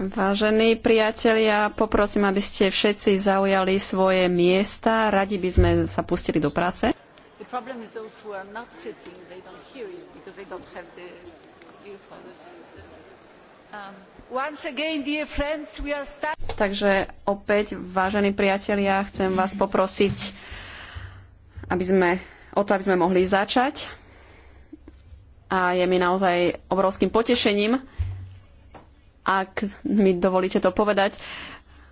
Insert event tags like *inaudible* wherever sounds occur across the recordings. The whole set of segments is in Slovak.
Vážení priatelia, poprosím, aby ste všetci zaujali svoje miesta. Radi by sme sa pustili do práce. Um, Takže opäť, vážení priatelia, chcem vás poprosiť, aby sme, o to, aby sme mohli začať a je mi naozaj obrovským potešením, ak mi dovolíte to povedať,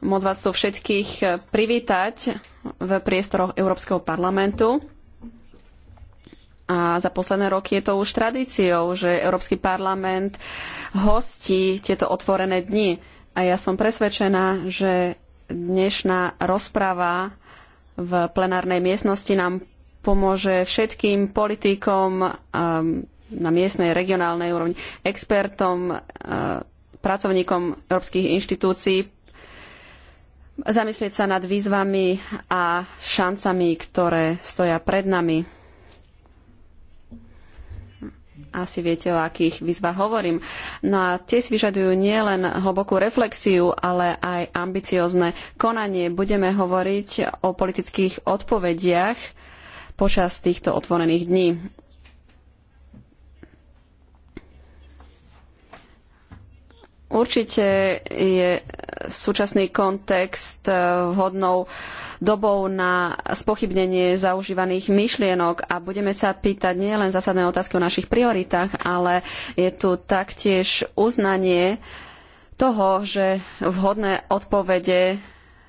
moc vás tu všetkých privítať v priestoroch Európskeho parlamentu. A za posledné roky je to už tradíciou, že Európsky parlament hostí tieto otvorené dni. A ja som presvedčená, že dnešná rozprava v plenárnej miestnosti nám pomôže všetkým politikom, um, na miestnej, regionálnej úrovni, expertom, e, pracovníkom európskych inštitúcií, zamyslieť sa nad výzvami a šancami, ktoré stoja pred nami. Asi viete, o akých výzvach hovorím. No a tie si vyžadujú nielen hlbokú reflexiu, ale aj ambiciozne konanie. Budeme hovoriť o politických odpovediach počas týchto otvorených dní. Určite je súčasný kontext e, vhodnou dobou na spochybnenie zaužívaných myšlienok a budeme sa pýtať nielen zásadné otázky o našich prioritách, ale je tu taktiež uznanie toho, že vhodné odpovede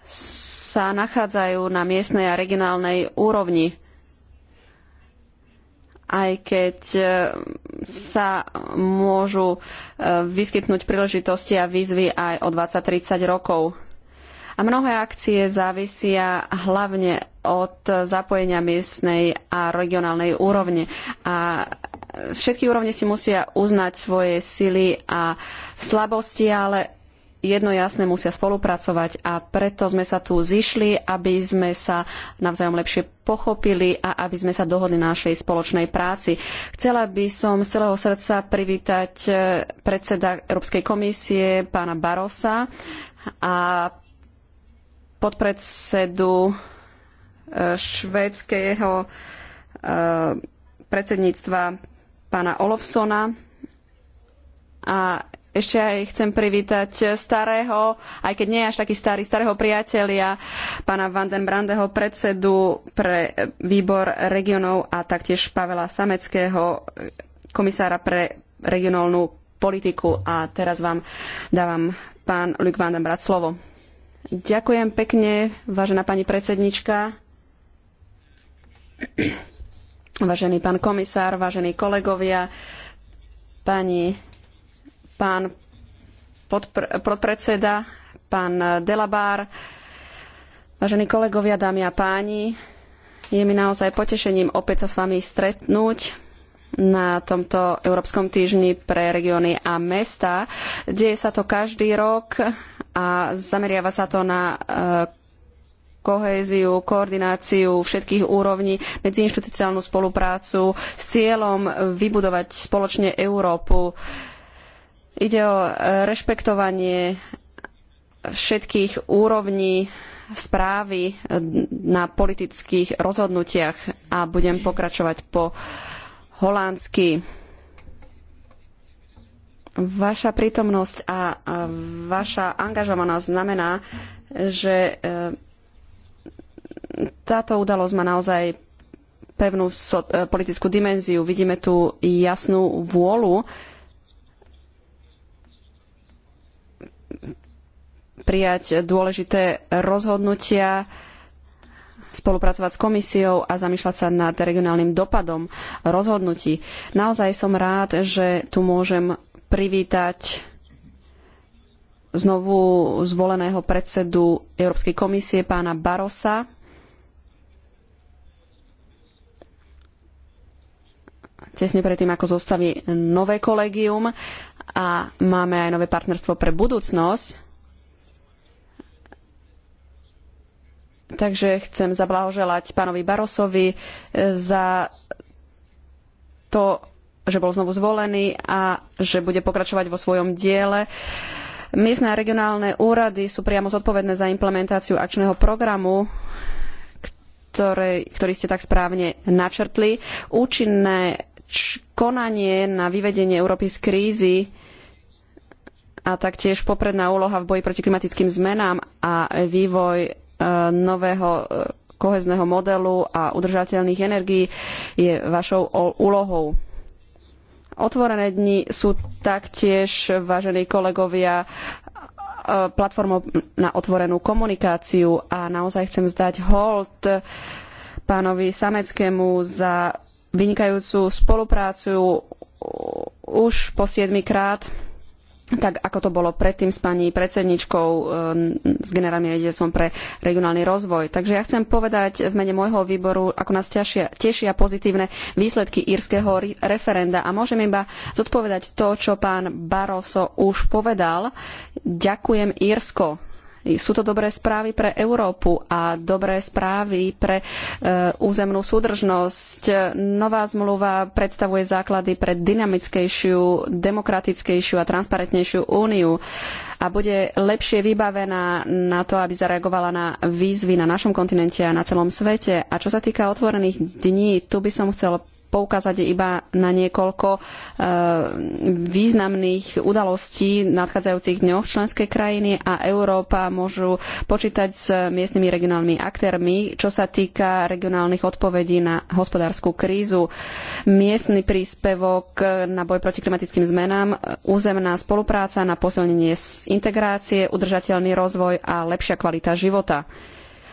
sa nachádzajú na miestnej a regionálnej úrovni aj keď e, sa môžu e, vyskytnúť príležitosti a výzvy aj o 20-30 rokov. A mnohé akcie závisia hlavne od zapojenia miestnej a regionálnej úrovne. A všetky úrovne si musia uznať svoje sily a slabosti, ale jedno jasné musia spolupracovať a preto sme sa tu zišli, aby sme sa navzájom lepšie pochopili a aby sme sa dohodli na našej spoločnej práci. Chcela by som z celého srdca privítať eh, predseda Európskej komisie pána Barosa a podpredsedu eh, švédskeho eh, predsedníctva pána Olofsona a ešte aj chcem privítať starého, aj keď nie až taký starý, starého priatelia, pána Vanden Brandeho, predsedu pre výbor regionov a taktiež Pavela Sameckého, komisára pre regionálnu politiku. A teraz vám dávam pán Luc Vanden slovo. Ďakujem pekne, vážená pani predsednička, vážený pán komisár, vážení kolegovia, pani pán podpr- podpredseda, pán Delabár, vážení kolegovia, dámy a páni, je mi naozaj potešením opäť sa s vami stretnúť na tomto Európskom týždni pre regióny a mesta. Deje sa to každý rok a zameriava sa to na e, kohéziu, koordináciu všetkých úrovní, medziinštitucionálnu spoluprácu s cieľom vybudovať spoločne Európu. Uh, Ide o e, rešpektovanie všetkých úrovní správy e, na politických rozhodnutiach a budem pokračovať po holandsky. Vaša prítomnosť a vaša angažovanosť znamená, že e, táto udalosť má naozaj pevnú politickú dimenziu. Vidíme tu jasnú vôľu prijať dôležité rozhodnutia, spolupracovať s komisiou a zamýšľať sa nad regionálnym dopadom rozhodnutí. Naozaj som rád, že tu môžem privítať znovu zvoleného predsedu Európskej komisie pána Barosa. Tesne predtým, ako zostaví nové kolegium a máme aj nové partnerstvo pre budúcnosť. Takže chcem zablahoželať pánovi Barosovi e, za to, že bol znovu zvolený a že bude pokračovať vo svojom diele. Miestne a regionálne úrady sú priamo zodpovedné za implementáciu akčného programu, ktorý ste tak správne načrtli. Účinné konanie na vyvedenie Európy z krízy a taktiež popredná úloha v boji proti klimatickým zmenám a vývoj nového e, kohezného modelu a udržateľných energií je vašou úlohou. Otvorené dni sú taktiež, vážení kolegovia, e, platformou na otvorenú komunikáciu a naozaj chcem zdať hold pánovi Sameckému za vynikajúcu spoluprácu už po siedmikrát krát tak ako to bolo predtým s pani predsedničkou, um, s generálnym riaditeľstvom pre regionálny rozvoj. Takže ja chcem povedať v mene môjho výboru, ako nás tešia, tešia pozitívne výsledky írskeho referenda a môžem iba zodpovedať to, čo pán Barroso už povedal. Ďakujem Írsko sú to dobré správy pre Európu a dobré správy pre e, územnú súdržnosť. Nová zmluva predstavuje základy pre dynamickejšiu, demokratickejšiu a transparentnejšiu úniu a bude lepšie vybavená na to, aby zareagovala na výzvy na našom kontinente a na celom svete. A čo sa týka otvorených dní, tu by som chcel poukázať iba na niekoľko eh, významných udalostí v nadchádzajúcich dňoch. Členské krajiny a Európa môžu počítať s miestnymi regionálnymi aktérmi, čo sa týka regionálnych odpovedí na hospodárskú krízu. Miestny príspevok na boj proti klimatickým zmenám, územná spolupráca na posilnenie integrácie, udržateľný rozvoj a lepšia kvalita života.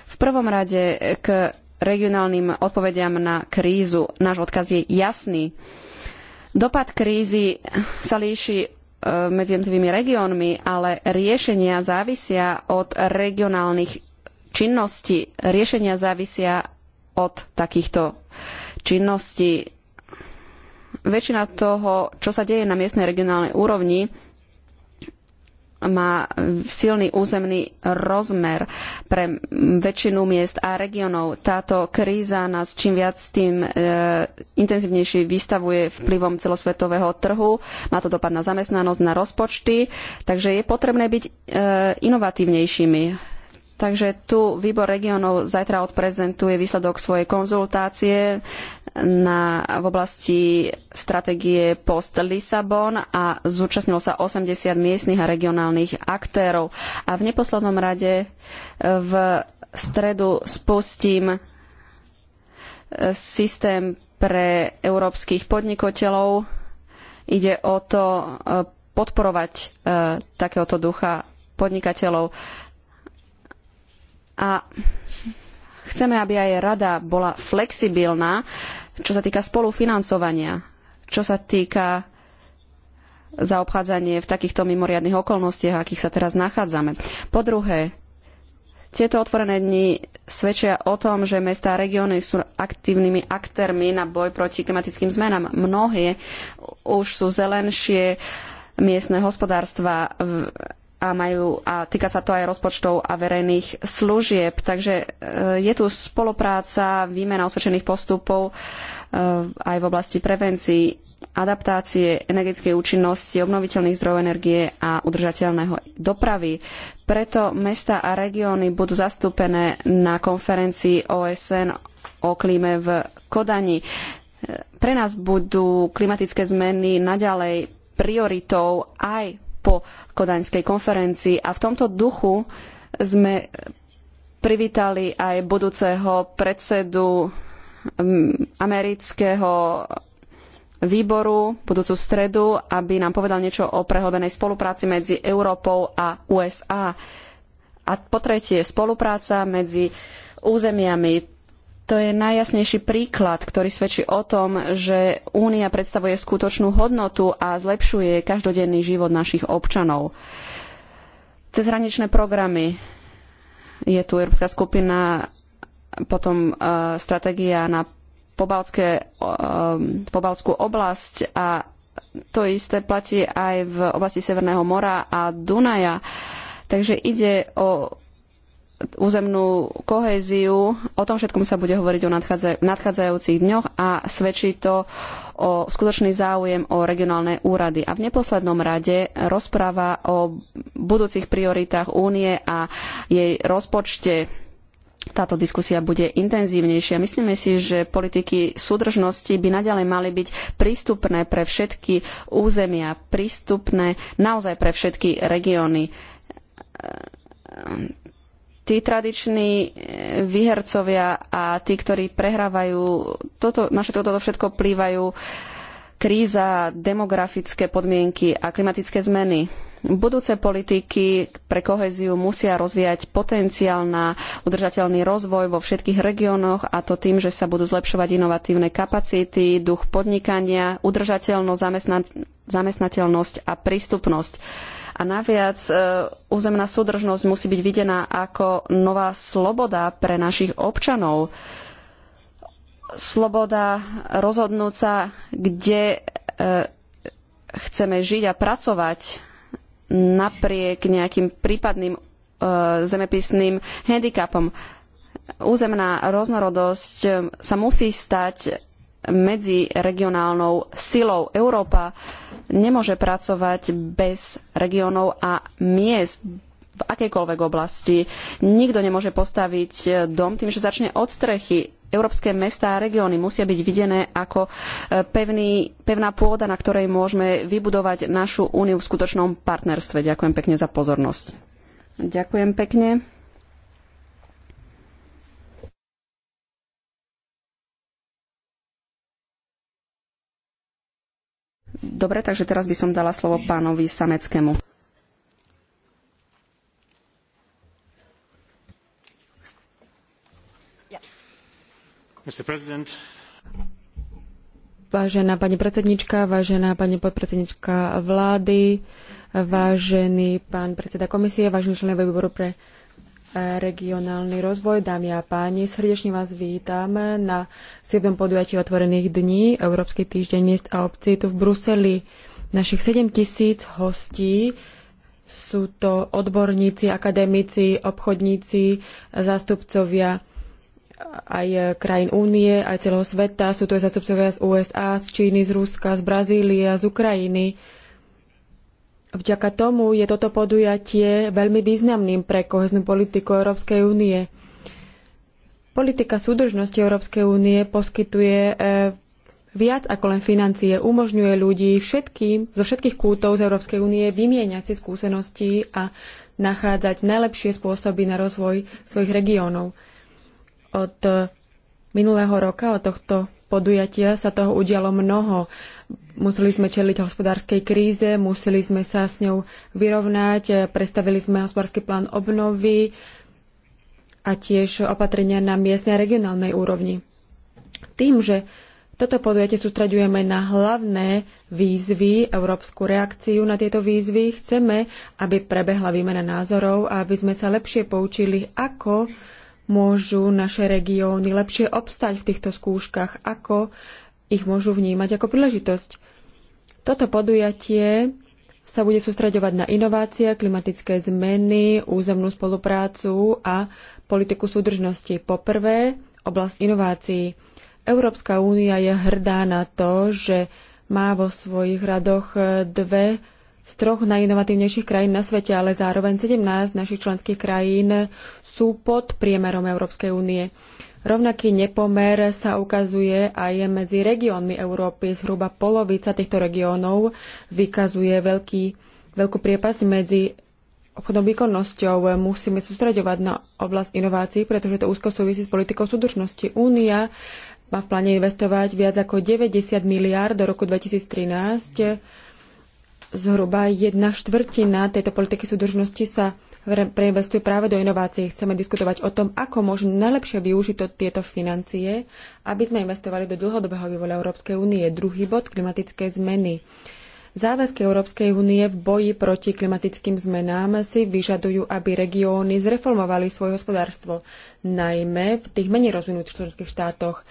V prvom rade k regionálnym odpovediam na krízu. Náš odkaz je jasný. Dopad krízy sa líši e, medzi jednotlivými regiónmi, ale riešenia závisia od regionálnych činností. Riešenia závisia od takýchto činností. Väčšina toho, čo sa deje na miestnej regionálnej úrovni, má silný územný rozmer pre väčšinu miest a regiónov. Táto kríza nás čím viac tým e, intenzívnejšie vystavuje vplyvom celosvetového trhu. Má to dopad na zamestnanosť, na rozpočty, takže je potrebné byť e, inovatívnejšími Takže tu výbor regionov zajtra odprezentuje výsledok svojej konzultácie na, v oblasti stratégie post-Lisabon a zúčastnilo sa 80 miestnych a regionálnych aktérov. A v neposlednom rade e, v stredu spustím e, systém pre európskych podnikateľov. Ide o to e, podporovať takéhoto ducha podnikateľov a chceme, aby aj rada bola flexibilná, čo sa týka spolufinancovania, čo sa týka zaobchádzanie v takýchto mimoriadnych okolnostiach, akých sa teraz nachádzame. Po druhé, tieto otvorené dni svedčia o tom, že mestá a regióny sú aktívnymi aktérmi na boj proti klimatickým zmenám. Mnohé už sú zelenšie, miestne hospodárstva a, majú, a týka sa to aj rozpočtov a verejných služieb. Takže e, je tu spolupráca, výmena osvedčených postupov e, aj v oblasti prevencií, adaptácie, energetickej účinnosti, obnoviteľných zdrojov energie a udržateľného dopravy. Preto mesta a regióny budú zastúpené na konferencii OSN o klíme v Kodani. E, pre nás budú klimatické zmeny naďalej prioritou aj po kodaňskej konferencii. A v tomto duchu sme privítali aj budúceho predsedu mm, amerického výboru budúcu stredu, aby nám povedal niečo o prehlbenej spolupráci medzi Európou a USA. A po tretie, spolupráca medzi územiami to je najjasnejší príklad, ktorý svedčí o tom, že Únia predstavuje skutočnú hodnotu a zlepšuje každodenný život našich občanov. Cezhraničné programy. Je tu Európska skupina, potom uh, stratégia na uh, pobaltskú oblasť a to isté platí aj v oblasti Severného mora a Dunaja. Takže ide o územnú kohéziu. O tom všetkom sa bude hovoriť o nadchádzajúcich dňoch a svedčí to o skutočný záujem o regionálne úrady. A v neposlednom rade rozpráva o budúcich prioritách únie a jej rozpočte. Táto diskusia bude intenzívnejšia. Myslíme si, že politiky súdržnosti by naďalej mali byť prístupné pre všetky územia, prístupné naozaj pre všetky regióny tí tradiční eh, vyhercovia a tí, ktorí prehrávajú, toto, na všetko toto všetko plývajú kríza, demografické podmienky a klimatické zmeny. Budúce politiky pre kohéziu musia rozvíjať potenciál na udržateľný rozvoj vo všetkých regiónoch a to tým, že sa budú zlepšovať inovatívne kapacity, duch podnikania, udržateľnosť, zamestnateľnosť a prístupnosť a naviac e, územná súdržnosť musí byť videná ako nová sloboda pre našich občanov. Sloboda rozhodnúť sa, kde e, chceme žiť a pracovať napriek nejakým prípadným e, zemepisným handicapom. Územná rôznorodosť sa musí stať medziregionálnou silou. Európa nemôže pracovať bez regiónov a miest v akejkoľvek oblasti. Nikto nemôže postaviť e, dom tým, že začne od strechy. Európske mesta a regióny musia byť videné ako e, pevný, pevná pôda, na ktorej môžeme vybudovať našu úniu v skutočnom partnerstve. Ďakujem pekne za pozornosť. Ďakujem pekne. Dobre, takže teraz by som dala slovo pánovi Sameckému. Vážená pani predsednička, vážená pani podpredsednička vlády, vážený pán predseda komisie, vážený členovia výboru pre regionálny rozvoj. Dámy a páni, srdečne vás vítam na 7. podujatí otvorených dní Európsky týždeň miest a obcí tu v Bruseli. Našich 7 tisíc hostí sú to odborníci, akademici, obchodníci, zástupcovia aj krajín únie, aj celého sveta. Sú to aj zástupcovia z USA, z Číny, z Ruska, z Brazílie, z Ukrajiny Vďaka tomu je toto podujatie veľmi významným pre koheznú politiku Európskej únie. Politika súdržnosti Európskej únie poskytuje e, viac ako len financie, umožňuje ľudí všetkým, zo všetkých kútov z Európskej únie vymieňať si skúsenosti a nachádzať najlepšie spôsoby na rozvoj svojich regiónov. Od e, minulého roka, od tohto podujatia sa toho udialo mnoho. Museli sme čeliť hospodárskej kríze, museli sme sa s ňou vyrovnať, predstavili sme hospodársky plán obnovy a tiež opatrenia na miestnej a regionálnej úrovni. Tým, že toto podujatie sústraďujeme na hlavné výzvy, európsku reakciu na tieto výzvy. Chceme, aby prebehla výmena názorov a aby sme sa lepšie poučili, ako môžu naše regióny lepšie obstať v týchto skúškach, ako ich môžu vnímať ako príležitosť. Toto podujatie sa bude sústreďovať na inovácie, klimatické zmeny, územnú spoluprácu a politiku súdržnosti. Poprvé, oblasť inovácií. Európska únia je hrdá na to, že má vo svojich radoch dve z troch najinovatívnejších krajín na svete, ale zároveň 17 našich členských krajín sú pod priemerom Európskej únie. Rovnaký nepomer sa ukazuje aj medzi regiónmi Európy. Zhruba polovica týchto regiónov vykazuje veľký, veľkú priepasť medzi obchodnou výkonnosťou. Musíme sústreďovať na oblasť inovácií, pretože to úzko súvisí s politikou súdržnosti. Únia má v pláne investovať viac ako 90 miliárd do roku 2013 Zhruba jedna štvrtina tejto politiky súdržnosti sa preinvestuje práve do inovácií. Chceme diskutovať o tom, ako možno najlepšie využiť to, tieto financie, aby sme investovali do dlhodobého vývoja Európskej únie. Druhý bod, klimatické zmeny. Záväzky Európskej únie v boji proti klimatickým zmenám si vyžadujú, aby regióny zreformovali svoje hospodárstvo, najmä v tých menej rozvinutých členských štátoch.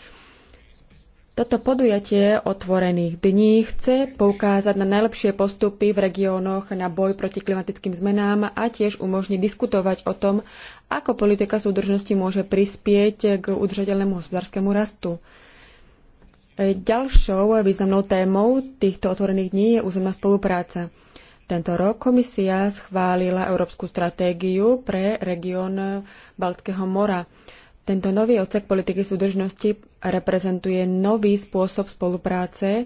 Toto podujatie otvorených dní chce poukázať na najlepšie postupy v regiónoch na boj proti klimatickým zmenám a tiež umožní diskutovať o tom, ako politika súdržnosti môže prispieť k udržateľnému hospodárskému rastu. Ďalšou významnou témou týchto otvorených dní je územná spolupráca. Tento rok komisia schválila Európsku stratégiu pre región Baltského mora. Tento nový odsek politiky súdržnosti reprezentuje nový spôsob spolupráce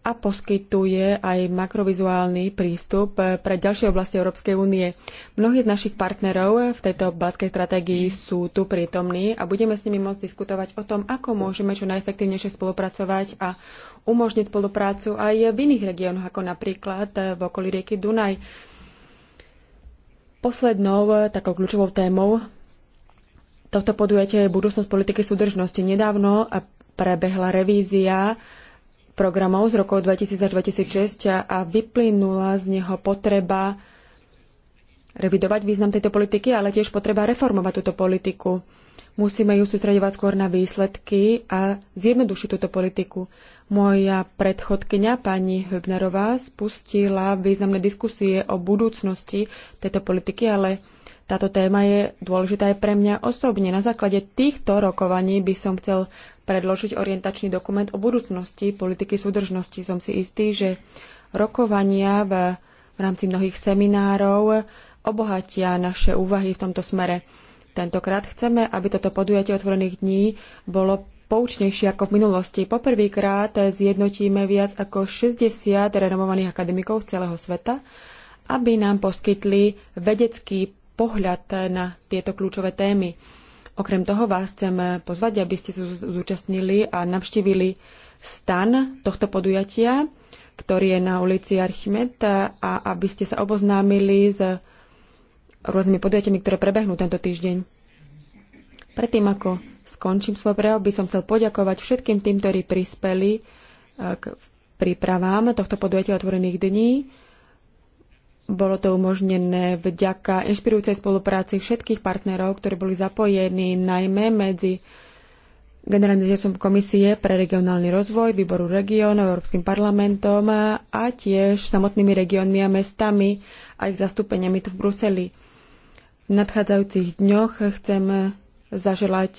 a poskytuje aj makrovizuálny prístup eh, pre ďalšie oblasti Európskej únie. Mnohí z našich partnerov eh, v tejto baltskej stratégii sú tu prítomní a budeme s nimi môcť diskutovať o tom, ako môžeme čo najefektívnejšie spolupracovať a umožniť spoluprácu aj v iných regiónoch, ako napríklad eh, v okolí rieky Dunaj. Poslednou takou kľúčovou témou tohto podujatie je budúcnosť politiky súdržnosti. Nedávno prebehla revízia programov z rokov 2000 až 2006 a vyplynula z neho potreba revidovať význam tejto politiky, ale tiež potreba reformovať túto politiku. Musíme ju sústredovať skôr na výsledky a zjednodušiť túto politiku. Moja predchodkyňa pani Hübnerová, spustila významné diskusie o budúcnosti tejto politiky, ale táto téma je dôležitá aj pre mňa osobne. Na základe týchto rokovaní by som chcel predložiť orientačný dokument o budúcnosti politiky súdržnosti. Som si istý, že rokovania v, v rámci mnohých seminárov obohatia naše úvahy v tomto smere. Tentokrát chceme, aby toto podujatie otvorených dní bolo poučnejšie ako v minulosti. Poprvýkrát zjednotíme viac ako 60 renomovaných akademikov z celého sveta, aby nám poskytli vedecký pohľad na tieto kľúčové témy. Okrem toho vás chcem pozvať, aby ste sa zúčastnili a navštívili stan tohto podujatia, ktorý je na ulici Archimed a aby ste sa oboznámili s rôznymi podujatiami, ktoré prebehnú tento týždeň. Predtým, ako skončím svoj prejav, by som chcel poďakovať všetkým tým, ktorí prispeli e, k prípravám tohto podujatia otvorených dní bolo to umožnené vďaka inšpirujúcej spolupráci všetkých partnerov, ktorí boli zapojení najmä medzi generálnym riaditeľom Komisie pre regionálny rozvoj, výboru regionov, Európskym parlamentom a tiež samotnými regiónmi a mestami a ich zastúpeniami tu v Bruseli. V nadchádzajúcich dňoch chcem zaželať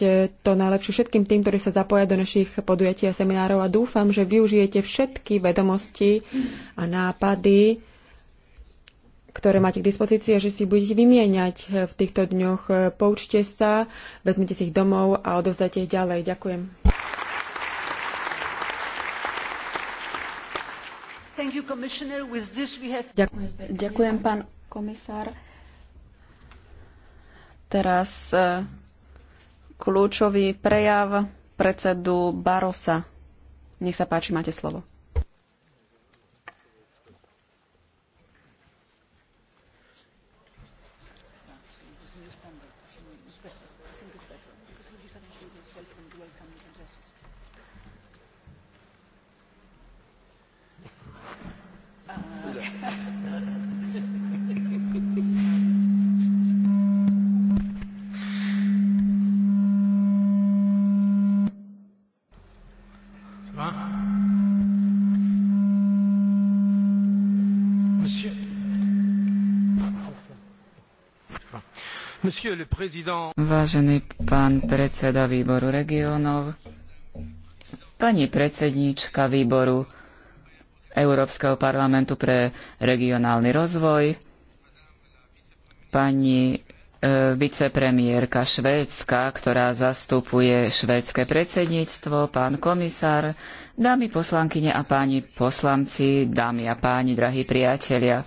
to najlepšie všetkým tým, ktorí sa zapoja do našich podujatí a seminárov a dúfam, že využijete všetky vedomosti a nápady, ktoré máte k dispozícii že si budete vymieňať eh, v týchto dňoch. Eh, poučte sa, vezmite si ich domov a odovzdajte ich ďalej. Ďakujem. You, have... Ďakujem, Ďakujem, pán komisár. Teraz eh, kľúčový prejav predsedu Barosa. Nech sa páči, máte slovo. Vážený pán predseda výboru regionov, pani predsedníčka výboru Európskeho parlamentu pre regionálny rozvoj, pani e, vicepremiérka Švédska, ktorá zastupuje švédske predsedníctvo, pán komisár, dámy poslankyne a páni poslanci, dámy a páni, drahí priatelia.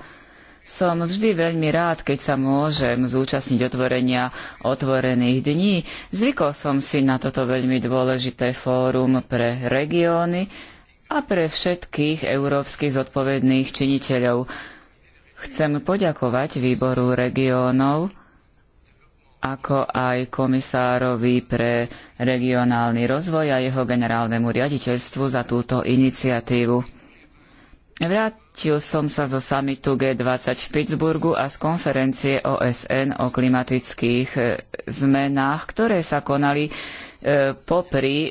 Som vždy veľmi rád, keď sa môžem zúčastniť otvorenia otvorených dní. Zvykol som si na toto veľmi dôležité fórum pre regióny a pre všetkých európskych zodpovedných činiteľov. Chcem poďakovať výboru regiónov, ako aj komisárovi pre regionálny rozvoj a jeho generálnemu riaditeľstvu za túto iniciatívu. Vrát Vrátil som sa zo samitu G20 v Pittsburghu a z konferencie OSN o klimatických e, zmenách, ktoré sa konali e, popri e,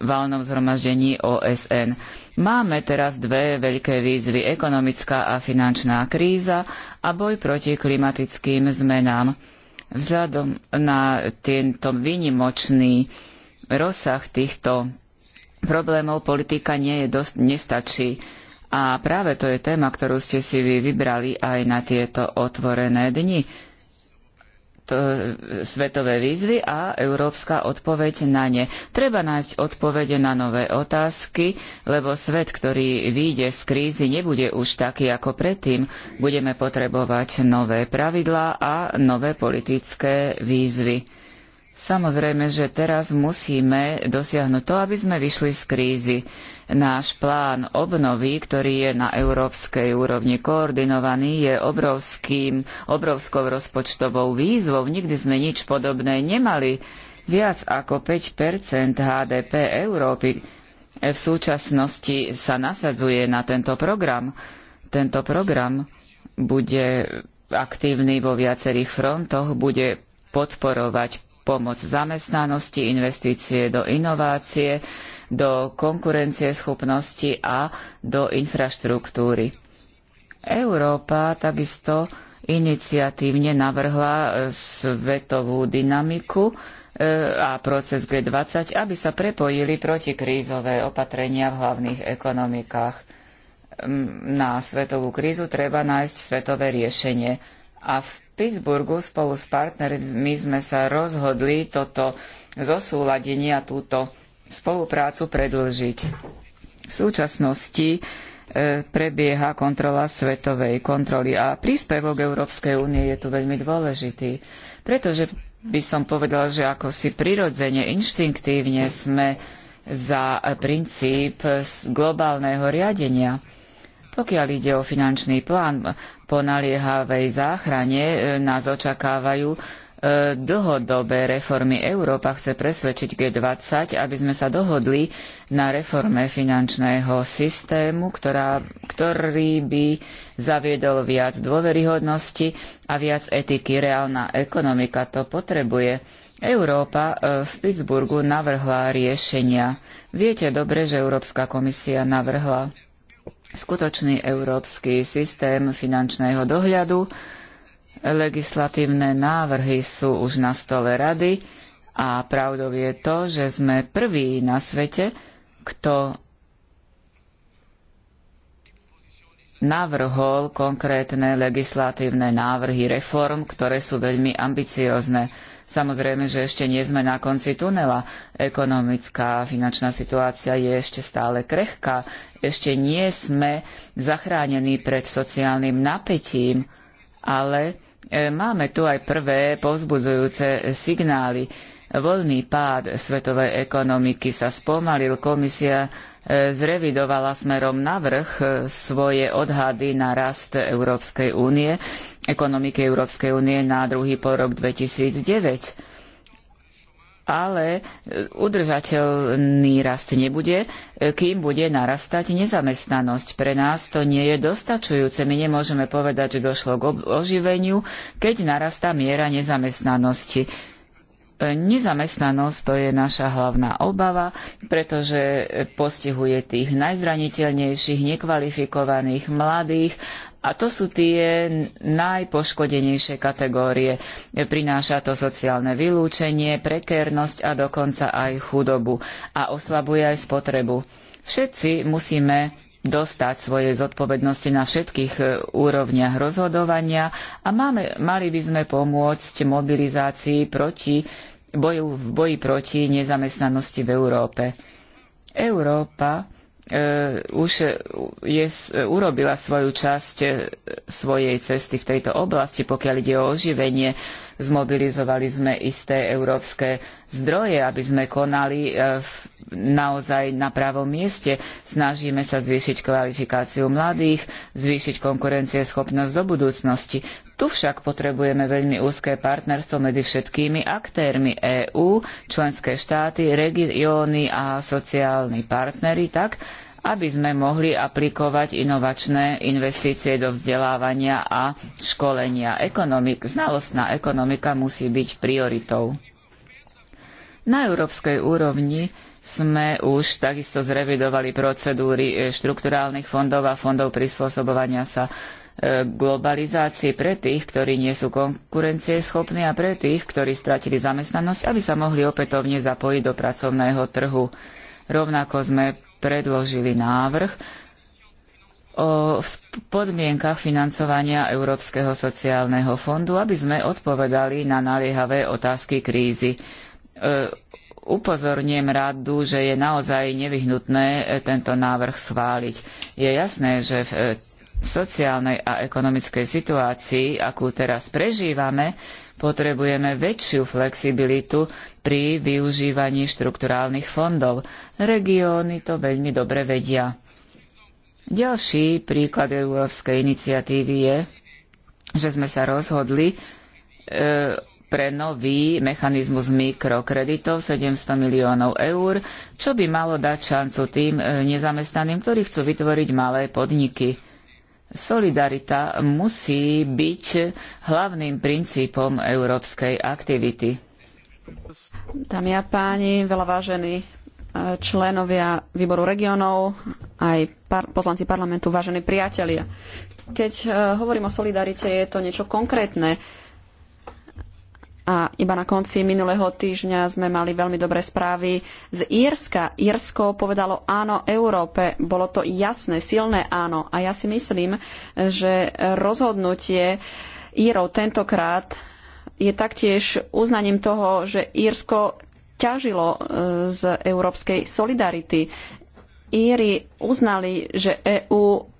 valnom zhromaždení OSN. Máme teraz dve veľké výzvy, ekonomická a finančná kríza a boj proti klimatickým zmenám. Vzhľadom na tento výnimočný rozsah týchto problémov politika nie je dosť, nestačí a práve to je téma, ktorú ste si vy vybrali aj na tieto otvorené dni. To, e, svetové výzvy a európska odpoveď na ne. Treba nájsť odpovede na nové otázky, lebo svet, ktorý vyjde z krízy, nebude už taký ako predtým. Budeme potrebovať nové pravidlá a nové politické výzvy. Samozrejme, že teraz musíme dosiahnuť to, aby sme vyšli z krízy. Náš plán obnovy, ktorý je na európskej úrovni koordinovaný, je obrovským, obrovskou rozpočtovou výzvou. Nikdy sme nič podobné nemali. Viac ako 5 HDP Európy eh, v súčasnosti sa nasadzuje na tento program. Tento program bude aktívny vo viacerých frontoch, bude podporovať pomoc zamestnanosti, investície do inovácie, do konkurencieschopnosti a do infraštruktúry. Európa takisto iniciatívne navrhla e, svetovú dynamiku e, a proces G20, aby sa prepojili protikrízové opatrenia v hlavných ekonomikách. Na svetovú krízu treba nájsť svetové riešenie. A v Pittsburghu spolu s partnermi sme sa rozhodli toto zosúladenie a túto spoluprácu predĺžiť. V súčasnosti e, prebieha kontrola svetovej kontroly a príspevok Európskej únie je tu veľmi dôležitý, pretože by som povedal, že ako si prirodzene, inštinktívne sme za princíp globálneho riadenia. Pokiaľ ide o finančný plán po naliehavej záchrane, e, nás očakávajú E, dlhodobé reformy. Európa chce presvedčiť G20, aby sme sa dohodli na reforme finančného systému, ktorá, ktorý by zaviedol viac dôveryhodnosti a viac etiky. Reálna ekonomika to potrebuje. Európa e, v Pittsburghu navrhla riešenia. Viete dobre, že Európska komisia navrhla skutočný európsky systém finančného dohľadu, Legislatívne návrhy sú už na stole rady a pravdou je to, že sme prví na svete, kto navrhol konkrétne legislatívne návrhy reform, ktoré sú veľmi ambiciozne. Samozrejme, že ešte nie sme na konci tunela. Ekonomická a finančná situácia je ešte stále krehká. Ešte nie sme zachránení pred sociálnym napätím ale e, máme tu aj prvé povzbudzujúce signály. Voľný pád svetovej ekonomiky sa spomalil, komisia e, zrevidovala smerom navrh e, svoje odhady na rast Európskej únie, ekonomiky Európskej únie na druhý pol rok 2009 ale e, udržateľný rast nebude, e, kým bude narastať nezamestnanosť. Pre nás to nie je dostačujúce. My nemôžeme povedať, že došlo k oživeniu, keď narastá miera nezamestnanosti. E, nezamestnanosť to je naša hlavná obava, pretože postihuje tých najzraniteľnejších, nekvalifikovaných mladých a to sú tie najpoškodenejšie kategórie. Prináša to sociálne vylúčenie, prekérnosť a dokonca aj chudobu. A oslabuje aj spotrebu. Všetci musíme dostať svoje zodpovednosti na všetkých e, úrovniach rozhodovania a máme, mali by sme pomôcť mobilizácii proti, boju, v boji proti nezamestnanosti v Európe. Európa Eh, už je, urobila svoju časť eh, svojej cesty v tejto oblasti, pokiaľ ide o oživenie Zmobilizovali sme isté európske zdroje, aby sme konali e, naozaj na pravom mieste. Snažíme sa zvýšiť kvalifikáciu mladých, zvýšiť konkurencieschopnosť do budúcnosti. Tu však potrebujeme veľmi úzke partnerstvo medzi všetkými aktérmi EÚ, členské štáty, regióny a sociálni partnery tak, aby sme mohli aplikovať inovačné investície do vzdelávania a školenia. Ekonomik, znalostná ekonomika musí byť prioritou. Na európskej úrovni sme už takisto zrevidovali procedúry e, štrukturálnych fondov a fondov prispôsobovania sa e, globalizácii pre tých, ktorí nie sú konkurencieschopní a pre tých, ktorí stratili zamestnanosť, aby sa mohli opätovne zapojiť do pracovného trhu. Rovnako sme predložili návrh o podmienkach financovania Európskeho sociálneho fondu, aby sme odpovedali na naliehavé otázky krízy. E, Upozorním radu, že je naozaj nevyhnutné tento návrh schváliť. Je jasné, že v e, sociálnej a ekonomickej situácii, akú teraz prežívame, potrebujeme väčšiu flexibilitu pri využívaní štrukturálnych fondov. Regióny to veľmi dobre vedia. Ďalší príklad európskej iniciatívy je, že sme sa rozhodli e, pre nový mechanizmus mikrokreditov 700 miliónov eur, čo by malo dať šancu tým e, nezamestnaným, ktorí chcú vytvoriť malé podniky. Solidarita musí byť hlavným princípom európskej aktivity. Dámy a páni, veľa vážení e, členovia výboru regionov, aj par- poslanci parlamentu, vážení priatelia. Keď e, hovorím o solidarite, je to niečo konkrétne. A iba na konci minulého týždňa sme mali veľmi dobré správy z Írska. Írsko povedalo áno Európe. Bolo to jasné, silné áno. A ja si myslím, že rozhodnutie Írov tentokrát je taktiež uznaním toho, že Írsko ťažilo e, z európskej solidarity. Íri uznali, že EÚ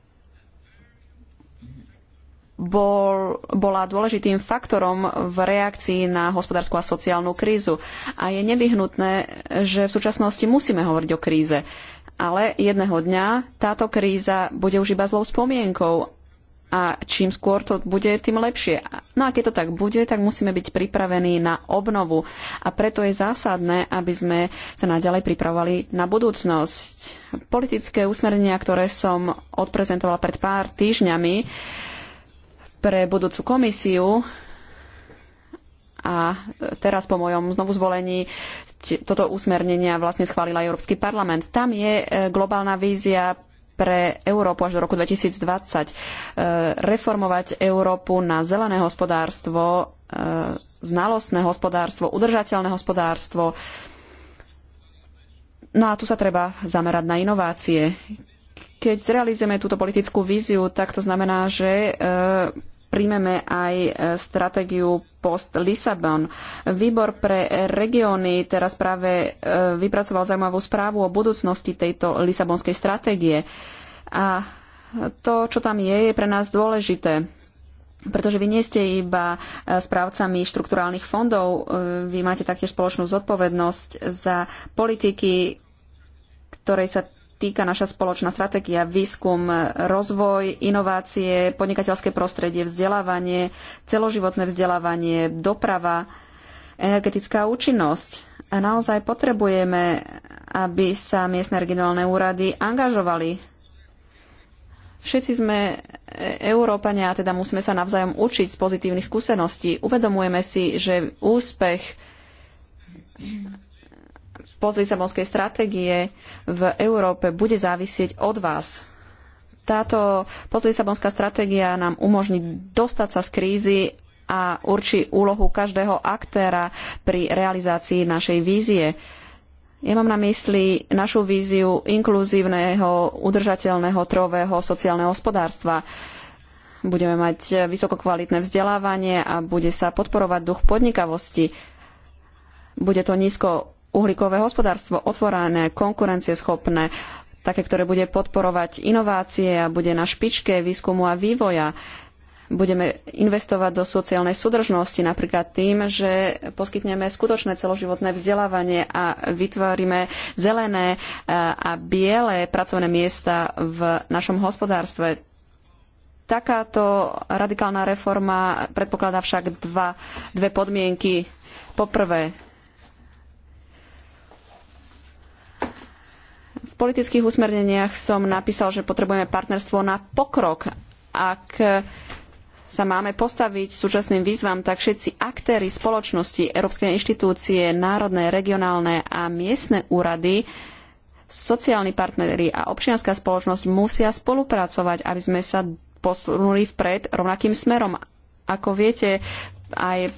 bol, bola dôležitým faktorom v reakcii na hospodárskú a sociálnu krízu. A je nevyhnutné, že v súčasnosti musíme hovoriť o kríze. Ale jedného dňa táto kríza bude už iba zlou spomienkou a čím skôr to bude, tým lepšie. No a keď to tak bude, tak musíme byť pripravení na obnovu. A preto je zásadné, aby sme sa naďalej pripravovali na budúcnosť. Politické usmernenia, ktoré som odprezentovala pred pár týždňami pre budúcu komisiu, a teraz po mojom znovu zvolení toto usmernenia vlastne schválila Európsky parlament. Tam je e, globálna vízia pre Európu až do roku 2020. E, reformovať Európu na zelené hospodárstvo, e, znalostné hospodárstvo, udržateľné hospodárstvo. No a tu sa treba zamerať na inovácie. Keď zrealizujeme túto politickú víziu, tak to znamená, že e, príjmeme aj e, stratégiu post-Lisabon. Výbor pre regióny teraz práve e, vypracoval zaujímavú správu o budúcnosti tejto lisabonskej stratégie. A to, čo tam je, je pre nás dôležité. Pretože vy nie ste iba e, správcami štrukturálnych fondov, vy máte taktiež spoločnú zodpovednosť za politiky, ktorej sa týka naša spoločná stratégia, výskum, rozvoj, inovácie, podnikateľské prostredie, vzdelávanie, celoživotné vzdelávanie, doprava, energetická účinnosť. A naozaj potrebujeme, aby sa miestne regionálne úrady angažovali. Všetci sme e, Európania, teda musíme sa navzájom učiť z pozitívnych skúseností. Uvedomujeme si, že úspech post Lisabonskej stratégie v Európe bude závisieť od vás. Táto postlisabonská stratégia nám umožní dostať sa z krízy a určí úlohu každého aktéra pri realizácii našej vízie. Ja mám na mysli našu víziu inkluzívneho, udržateľného, trového sociálneho hospodárstva. Budeme mať vysokokvalitné vzdelávanie a bude sa podporovať duch podnikavosti. Bude to nízko uhlíkové hospodárstvo otvorené, konkurencieschopné, také, ktoré bude podporovať inovácie a bude na špičke výskumu a vývoja. Budeme investovať do sociálnej súdržnosti napríklad tým, že poskytneme skutočné celoživotné vzdelávanie a vytvoríme zelené e, a biele pracovné miesta v našom hospodárstve. Takáto radikálna reforma predpokladá však dva, dve podmienky. Poprvé, V politických usmerneniach som napísal, že potrebujeme partnerstvo na pokrok. Ak sa máme postaviť súčasným výzvam, tak všetci aktéry spoločnosti, európske inštitúcie, národné, regionálne a miestne úrady, sociálni partneri a občianská spoločnosť musia spolupracovať, aby sme sa posunuli vpred rovnakým smerom. Ako viete, aj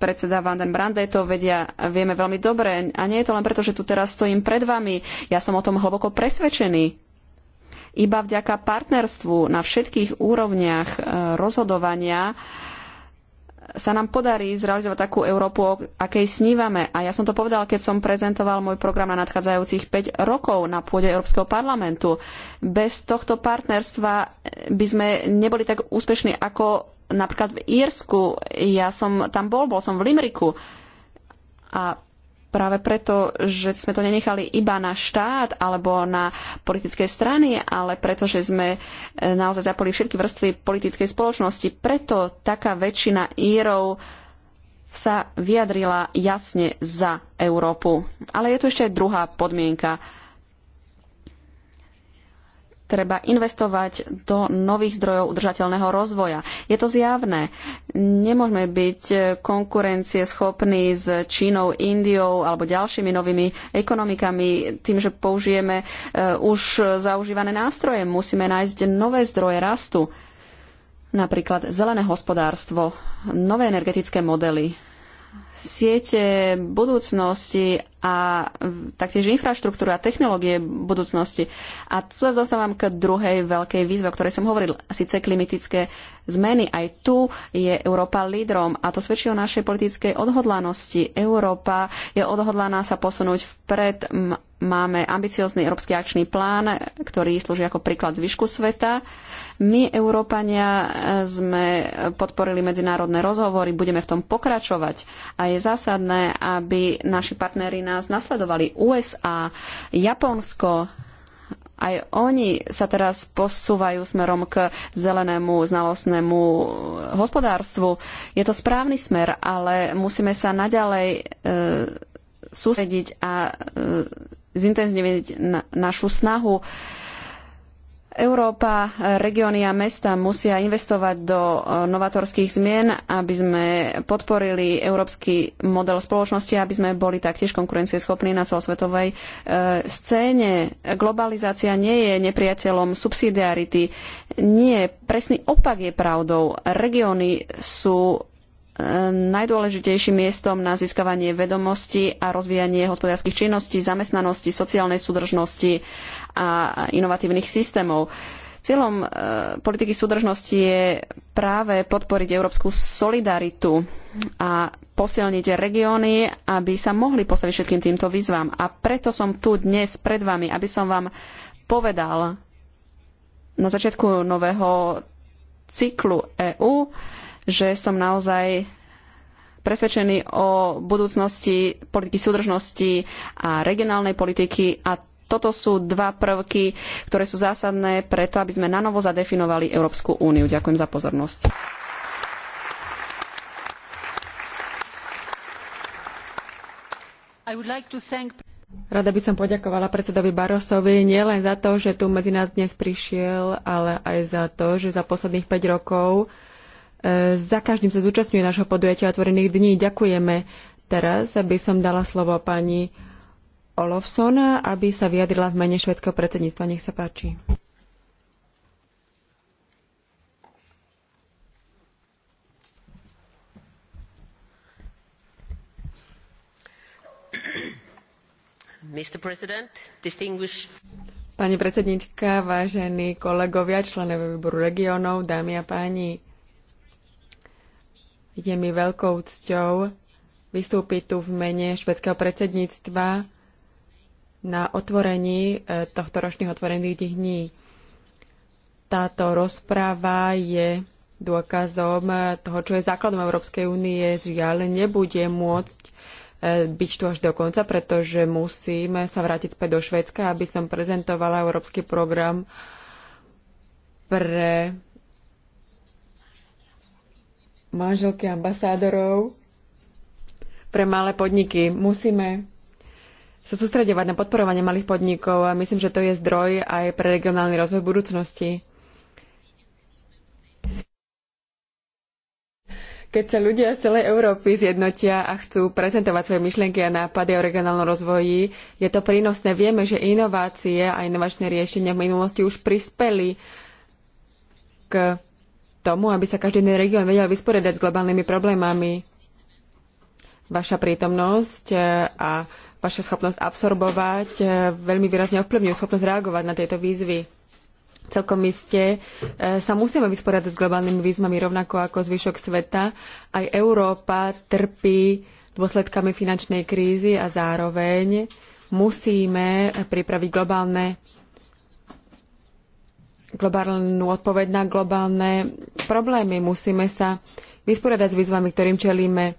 predseda Van den Brande to vedia, vieme veľmi dobre. A nie je to len preto, že tu teraz stojím pred vami. Ja som o tom hlboko presvedčený. Iba vďaka partnerstvu na všetkých úrovniach e, rozhodovania sa nám podarí zrealizovať takú Európu, o akej snívame. A ja som to povedal, keď som prezentoval môj program na nadchádzajúcich 5 rokov na pôde Európskeho parlamentu. Bez tohto partnerstva e, by sme neboli tak úspešní, ako napríklad v Írsku, ja som tam bol, bol som v Limriku a práve preto, že sme to nenechali iba na štát alebo na politické strany, ale preto, že sme e, naozaj zapoli všetky vrstvy politickej spoločnosti. Preto taká väčšina Írov sa vyjadrila jasne za Európu. Ale je tu ešte aj druhá podmienka treba investovať do nových zdrojov udržateľného rozvoja. Je to zjavné. Nemôžeme byť konkurencieschopní s Čínou, Indiou alebo ďalšími novými ekonomikami tým, že použijeme e, už zaužívané nástroje. Musíme nájsť nové zdroje rastu napríklad zelené hospodárstvo, nové energetické modely, siete budúcnosti a taktiež infraštruktúru a technológie budúcnosti. A tu sa dostávam k druhej veľkej výzve, o ktorej som hovoril, a síce klimatické zmeny. Aj tu je Európa lídrom a to svedčí o našej politickej odhodlanosti. Európa je odhodlaná sa posunúť vpred. Máme ambiciózny európsky akčný plán, ktorý slúži ako príklad zvyšku sveta. My, Európania, e, sme podporili medzinárodné rozhovory, budeme v tom pokračovať a je zásadné, aby naši partnery nás nasledovali. USA, Japonsko, aj oni sa teraz posúvajú smerom k zelenému znalostnému hospodárstvu. Je to správny smer, ale musíme sa naďalej e, sústrediť a e, zintenzívniť na, našu snahu. E, Európa, regióny a mesta musia investovať do e, novatorských zmien, aby sme podporili európsky model spoločnosti, aby sme boli taktiež konkurencieschopní na celosvetovej e, scéne. Globalizácia nie je nepriateľom subsidiarity. Nie, presný opak je pravdou. Regióny sú najdôležitejším miestom na získavanie vedomostí a rozvíjanie hospodárskych činností, zamestnanosti, sociálnej súdržnosti a inovatívnych systémov. Cieľom e, politiky súdržnosti je práve podporiť európsku solidaritu a posilniť regióny, aby sa mohli postaviť všetkým týmto výzvam. A preto som tu dnes pred vami, aby som vám povedal na začiatku nového cyklu EÚ, že som naozaj presvedčený o budúcnosti politiky súdržnosti a regionálnej politiky a toto sú dva prvky, ktoré sú zásadné preto, aby sme nanovo zadefinovali Európsku úniu. Ďakujem za pozornosť. Rada by som poďakovala predsedovi Barosovi nielen za to, že tu medzi nás dnes prišiel, ale aj za to, že za posledných 5 rokov E, za každým sa zúčastňuje našho podujatia otvorených dní. Ďakujeme. Teraz aby som dala slovo pani Olofsona, aby sa vyjadrila v mene švedského predsedníctva. Nech sa páči. Pani predsedníčka, vážení kolegovia, členové výboru regionov, dámy a páni, je mi veľkou cťou vystúpiť tu v mene švedského predsedníctva na otvorení e, tohto ročných otvorených dní. Táto rozpráva je dôkazom e, toho, čo je základom Európskej únie. Žiaľ, nebude môcť e, byť tu až do konca, pretože musím sa vrátiť späť do Švedska, aby som prezentovala európsky program pre manželky ambasádorov pre malé podniky. Musíme sa sústredovať na podporovanie malých podnikov a myslím, že to je zdroj aj pre regionálny rozvoj budúcnosti. Keď sa ľudia z celej Európy zjednotia a chcú prezentovať svoje myšlienky a nápady o regionálnom rozvoji, je to prínosné. Vieme, že inovácie a inovačné riešenia v minulosti už prispeli k tomu, aby sa každý jeden región vedel vysporiadať s globálnymi problémami. Vaša prítomnosť e, a vaša schopnosť absorbovať e, veľmi výrazne ovplyvňujú schopnosť reagovať na tieto výzvy. Celkom iste e, sa musíme vysporiadať s globálnymi výzvami rovnako ako zvyšok sveta. Aj Európa trpí dôsledkami finančnej krízy a zároveň musíme pripraviť globálne globálnu odpoveď na globálne problémy. Musíme sa vysporiadať s výzvami, ktorým čelíme.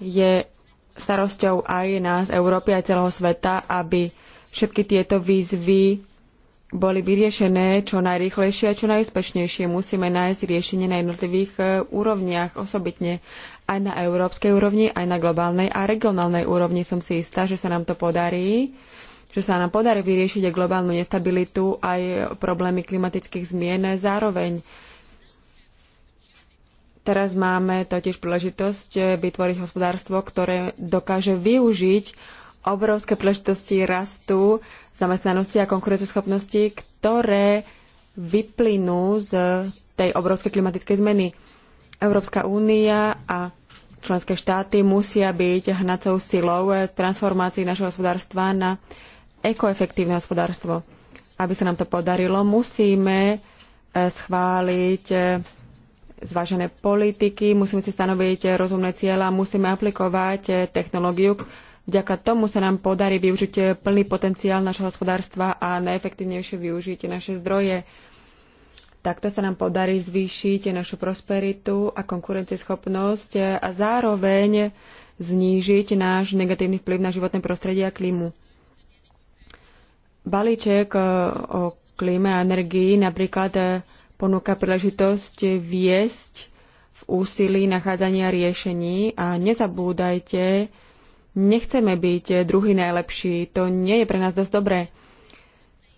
Je starosťou aj nás, Európy, aj celého sveta, aby všetky tieto výzvy boli vyriešené čo najrýchlejšie a čo najúspešnejšie. Musíme nájsť riešenie na jednotlivých e, úrovniach, osobitne aj na európskej úrovni, aj na globálnej a regionálnej úrovni. Som si istá, že sa nám to podarí že sa nám podarí vyriešiť aj globálnu nestabilitu, aj problémy klimatických zmien zároveň. Teraz máme totiž príležitosť vytvoriť hospodárstvo, ktoré dokáže využiť obrovské príležitosti rastu, zamestnanosti a konkurenceschopnosti, ktoré vyplynú z tej obrovskej klimatickej zmeny. Európska únia a členské štáty musia byť hnacou silou transformácií našeho hospodárstva na ekoefektívne hospodárstvo. Aby sa nám to podarilo, musíme e, schváliť e, zvážené politiky, musíme si stanoviť e, rozumné cieľa, musíme aplikovať technológiu. Vďaka tomu sa nám podarí využiť plný potenciál našho hospodárstva a najefektívnejšie využiť naše zdroje. Takto sa nám podarí zvýšiť našu prosperitu a konkurencieschopnosť a zároveň znížiť náš negatívny vplyv na životné prostredie a klímu. Balíček e, o klíme a energii napríklad e, ponúka príležitosť viesť v úsilí nachádzania riešení a nezabúdajte, nechceme byť druhý najlepší, to nie je pre nás dosť dobré.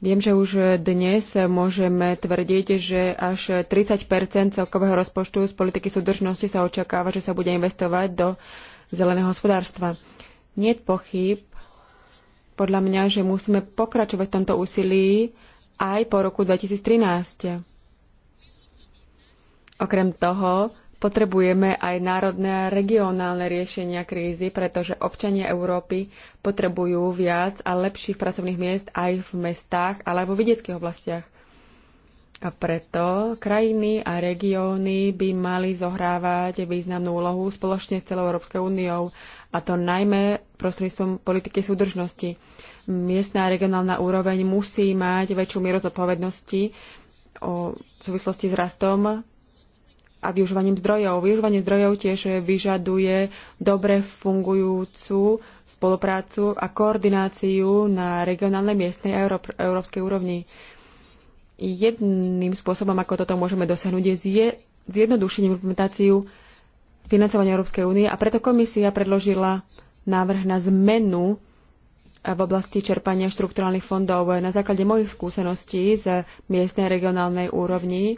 Viem, že už dnes môžeme tvrdiť, že až 30 celkového rozpočtu z politiky súdržnosti sa očakáva, že sa bude investovať do zeleného hospodárstva. Nie pochyb, podľa mňa, že musíme pokračovať v tomto úsilí aj po roku 2013. Okrem toho, potrebujeme aj národné a regionálne riešenia krízy, pretože občania Európy potrebujú viac a lepších pracovných miest aj v mestách, ale aj vo vidieckých oblastiach. A preto krajiny a regióny by mali zohrávať významnú úlohu spoločne s celou Európskou úniou, a to najmä prostredníctvom politiky súdržnosti. Miestna a regionálna úroveň musí mať väčšiu mieru zodpovednosti o súvislosti s rastom a využívaním zdrojov. Využívanie zdrojov tiež vyžaduje dobre fungujúcu spoluprácu a koordináciu na regionálnej, miestnej a európskej úrovni jedným spôsobom, ako toto môžeme dosiahnuť, je zjednodušenie zjednodušením implementáciu financovania Európskej únie a preto komisia predložila návrh na zmenu v oblasti čerpania štrukturálnych fondov. Na základe mojich skúseností z miestnej regionálnej úrovni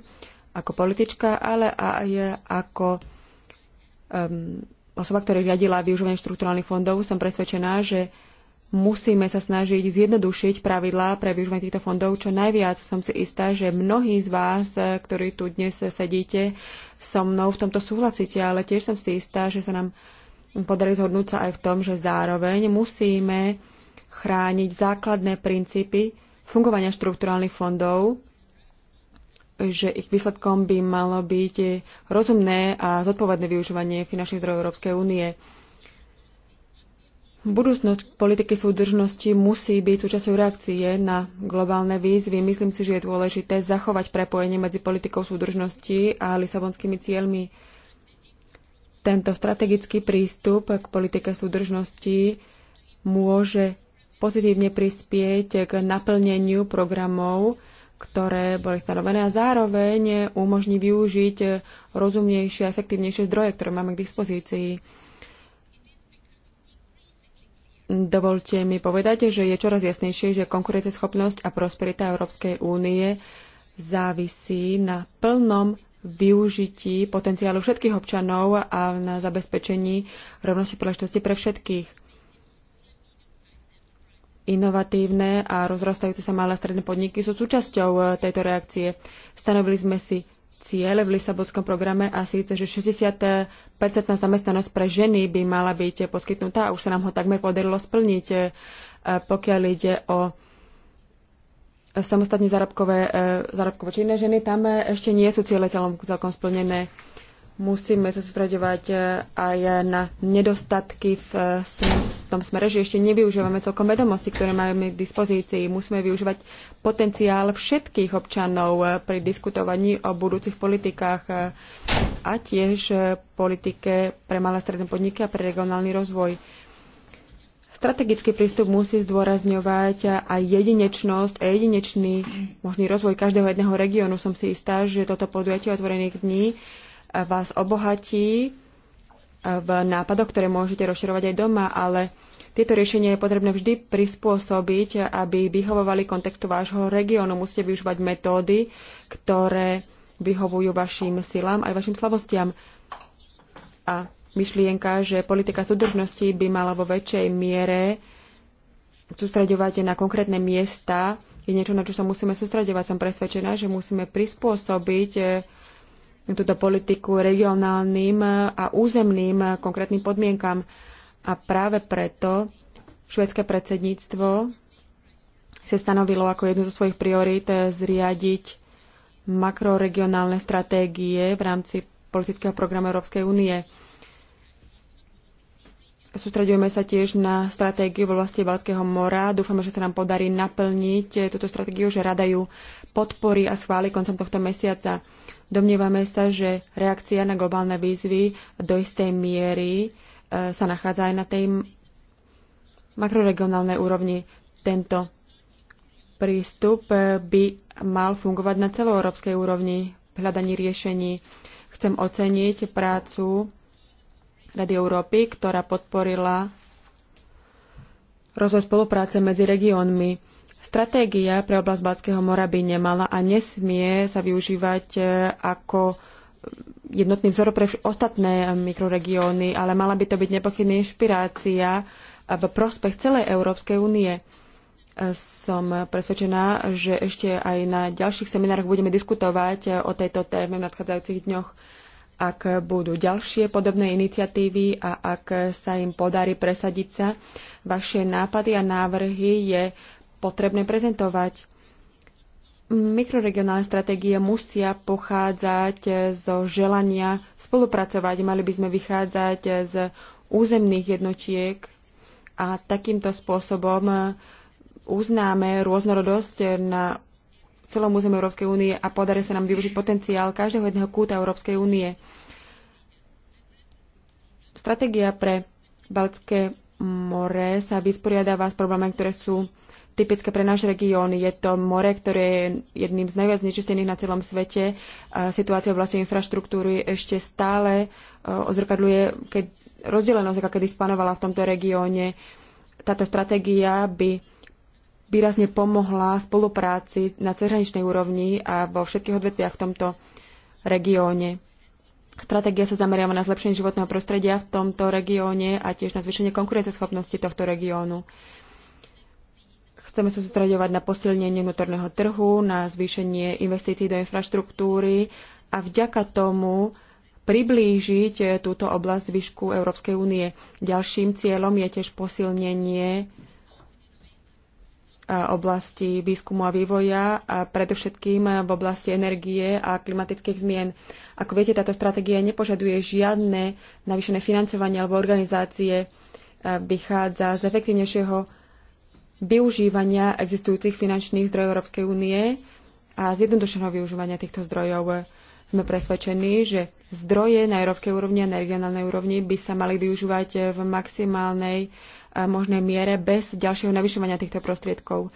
ako politička, ale aj ako um, osoba, ktorá riadila využívanie štrukturálnych fondov, som presvedčená, že musíme sa snažiť zjednodušiť pravidlá pre využívanie týchto fondov čo najviac. Som si istá, že mnohí z vás, ktorí tu dnes sedíte, so mnou v tomto súhlasíte, ale tiež som si istá, že sa nám podarí zhodnúť sa aj v tom, že zároveň musíme chrániť základné princípy fungovania štrukturálnych fondov, že ich výsledkom by malo byť rozumné a zodpovedné využívanie finančných zdrojov Európskej únie. Budúcnosť politiky súdržnosti musí byť súčasťou reakcie na globálne výzvy. Myslím si, že je dôležité zachovať prepojenie medzi politikou súdržnosti a lisabonskými cieľmi. Tento strategický prístup k politike súdržnosti môže pozitívne prispieť k naplneniu programov, ktoré boli stanovené a zároveň umožní využiť rozumnejšie a efektívnejšie zdroje, ktoré máme k dispozícii Dovolte mi povedať, že je čoraz jasnejšie, že konkurencieschopnosť a prosperita Európskej únie závisí na plnom využití potenciálu všetkých občanov a na zabezpečení rovnosti príležitosti pre všetkých. Inovatívne a rozrastajúce sa malé a stredné podniky sú súčasťou eh, tejto reakcie. Stanovili sme si cieľ v Lisabonskom programe a síce, že 60% zamestnanosť pre ženy by mala byť poskytnutá a už sa nám ho takmer podarilo splniť, e, pokiaľ ide o samostatne zárobkové, e, zárobkovo činné ženy. Tam e, ešte nie sú ciele celkom splnené musíme sa sústredovať eh, aj na nedostatky eh, v, tom smere, že ešte nevyužívame celkom vedomosti, ktoré máme k dispozícii. Musíme využívať potenciál všetkých občanov eh, pri diskutovaní o budúcich politikách a tiež politike pre malé stredné podniky a pre regionálny rozvoj. Strategický prístup musí zdôrazňovať aj jedinečnosť a jedinečný možný rozvoj každého jedného regiónu. Som si istá, že toto podujatie otvorených dní vás obohatí e, v nápadoch, ktoré môžete rozširovať aj doma, ale tieto riešenia je potrebné vždy prispôsobiť, aby vyhovovali kontextu vášho regiónu. Musíte využívať metódy, ktoré vyhovujú vašim silám aj vašim slabostiam. A myšlienka, že politika súdržnosti by mala vo väčšej miere sústreďovať na konkrétne miesta, je niečo, na čo sa musíme sústredovať. Som presvedčená, že musíme prispôsobiť e, túto politiku regionálnym a územným konkrétnym podmienkam. A práve preto švedské predsedníctvo sa stanovilo ako jednu zo svojich priorít zriadiť makroregionálne stratégie v rámci politického programu Európskej únie. Sústredujeme sa tiež na stratégiu v oblasti Balského mora. Dúfame, že sa nám podarí naplniť túto stratégiu, že rada ju podporí a schváli koncom tohto mesiaca. Domnievame sa, že reakcia na globálne výzvy do istej miery e, sa nachádza aj na tej makroregionálnej úrovni. Tento prístup e, by mal fungovať na celoeurópskej úrovni v hľadaní riešení. Chcem oceniť prácu Rady Európy, ktorá podporila rozvoj spolupráce medzi regiónmi Stratégia pre oblasť Balckého mora by nemala a nesmie sa využívať e, ako jednotný vzor pre ostatné e, mikroregióny, ale mala by to byť nepochybná inšpirácia e, v prospech celej Európskej únie. Som presvedčená, že ešte aj na ďalších seminároch budeme diskutovať o tejto téme v nadchádzajúcich dňoch. Ak budú ďalšie podobné iniciatívy a ak sa im podarí presadiť sa, vaše nápady a návrhy je potrebné prezentovať. Mikroregionálne stratégie musia pochádzať zo želania spolupracovať. Mali by sme vychádzať z územných jednotiek a takýmto spôsobom uznáme rôznorodosť na celom území Európskej únie a podarí sa nám využiť potenciál každého jedného kúta Európskej únie. Stratégia pre Baltské more sa vysporiadáva s problémami, ktoré sú typické pre náš región. Je to more, ktoré je jedným z najviac znečistených na celom svete. Situácia v vlastnej infraštruktúry ešte stále e, ozrkadľuje keď rozdelenosť, aká kedy spanovala v tomto regióne. Táto stratégia by výrazne pomohla spolupráci na cezhraničnej úrovni a vo všetkých odvetviach v tomto regióne. Stratégia sa zameriava na zlepšenie životného prostredia v tomto regióne a tiež na zvýšenie konkurenceschopnosti tohto regiónu. Chceme sa sústredovať na posilnenie vnútorného trhu, na zvýšenie investícií do infraštruktúry a vďaka tomu priblížiť túto oblasť zvyšku Európskej únie. Ďalším cieľom je tiež posilnenie e, oblasti výskumu a vývoja, a predovšetkým v oblasti energie a klimatických zmien. Ako viete, táto stratégia nepožaduje žiadne navýšené financovanie alebo organizácie, e, vychádza z efektívnejšieho využívania existujúcich finančných zdrojov Európskej únie a zjednodušeného využívania týchto zdrojov. Sme presvedčení, že zdroje na európskej úrovni a na regionálnej úrovni by sa mali využívať v maximálnej eh, možnej miere bez ďalšieho navyšovania týchto prostriedkov.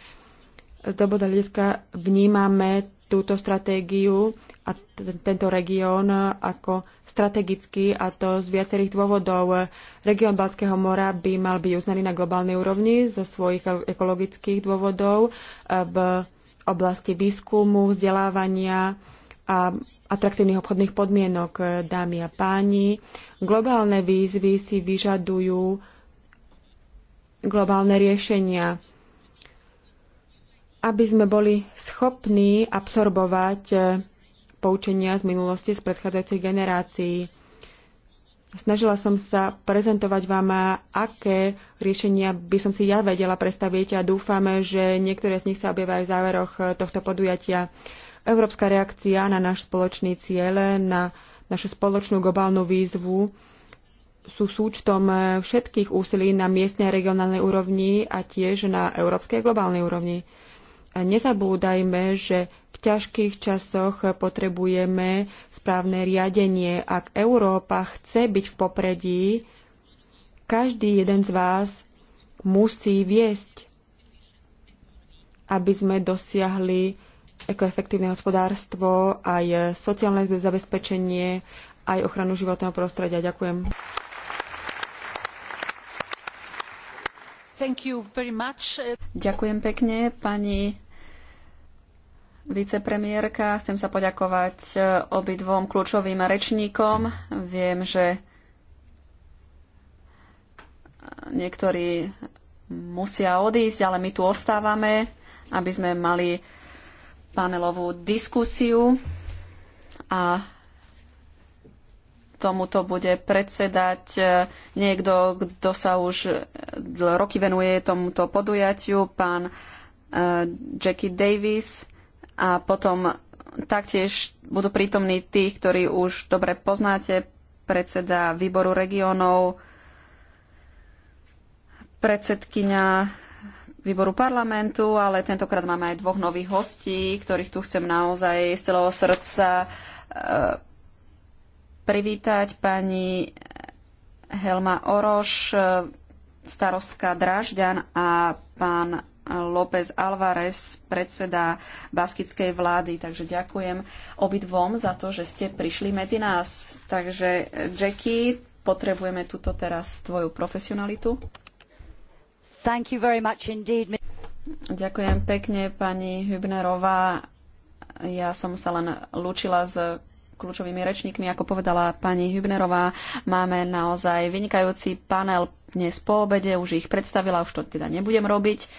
Z doboda hľadiska vnímame túto stratégiu a tento región ako strategický a to z viacerých dôvodov. Región Balckého mora by mal byť uznaný na globálnej úrovni zo svojich ekologických dôvodov e, v oblasti výskumu, vzdelávania a atraktívnych obchodných podmienok, dámy a páni. Globálne výzvy si vyžadujú globálne riešenia aby sme boli schopní absorbovať poučenia z minulosti z predchádzajúcich generácií. Snažila som sa prezentovať vám, aké riešenia by som si ja vedela predstaviť a dúfame, že niektoré z nich sa objavia aj v záveroch tohto podujatia. Európska reakcia na náš spoločný cieľ, na našu spoločnú globálnu výzvu sú súčtom všetkých úsilí na miestnej a regionálnej úrovni a tiež na európskej a globálnej úrovni nezabúdajme, že v ťažkých časoch potrebujeme správne riadenie. Ak Európa chce byť v popredí, každý jeden z vás musí viesť, aby sme dosiahli ekoefektívne hospodárstvo, aj sociálne zabezpečenie, aj ochranu životného prostredia. Ďakujem. Ďakujem pekne, pani vicepremiérka. Chcem sa poďakovať e, obidvom kľúčovým rečníkom. Viem, že niektorí musia odísť, ale my tu ostávame, aby sme mali panelovú diskusiu a tomuto bude predsedať e, niekto, kto sa už roky venuje tomuto podujatiu, pán e, Jackie Davis a potom taktiež budú prítomní tí, ktorí už dobre poznáte, predseda výboru regiónov, predsedkynia výboru parlamentu, ale tentokrát máme aj dvoch nových hostí, ktorých tu chcem naozaj z celého srdca eh, privítať pani Helma Oroš, eh, starostka Dražďan a pán López Alvarez, predseda baskickej vlády. Takže ďakujem obidvom za to, že ste prišli medzi nás. Takže Jackie, potrebujeme tuto teraz tvoju profesionalitu. Thank you very much indeed. Ďakujem pekne, pani Hübnerová. Ja som sa len lúčila s kľúčovými rečníkmi, ako povedala pani Hübnerová. Máme naozaj vynikajúci panel dnes po obede, už ich predstavila, už to teda nebudem robiť.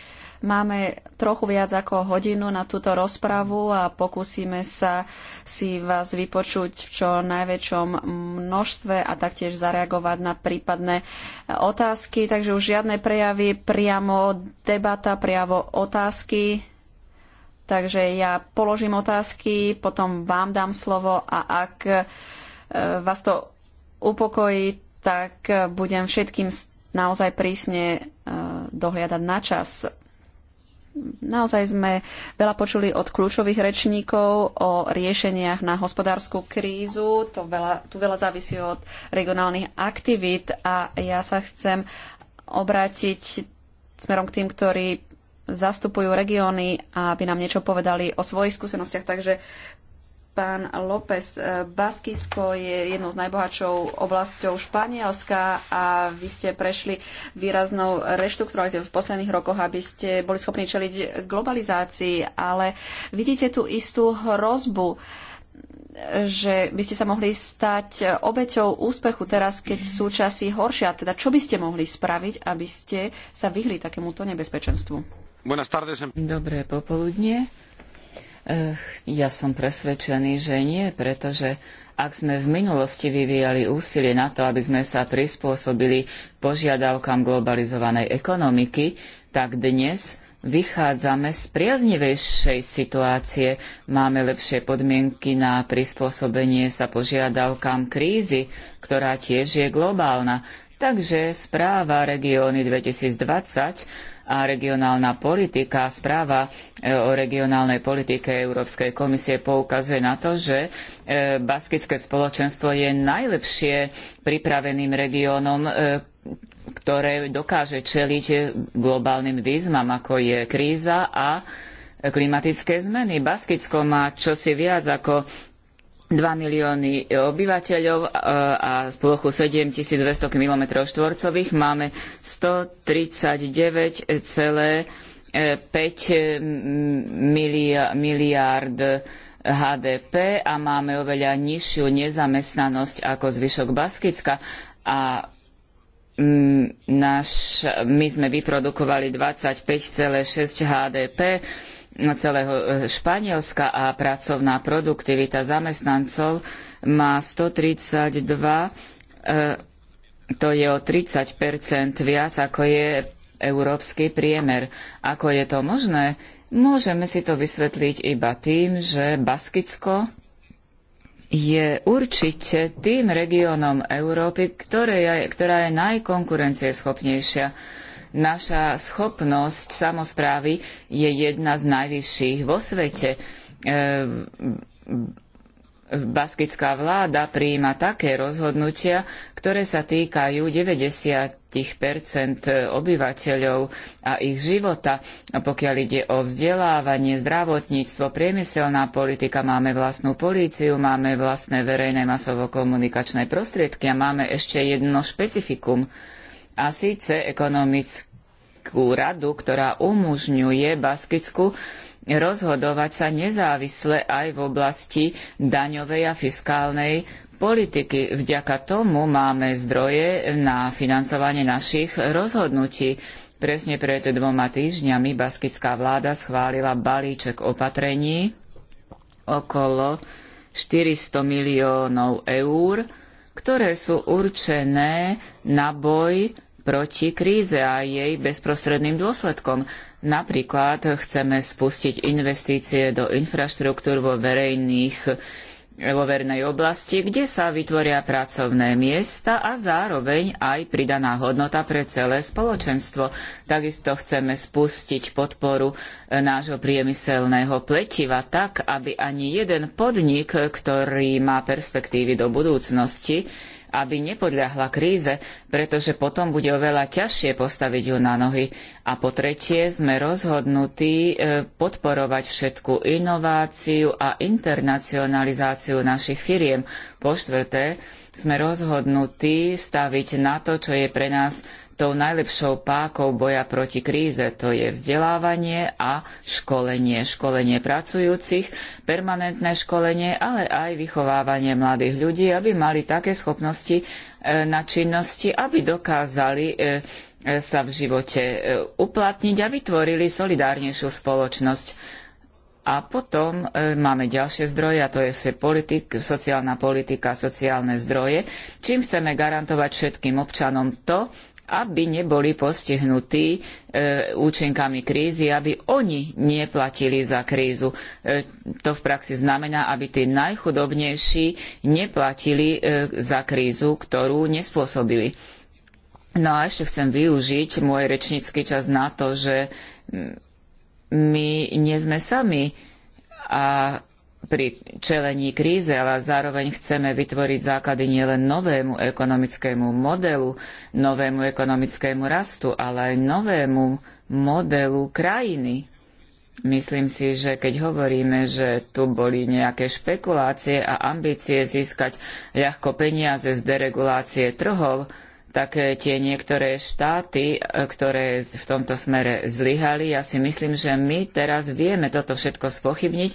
Máme trochu viac ako hodinu na túto rozpravu a pokúsime sa si vás vypočuť v čo najväčšom množstve a taktiež zareagovať na prípadné otázky. Takže už žiadne prejavy, priamo debata, priamo otázky. Takže ja položím otázky, potom vám dám slovo a ak e, vás to upokojí, tak budem všetkým naozaj prísne e, dohliadať na čas. Naozaj sme veľa počuli od kľúčových rečníkov o riešeniach na hospodárskú krízu. To veľa, tu veľa závisí od regionálnych aktivít a ja sa chcem obrátiť smerom k tým, ktorí zastupujú regióny aby nám niečo povedali o svojich skúsenostiach. Takže pán López. E, Baskisko je jednou z najbohatšou oblasťou Španielska a vy ste prešli výraznou reštrukturalizáciou v posledných rokoch, aby ste boli schopní čeliť globalizácii, ale vidíte tu istú hrozbu že by ste sa mohli stať obeťou úspechu teraz, keď sú časy horšia. Teda čo by ste mohli spraviť, aby ste sa vyhli takémuto nebezpečenstvu? Dobré popoludne. Ja som presvedčený, že nie, pretože ak sme v minulosti vyvíjali úsilie na to, aby sme sa prispôsobili požiadavkám globalizovanej ekonomiky, tak dnes vychádzame z priaznivejšej situácie. Máme lepšie podmienky na prispôsobenie sa požiadavkám krízy, ktorá tiež je globálna. Takže správa Regióny 2020 a regionálna politika, správa e, o regionálnej politike Európskej komisie poukazuje na to, že e, baskické spoločenstvo je najlepšie pripraveným regiónom, e, ktoré dokáže čeliť globálnym výzvam, ako je kríza a klimatické zmeny. Baskicko má čosi viac ako 2 milióny obyvateľov e, a splochu 7200 km štvorcových máme 139,5 e, miliárd HDP a máme oveľa nižšiu nezamestnanosť ako zvyšok Baskicka a náš, my sme vyprodukovali 25,6 HDP celého e, Španielska a pracovná produktivita zamestnancov má 132, e, to je o 30 viac, ako je európsky priemer. Ako je to možné? Môžeme si to vysvetliť iba tým, že Baskicko je určite tým regiónom Európy, ktoré je, ktorá je najkonkurencieschopnejšia Naša schopnosť samozprávy je jedna z najvyšších vo svete. Ehm, Baskická vláda prijíma také rozhodnutia, ktoré sa týkajú 90 obyvateľov a ich života. A pokiaľ ide o vzdelávanie, zdravotníctvo, priemyselná politika, máme vlastnú políciu, máme vlastné verejné masovo-komunikačné prostriedky a máme ešte jedno špecifikum – a síce ekonomickú radu, ktorá umožňuje Baskicku rozhodovať sa nezávisle aj v oblasti daňovej a fiskálnej politiky. Vďaka tomu máme zdroje na financovanie našich rozhodnutí. Presne pred dvoma týždňami baskická vláda schválila balíček opatrení okolo 400 miliónov eur, ktoré sú určené na boj proti kríze a jej bezprostredným dôsledkom. Napríklad chceme spustiť investície do infraštruktúr vo verejných vo vernej oblasti, kde sa vytvoria pracovné miesta a zároveň aj pridaná hodnota pre celé spoločenstvo. Takisto chceme spustiť podporu e, nášho priemyselného pletiva tak, aby ani jeden podnik, ktorý má perspektívy do budúcnosti, aby nepodľahla kríze, pretože potom bude oveľa ťažšie postaviť ju na nohy. A po tretie sme rozhodnutí e, podporovať všetku inováciu a internacionalizáciu našich firiem. Po štvrté sme rozhodnutí staviť na to, čo je pre nás tou najlepšou pákou boja proti kríze. To je vzdelávanie a školenie. Školenie pracujúcich, permanentné školenie, ale aj vychovávanie mladých ľudí, aby mali také schopnosti e, na činnosti, aby dokázali e, e, sa v živote uplatniť a vytvorili solidárnejšiu spoločnosť. A potom e, máme ďalšie zdroje, a to je politik, sociálna politika, sociálne zdroje, čím chceme garantovať všetkým občanom to, aby neboli postihnutí e, účinkami krízy, aby oni neplatili za krízu. E, to v praxi znamená, aby tí najchudobnejší neplatili e, za krízu, ktorú nespôsobili. No a ešte chcem využiť môj rečnícky čas na to, že my nie sme sami a pri čelení kríze, ale zároveň chceme vytvoriť základy nielen novému ekonomickému modelu, novému ekonomickému rastu, ale aj novému modelu krajiny. Myslím si, že keď hovoríme, že tu boli nejaké špekulácie a ambície získať ľahko peniaze z deregulácie trhov, tak tie niektoré štáty, e, ktoré v tomto smere zlyhali, ja si myslím, že my teraz vieme toto všetko spochybniť,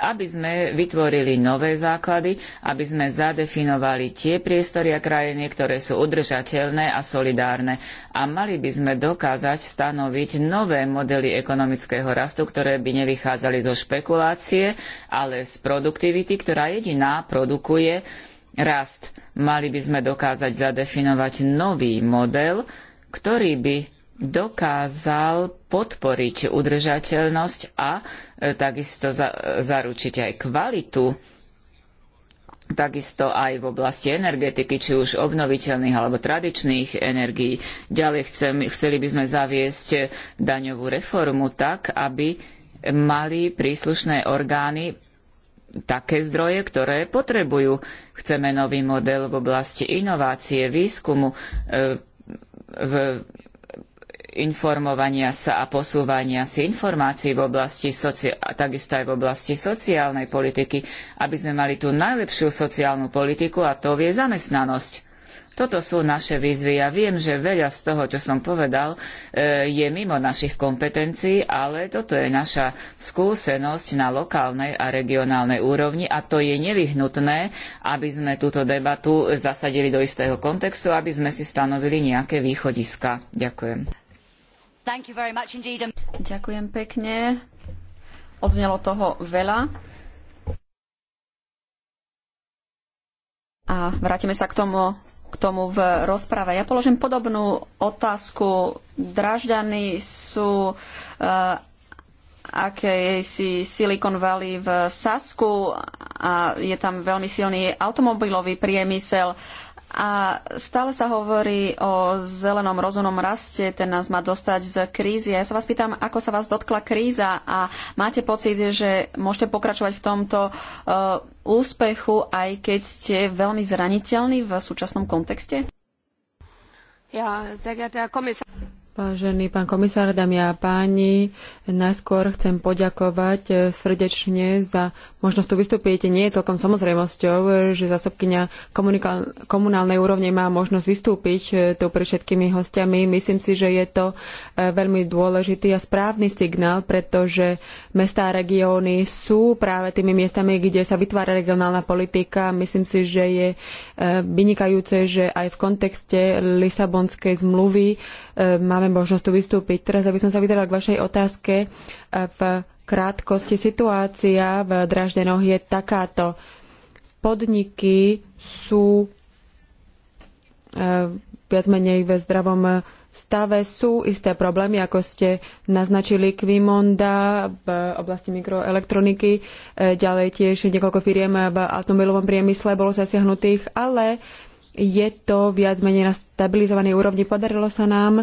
aby sme vytvorili nové základy, aby sme zadefinovali tie priestory a krajiny, ktoré sú udržateľné a solidárne. A mali by sme dokázať stanoviť nové modely ekonomického rastu, ktoré by nevychádzali zo špekulácie, ale z produktivity, ktorá jediná produkuje rast. Mali by sme dokázať zadefinovať nový model, ktorý by dokázal podporiť udržateľnosť a e, takisto za, e, zaručiť aj kvalitu, takisto aj v oblasti energetiky, či už obnoviteľných alebo tradičných energií. Ďalej chcem, chceli by sme zaviesť daňovú reformu tak, aby mali príslušné orgány také zdroje, ktoré potrebujú. Chceme nový model v oblasti inovácie, výskumu, e, v informovania sa a posúvania si informácií v oblasti a takisto aj v oblasti sociálnej politiky, aby sme mali tú najlepšiu sociálnu politiku a to je zamestnanosť. Toto sú naše výzvy. Ja viem, že veľa z toho, čo som povedal, e, je mimo našich kompetencií, ale toto je naša skúsenosť na lokálnej a regionálnej úrovni a to je nevyhnutné, aby sme túto debatu zasadili do istého kontextu, aby sme si stanovili nejaké východiska. Ďakujem. Ďakujem pekne. Odznelo toho veľa. A vrátime sa k tomu k tomu v rozprave. Ja položím podobnú otázku. Dražďany sú uh, eh, si Silicon Valley v Sasku a je tam veľmi silný automobilový priemysel a stále sa hovorí o zelenom rozumnom raste, ten nás má dostať z krízy. Ja sa vás pýtam, ako sa vás dotkla kríza a máte pocit, že môžete pokračovať v tomto uh, úspechu, aj keď ste veľmi zraniteľní v súčasnom kontexte? Ja, komisár. Vážený pán komisár, dámy a páni, najskôr chcem poďakovať eh, srdečne za možnosť tu vystúpiť. Nie je celkom samozrejmosťou, že zásobkynia komunálnej úrovne má možnosť vystúpiť eh, tu pre všetkými hostiami. Myslím si, že je to eh, veľmi dôležitý a správny signál, pretože mestá a regióny sú práve tými miestami, kde sa vytvára regionálna politika. Myslím si, že je vynikajúce, že aj v kontexte Lisabonskej zmluvy máme máme možnosť tu vystúpiť. Teraz, aby som sa vydala k vašej otázke, e, v krátkosti situácia v Draždenoch je takáto. Podniky sú e, viac menej ve zdravom stave sú isté problémy, ako ste naznačili Quimonda v oblasti mikroelektroniky, e, ďalej tiež niekoľko firiem v automobilovom priemysle bolo zasiahnutých, ale je to viac menej na stabilizovanej úrovni. Podarilo sa nám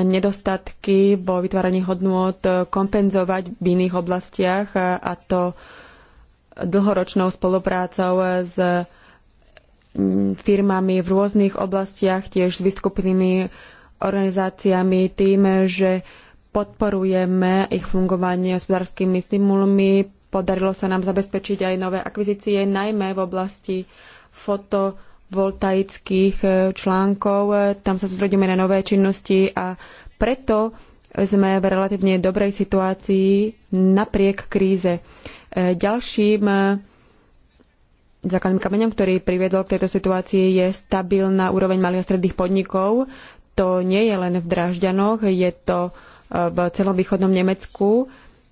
nedostatky vo vytváraní hodnôt eh, kompenzovať v iných oblastiach eh, a to dlhoročnou spoluprácou eh, s mm, firmami v rôznych oblastiach, tiež s vyskupnými organizáciami tým, že podporujeme ich fungovanie hospodárskymi stimulmi. Podarilo sa nám zabezpečiť aj nové akvizície, najmä v oblasti foto fotovoltaických eh, článkov. Eh, tam sa sústredíme na nové činnosti a preto sme v relatívne dobrej situácii napriek kríze. Eh, ďalším základným kameňom, ktorý priviedol k tejto situácii, je stabilná úroveň malých a stredných podnikov. To nie je len v Dražďanoch, je to v celom východnom Nemecku.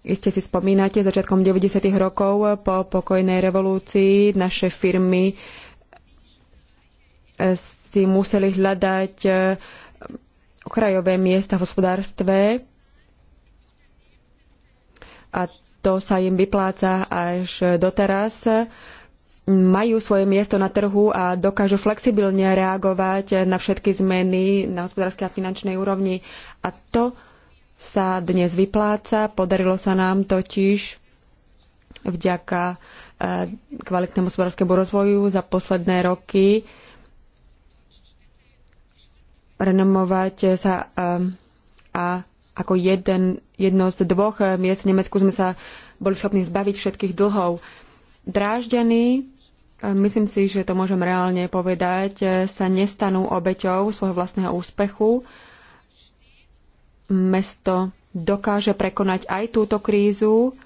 Iste si spomínate, začiatkom 90. rokov po pokojnej revolúcii naše firmy si museli hľadať e, okrajové miesta v hospodárstve a to sa im vypláca až doteraz. Majú svoje miesto na trhu a dokážu flexibilne reagovať na všetky zmeny na hospodárskej a finančnej úrovni. A to sa dnes vypláca. Podarilo sa nám totiž vďaka e, kvalitnému hospodárskému rozvoju za posledné roky renomovať sa ehm, a ako jeden, jedno z dvoch eh, miest v Nemecku sme sa boli schopní zbaviť všetkých dlhov. Dráždení, eh, myslím si, že to môžem reálne povedať, eh, sa nestanú obeťou svojho vlastného úspechu. Mesto dokáže prekonať aj túto krízu,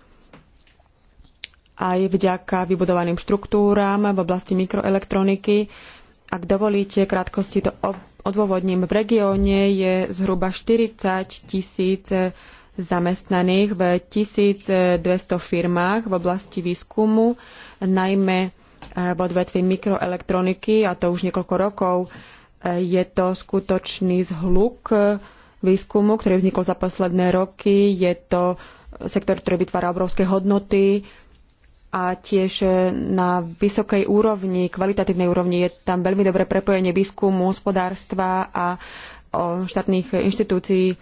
aj vďaka vybudovaným štruktúram v oblasti mikroelektroniky. Ak dovolíte, krátkosti to ob- odôvodním. V regióne je zhruba 40 tisíc zamestnaných v 1200 firmách v oblasti výskumu, najmä e, v odvetvi mikroelektroniky, a to už niekoľko rokov. E, je to skutočný zhluk e, výskumu, ktorý vznikol za posledné roky. Je to sektor, ktorý vytvára obrovské hodnoty, a tiež e, na vysokej úrovni, kvalitatívnej úrovni je tam veľmi dobré prepojenie výskumu, hospodárstva a štátnych inštitúcií.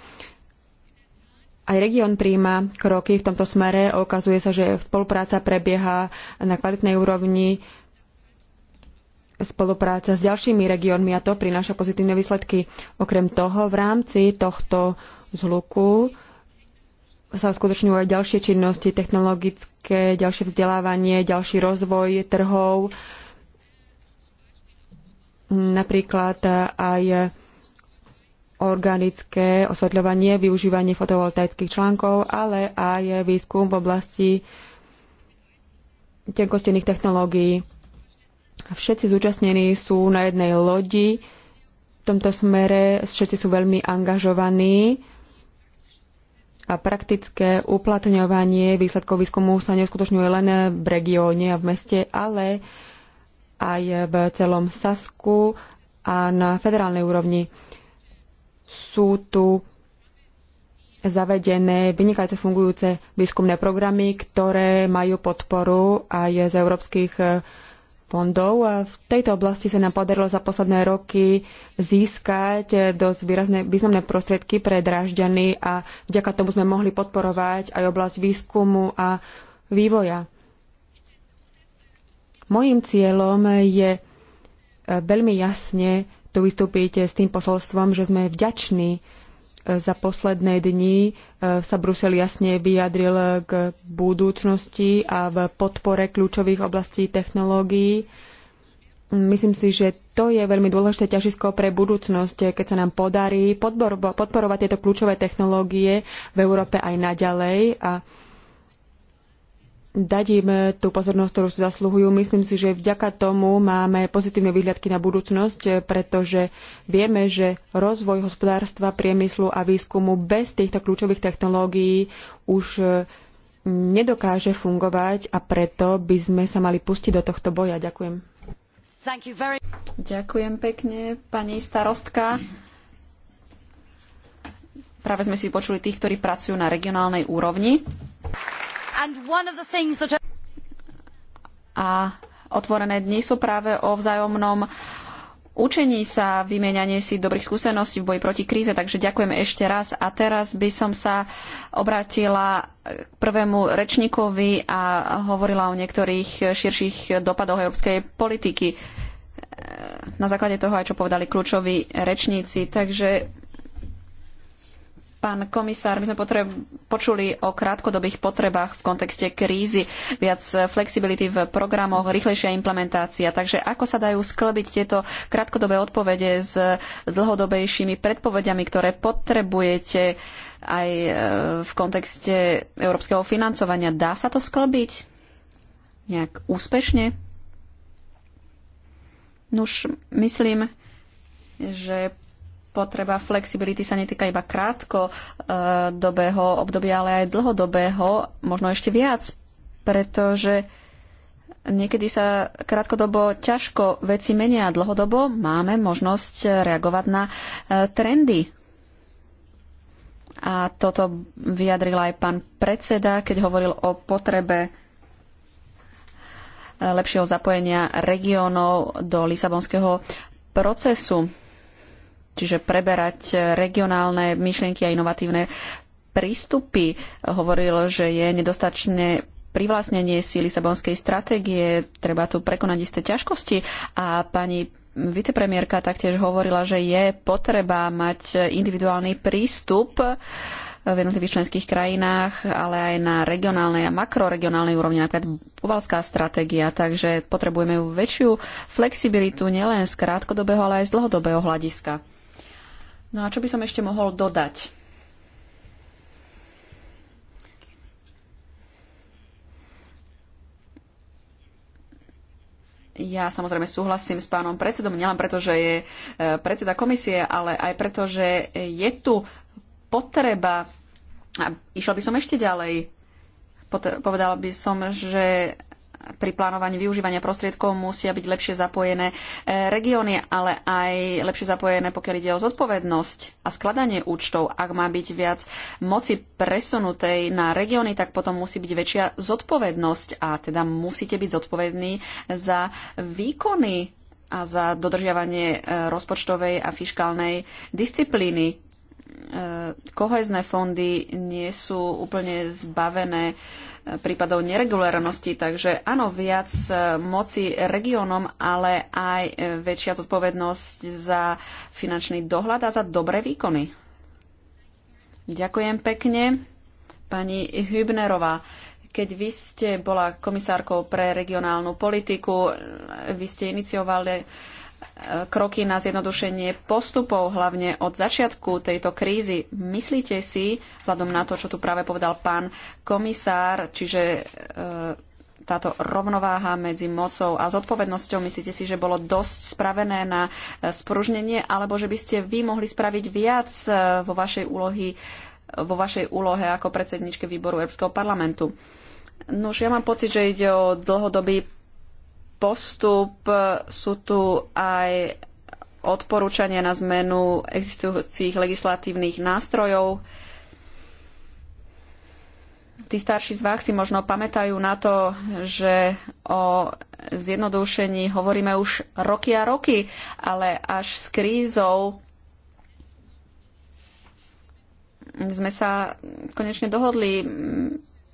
Aj región príjma kroky v tomto smere. Okazuje sa, že spolupráca prebieha na kvalitnej úrovni spolupráca s ďalšími regiónmi a to prináša pozitívne výsledky. Okrem toho, v rámci tohto zhluku sa uskutočňujú aj ďalšie činnosti, technologické, ďalšie vzdelávanie, ďalší rozvoj trhov, napríklad aj organické osvetľovanie, využívanie fotovoltaických článkov, ale aj výskum v oblasti tenkostených technológií. Všetci zúčastnení sú na jednej lodi. V tomto smere všetci sú veľmi angažovaní a praktické uplatňovanie výsledkov výskumu sa neskutočňuje len v regióne a v meste, ale aj v celom Sasku a na federálnej úrovni sú tu zavedené vynikajúce fungujúce výskumné programy, ktoré majú podporu aj z európskych fondov. v tejto oblasti sa nám podarilo za posledné roky získať eh, dosť výrazné, významné prostriedky pre dražďany a vďaka tomu sme mohli podporovať aj oblasť výskumu a vývoja. Mojím cieľom je eh, veľmi jasne tu vystúpiť eh, s tým posolstvom, že sme vďační za posledné dni e, sa Brusel jasne vyjadril k budúcnosti a v podpore kľúčových oblastí technológií. Myslím si, že to je veľmi dôležité ťažisko pre budúcnosť, keď sa nám podarí podporovať tieto kľúčové technológie v Európe aj naďalej a dať im eh, tú pozornosť, ktorú si zasluhujú. Myslím si, že vďaka tomu máme pozitívne výhľadky na budúcnosť, eh, pretože vieme, že rozvoj hospodárstva, priemyslu a výskumu bez týchto kľúčových technológií už eh, nedokáže fungovať a preto by sme sa mali pustiť do tohto boja. Ďakujem. Very... Ďakujem pekne, pani starostka. Práve sme si počuli tých, ktorí pracujú na regionálnej úrovni. A otvorené dni sú práve o vzájomnom učení sa, vymieňanie si dobrých skúseností v boji proti kríze. Takže ďakujem ešte raz. A teraz by som sa obrátila k prvému rečníkovi a hovorila o niektorých širších dopadoch európskej politiky. Na základe toho aj, čo povedali kľúčoví rečníci. Takže Pán komisár, my sme počuli o krátkodobých potrebách v kontexte krízy, viac flexibility v programoch, rýchlejšia implementácia. Takže ako sa dajú sklbiť tieto krátkodobé odpovede s dlhodobejšími predpovediami, ktoré potrebujete aj e, v kontexte európskeho financovania? Dá sa to sklbiť nejak úspešne? Nuž, myslím, že potreba flexibility sa netýka iba krátko e, dobého obdobia, ale aj dlhodobého, možno ešte viac, pretože niekedy sa krátkodobo ťažko veci menia a dlhodobo máme možnosť reagovať na e, trendy. A toto vyjadril aj pán predseda, keď hovoril o potrebe e, lepšieho zapojenia regiónov do Lisabonského procesu čiže preberať regionálne myšlienky a inovatívne prístupy. Hovoril, že je nedostačné privlastnenie si Lisabonskej stratégie, treba tu prekonať isté ťažkosti a pani vicepremiérka taktiež hovorila, že je potreba mať individuálny prístup v jednotlivých členských krajinách, ale aj na regionálnej a makroregionálnej úrovni, napríklad povalská stratégia, takže potrebujeme väčšiu flexibilitu nielen z krátkodobého, ale aj z dlhodobého hľadiska. No a čo by som ešte mohol dodať? Ja samozrejme súhlasím s pánom predsedom, nielen preto, že je e, predseda komisie, ale aj preto, že je tu potreba, a išiel by som ešte ďalej, povedala by som, že pri plánovaní využívania prostriedkov musia byť lepšie zapojené e, regióny, ale aj lepšie zapojené, pokiaľ ide o zodpovednosť a skladanie účtov. Ak má byť viac moci presunutej na regióny, tak potom musí byť väčšia zodpovednosť a teda musíte byť zodpovední za výkony a za dodržiavanie e, rozpočtovej a fiškálnej disciplíny e, kohezné fondy nie sú úplne zbavené prípadov neregulárnosti. Takže áno, viac e, moci regiónom, ale aj e, väčšia zodpovednosť za finančný dohľad a za dobré výkony. Ďakujem pekne. Pani Hübnerová, keď vy ste bola komisárkou pre regionálnu politiku, e, vy ste iniciovali kroky na zjednodušenie postupov, hlavne od začiatku tejto krízy. Myslíte si, vzhľadom na to, čo tu práve povedal pán komisár, čiže e, táto rovnováha medzi mocou a zodpovednosťou, myslíte si, že bolo dosť spravené na e, spružnenie, alebo že by ste vy mohli spraviť viac e, vo vašej, úlohy, vo vašej úlohe ako predsedničke výboru Európskeho parlamentu? No už ja mám pocit, že ide o dlhodobý postup. Sú tu aj odporúčania na zmenu existujúcich legislatívnych nástrojov. Tí starší z vás si možno pamätajú na to, že o zjednodušení hovoríme už roky a roky, ale až s krízou sme sa konečne dohodli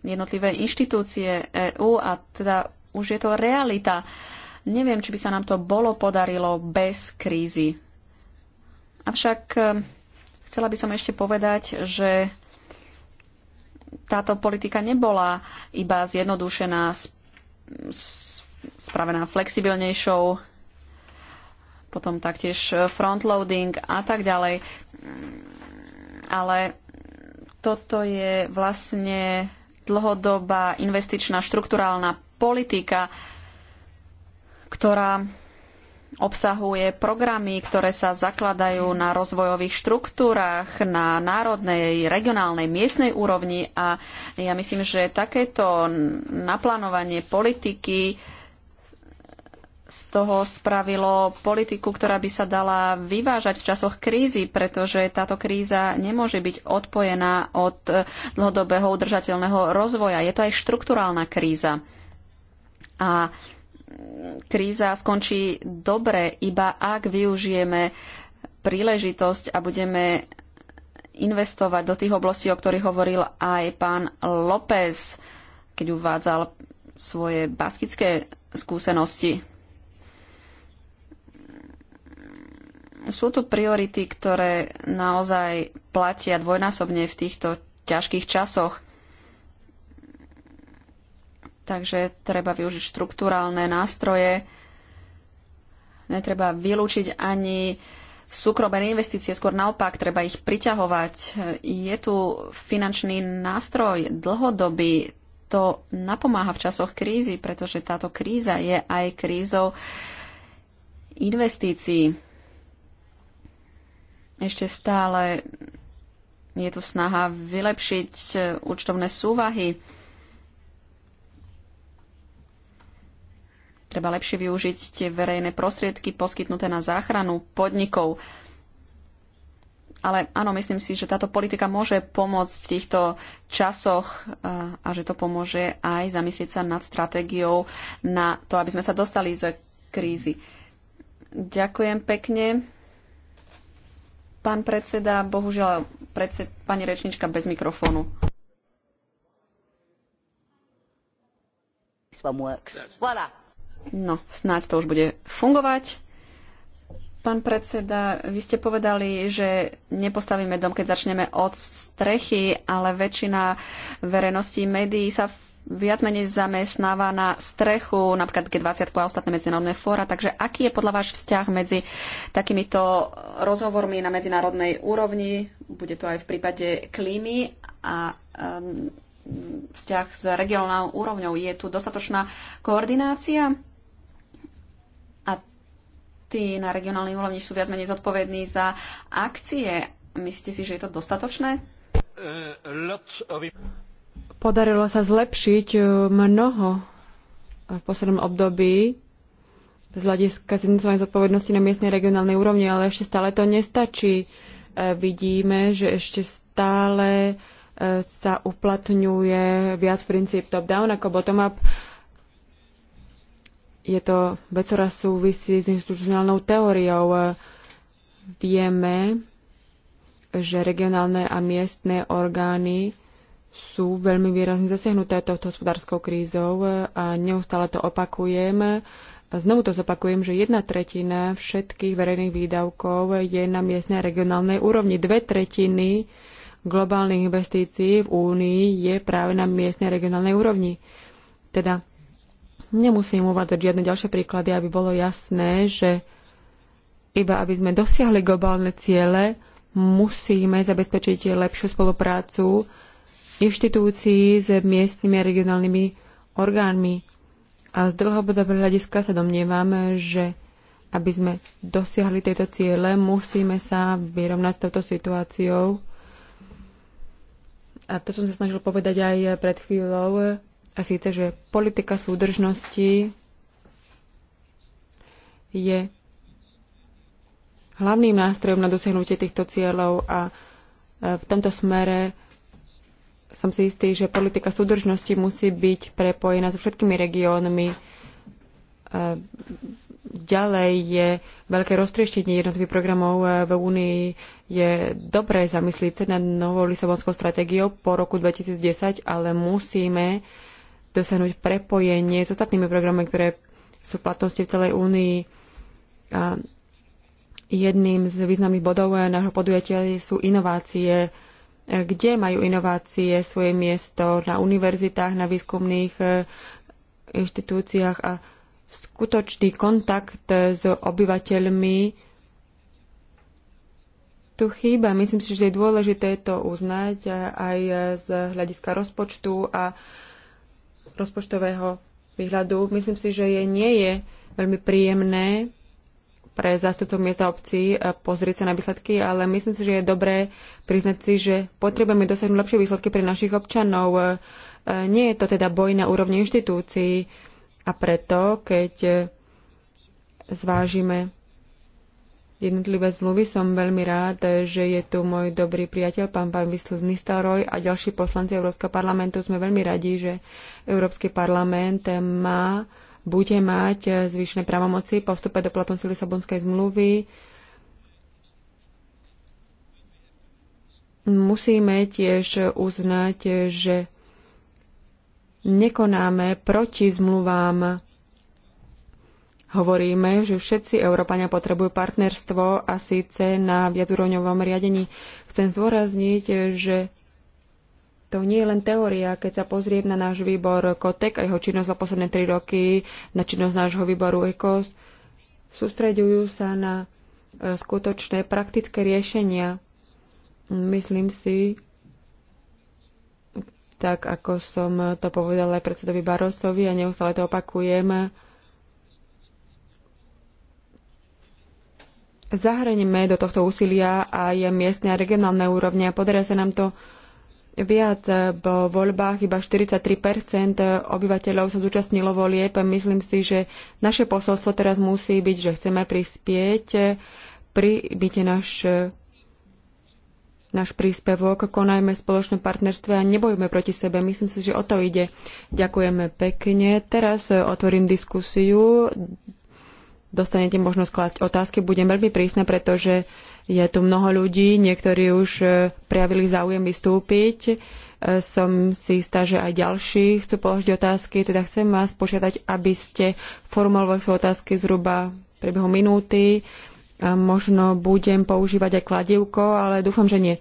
jednotlivé inštitúcie EÚ a teda už je to realita. Neviem, či by sa nám to bolo podarilo bez krízy. Avšak e, chcela by som ešte povedať, že táto politika nebola iba zjednodušená, spravená flexibilnejšou, potom taktiež frontloading a tak ďalej. Ale toto je vlastne dlhodobá investičná štrukturálna politika, ktorá obsahuje programy, ktoré sa zakladajú na rozvojových štruktúrach, na národnej, regionálnej, miestnej úrovni a ja myslím, že takéto naplánovanie politiky z toho spravilo politiku, ktorá by sa dala vyvážať v časoch krízy, pretože táto kríza nemôže byť odpojená od dlhodobého udržateľného rozvoja. Je to aj štrukturálna kríza. A mm, kríza skončí dobre, iba ak využijeme príležitosť a budeme investovať do tých oblastí, o ktorých hovoril aj pán López, keď uvádzal svoje baskické skúsenosti. Sú tu priority, ktoré naozaj platia dvojnásobne v týchto ťažkých časoch. Takže treba využiť štruktúrálne nástroje. Netreba vylúčiť ani súkromné investície, skôr naopak, treba ich priťahovať. Je tu finančný nástroj dlhodobý, to napomáha v časoch krízy, pretože táto kríza je aj krízou investícií. Ešte stále je tu snaha vylepšiť eh, účtovné súvahy Treba lepšie využiť tie verejné prostriedky poskytnuté na záchranu podnikov. Ale áno, myslím si, že táto politika môže pomôcť v týchto časoch eh, a že to pomôže aj zamyslieť sa nad stratégiou na to, aby sme sa dostali z krízy. Ďakujem pekne. Pán predseda, bohužiaľ, predsed, pani rečnička bez mikrofónu. This one works. Voilà. No, snáď to už bude fungovať. Pán predseda, vy ste povedali, že nepostavíme dom, keď začneme od strechy, ale väčšina verejnosti médií sa viac menej zamestnáva na strechu, napríklad G20 a ostatné medzinárodné fóra. Takže aký je podľa váš vzťah medzi takýmito rozhovormi na medzinárodnej úrovni, bude to aj v prípade klímy a um, vzťah s regionálnou úrovňou? Je tu dostatočná koordinácia? tí na regionálnej úrovni sú viac menej zodpovední za akcie. Myslíte si, že je to dostatočné? Podarilo sa zlepšiť e, mnoho v poslednom období z hľadiska zjednocovania zodpovednosti na miestnej regionálnej úrovni, ale ešte stále to nestačí. E, vidíme, že ešte stále e, sa uplatňuje viac princíp top-down ako bottom-up je to vec, ktorá súvisí s institucionálnou teóriou. Vieme, že regionálne a miestne orgány sú veľmi výrazne zasiahnuté touto hospodárskou krízou a neustále to opakujem. A znovu to zopakujem, že jedna tretina všetkých verejných výdavkov je na miestnej a regionálnej úrovni. Dve tretiny globálnych investícií v Únii je práve na miestnej a regionálnej úrovni. Teda Nemusím uvádzať žiadne ďalšie príklady, aby bolo jasné, že iba aby sme dosiahli globálne ciele, musíme zabezpečiť lepšiu spoluprácu inštitúcií s miestnymi a regionálnymi orgánmi. A z dlhodobého hľadiska sa domnievam, že aby sme dosiahli tieto ciele, musíme sa vyrovnať s touto situáciou. A to som sa snažil povedať aj pred chvíľou. A síce, že politika súdržnosti je hlavným nástrojom na dosiahnutie týchto cieľov a e, v tomto smere som si istý, že politika súdržnosti musí byť prepojená so všetkými regiónmi. E, ďalej je veľké roztrieštenie jednotlivých programov e, v Únii. Je dobré zamyslieť sa nad novou Lisabonskou stratégiou po roku 2010, ale musíme dosiahnuť prepojenie s ostatnými programami, ktoré sú v platnosti v celej únii. A jedným z významných bodov nášho podujatia sú inovácie. Kde majú inovácie svoje miesto? Na univerzitách, na výskumných e, inštitúciách a skutočný kontakt s obyvateľmi tu chýba. Myslím si, že je dôležité to uznať aj z hľadiska rozpočtu a rozpočtového výhľadu, myslím si, že je, nie je veľmi príjemné pre zástupcov miesta obcí e, pozrieť sa na výsledky, ale myslím si, že je dobré priznať si, že potrebujeme dosiahnuť lepšie výsledky pre našich občanov. E, nie je to teda boj na úrovni inštitúcií a preto, keď e, zvážime jednotlivé zmluvy. Som veľmi rád, že je tu môj dobrý priateľ, pán pán Vyslav Nistaroj a ďalší poslanci Európskeho parlamentu. Sme veľmi radi, že Európsky parlament má, bude mať zvyšné právomoci po vstupe do platnosti Lisabonskej zmluvy. Musíme tiež uznať, že nekonáme proti zmluvám hovoríme, že všetci Európania potrebujú partnerstvo a síce na viacúrovňovom riadení. Chcem zdôrazniť, že to nie je len teória, keď sa pozrieť na náš výbor KOTEK a jeho činnosť za posledné tri roky, na činnosť nášho výboru ECOS, sústreďujú sa na e, skutočné praktické riešenia. Myslím si, tak ako som to povedala aj predsedovi Barosovi a neustále to opakujem, zahrnieme do tohto úsilia aj miestne a regionálne úrovne. Podarí sa nám to viac. V voľbách iba 43 obyvateľov sa zúčastnilo volieb. Myslím si, že naše posolstvo teraz musí byť, že chceme prispieť, byte náš náš príspevok, konajme v spoločnom partnerstve a nebojme proti sebe. Myslím si, že o to ide. Ďakujeme pekne. Teraz otvorím diskusiu dostanete možnosť klásť otázky. Budem veľmi prísna, pretože je tu mnoho ľudí, niektorí už e, prejavili záujem vystúpiť. E, som si istá, že aj ďalší chcú položiť otázky, teda chcem vás požiadať, aby ste formulovali svoje otázky zhruba v priebehu minúty. A možno budem používať aj kladivko, ale dúfam, že nie.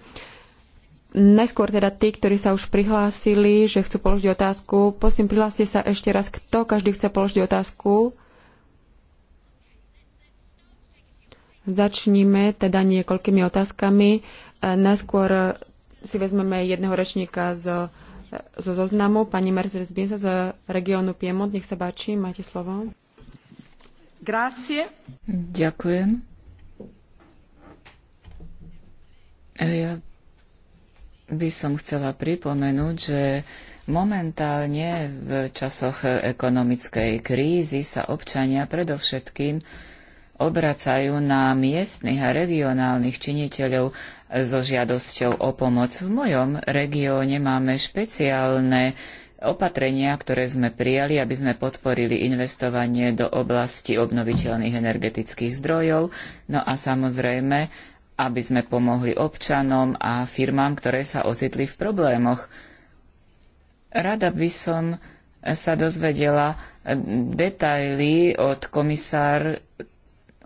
Najskôr teda tí, ktorí sa už prihlásili, že chcú položiť otázku, prosím, prihláste sa ešte raz, kto každý chce položiť otázku Začníme teda niekoľkými otázkami. E, najskôr si vezmeme jedného rečníka z, e, zo zoznamu, pani Mercedes Binsa z regiónu Piemont. Nech sa páči, máte slovo. Grazie. Ďakujem. Ja by som chcela pripomenúť, že momentálne v časoch ekonomickej krízy sa občania predovšetkým obracajú na miestnych a regionálnych činiteľov so žiadosťou o pomoc. V mojom regióne máme špeciálne opatrenia, ktoré sme prijali, aby sme podporili investovanie do oblasti obnoviteľných energetických zdrojov, no a samozrejme, aby sme pomohli občanom a firmám, ktoré sa ocitli v problémoch. Rada by som sa dozvedela detaily od komisár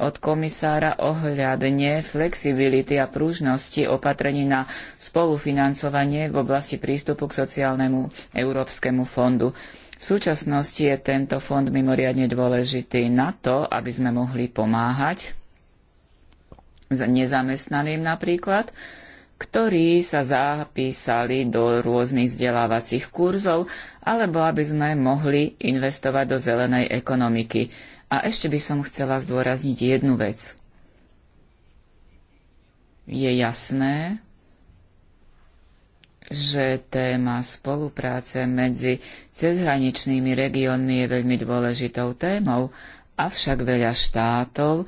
od komisára ohľadne flexibility a pružnosti opatrení na spolufinancovanie v oblasti prístupu k sociálnemu Európskemu fondu. V súčasnosti je tento fond mimoriadne dôležitý na to, aby sme mohli pomáhať nezamestnaným napríklad, ktorí sa zapísali do rôznych vzdelávacích kurzov, alebo aby sme mohli investovať do zelenej ekonomiky. A ešte by som chcela zdôrazniť jednu vec. Je jasné, že téma spolupráce medzi cezhraničnými regiónmi je veľmi dôležitou témou, avšak veľa štátov e,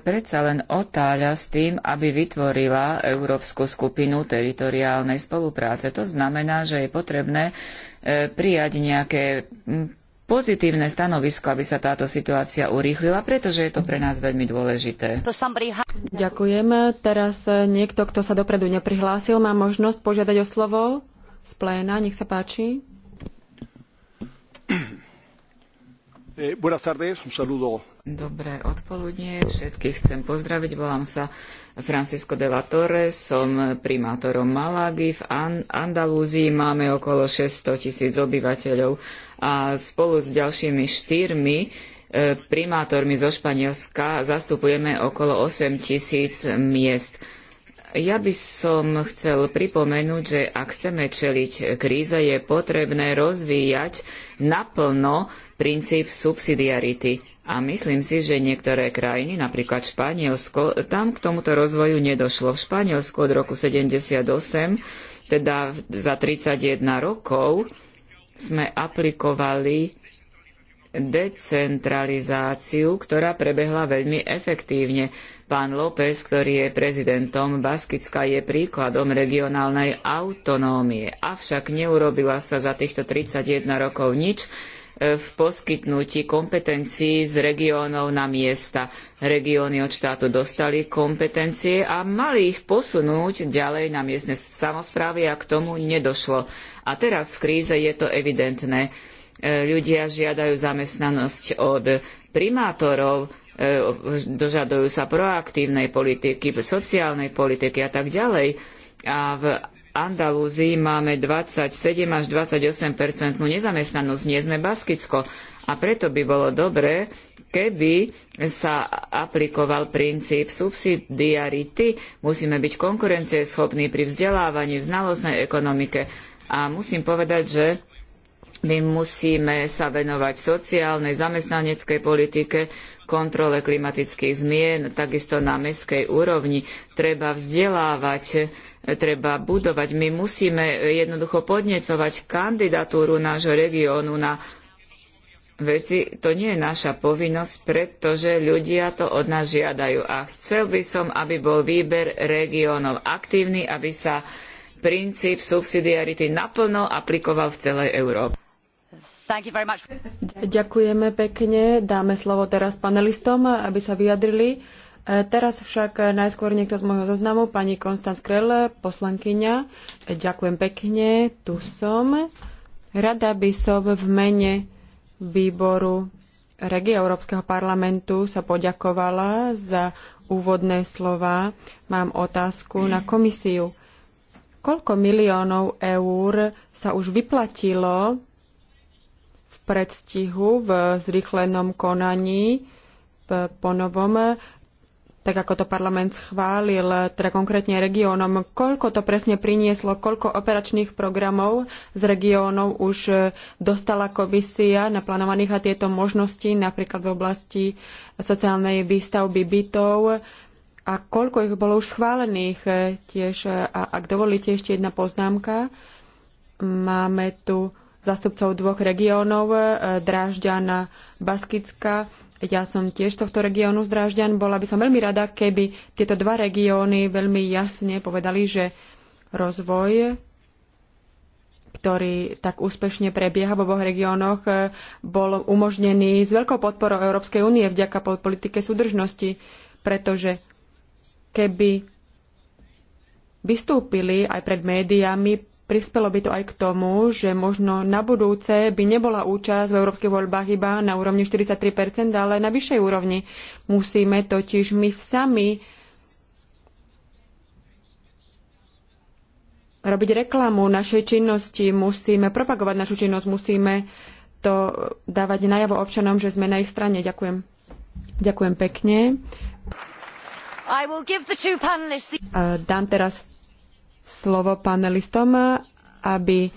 predsa len otáľa s tým, aby vytvorila Európsku skupinu teritoriálnej spolupráce. To znamená, že je potrebné e, prijať nejaké pozitívne stanovisko, aby sa táto situácia urýchlila, pretože je to pre nás veľmi dôležité. Ďakujem. Teraz e, niekto, kto sa dopredu neprihlásil, má možnosť požiadať o slovo z pléna. Nech sa páči. Eh, buenas tardes, un saludo Dobré odpoludnie, všetkých chcem pozdraviť. Volám sa Francisco de la Torre, som primátorom Malagy v Andalúzii. Máme okolo 600 tisíc obyvateľov a spolu s ďalšími štyrmi e, primátormi zo Španielska zastupujeme okolo 8 tisíc miest. Ja by som chcel pripomenúť, že ak chceme čeliť kríze, je potrebné rozvíjať naplno princíp subsidiarity. A myslím si, že niektoré krajiny, napríklad Španielsko, tam k tomuto rozvoju nedošlo. V Španielsku od roku 78, teda za 31 rokov, sme aplikovali decentralizáciu, ktorá prebehla veľmi efektívne. Pán López, ktorý je prezidentom Baskicka, je príkladom regionálnej autonómie. Avšak neurobila sa za týchto 31 rokov nič, v poskytnutí kompetencií z regiónov na miesta. Regióny od štátu dostali kompetencie a mali ich posunúť ďalej na miestne samosprávy a k tomu nedošlo. A teraz v kríze je to evidentné. E, ľudia žiadajú zamestnanosť od primátorov, e, dožadujú sa proaktívnej politiky, sociálnej politiky a tak ďalej. A v Andalúzii máme 27 až 28 percentnú nezamestnanosť, nie sme Baskicko. A preto by bolo dobré, keby sa aplikoval princíp subsidiarity. Musíme byť konkurencieschopní pri vzdelávaní v znalostnej ekonomike. A musím povedať, že my musíme sa venovať sociálnej, zamestnaneckej politike, kontrole klimatických zmien, takisto na mestskej úrovni. Treba vzdelávať, treba budovať. My musíme jednoducho podnecovať kandidatúru nášho regiónu na veci. To nie je naša povinnosť, pretože ľudia to od nás žiadajú. A chcel by som, aby bol výber regiónov aktívny, aby sa princíp subsidiarity naplno aplikoval v celej Európe. Ďakujeme pekne. Dáme slovo teraz panelistom, aby sa vyjadrili. E, teraz však najskôr niekto z môjho zoznamu, pani Konstanc Krell, poslankyňa. E, ďakujem pekne, tu som. Rada by som v mene výboru Regie Európskeho parlamentu sa poďakovala za úvodné slova. Mám otázku na komisiu. Koľko miliónov eur sa už vyplatilo predstihu v zrýchlenom konaní v ponovom, tak ako to parlament schválil, teda konkrétne regiónom. Koľko to presne prinieslo, koľko operačných programov z regiónov už e, dostala komisia naplánovaných a tieto možnosti, napríklad v oblasti sociálnej výstavby bytov, a koľko ich bolo už schválených e, tiež. A ak dovolíte ešte jedna poznámka, máme tu zastupcov dvoch regiónov, e, Drážďan Baskická. Ja som tiež tohto regiónu z Drážďan. Bola by som veľmi rada, keby tieto dva regióny veľmi jasne povedali, že rozvoj ktorý tak úspešne prebieha v oboch regiónoch, e, bol umožnený s veľkou podporou Európskej únie vďaka politike súdržnosti, pretože keby vystúpili aj pred médiami Prispelo by to aj k tomu, že možno na budúce by nebola účasť v európskych voľbách iba na úrovni 43%, ale na vyššej úrovni. Musíme totiž my sami robiť reklamu našej činnosti, musíme propagovať našu činnosť, musíme to dávať najavo občanom, že sme na ich strane. Ďakujem. Ďakujem pekne. The... Dám teraz slovo panelistom, aby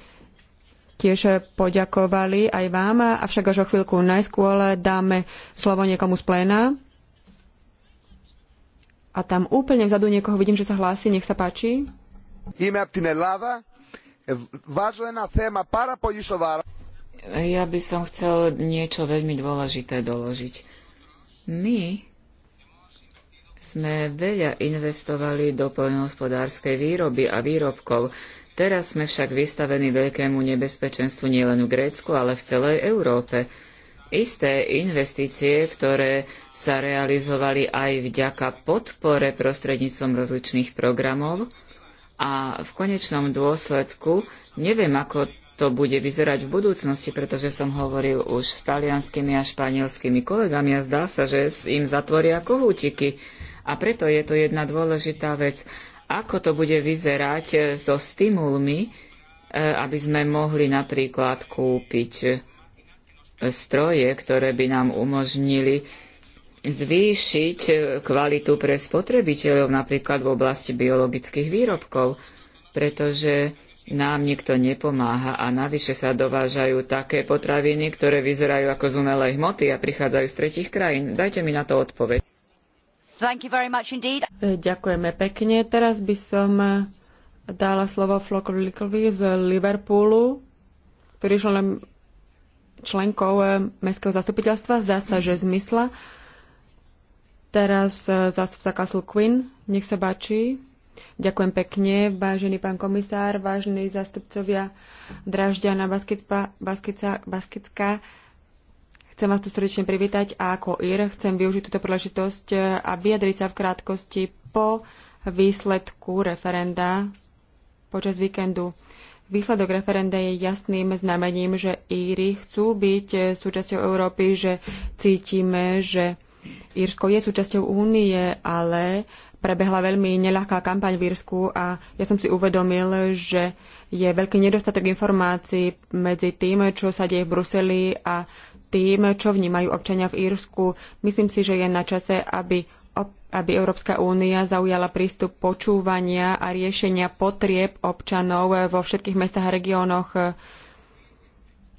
tiež poďakovali aj vám, avšak až o chvíľku najskôr dáme slovo niekomu z pléna. A tam úplne vzadu niekoho vidím, že sa hlási, nech sa páči. Ja by som chcel niečo veľmi dôležité doložiť. My sme veľa investovali do poľnohospodárskej výroby a výrobkov. Teraz sme však vystavení veľkému nebezpečenstvu nielen v Grécku, ale v celej Európe. Isté investície, ktoré sa realizovali aj vďaka podpore prostredníctvom rozličných programov a v konečnom dôsledku neviem, ako to bude vyzerať v budúcnosti, pretože som hovoril už s talianskými a španielskými kolegami a zdá sa, že im zatvoria kohútiky. A preto je to jedna dôležitá vec. Ako to bude vyzerať e, so stimulmi, e, aby sme mohli napríklad kúpiť e, stroje, ktoré by nám umožnili zvýšiť kvalitu pre spotrebiteľov napríklad v oblasti biologických výrobkov, pretože nám nikto nepomáha a navyše sa dovážajú také potraviny, ktoré vyzerajú ako z umelej hmoty a prichádzajú z tretich krajín. Dajte mi na to odpoveď. Eh, ďakujeme pekne. Teraz by som eh, dala slovo Flokovlikovi z Liverpoolu, ktorý je len členkou eh, mestského zastupiteľstva. Zdá sa, že zmysla. Teraz zástupca Castle Quinn. Nech sa páči. Ďakujem pekne, vážený pán komisár, vážení zástupcovia Dražďana Baskicka, Baskicka, Baskicka Chcem vás tu srdečne privítať a ako IR chcem využiť túto príležitosť eh, a vyjadriť sa v krátkosti po výsledku referenda počas víkendu. Výsledok referenda je jasným znamením, že Íry chcú byť eh, súčasťou Európy, že cítime, že Írsko je súčasťou únie, ale prebehla veľmi neľahká kampaň v Írsku a ja som si uvedomil, že je veľký nedostatok informácií medzi tým, čo sa deje v Bruseli a tým, čo vnímajú občania v Írsku. Myslím si, že je na čase, aby, aby Európska únia zaujala prístup počúvania a riešenia potrieb občanov vo všetkých mestách a regiónoch.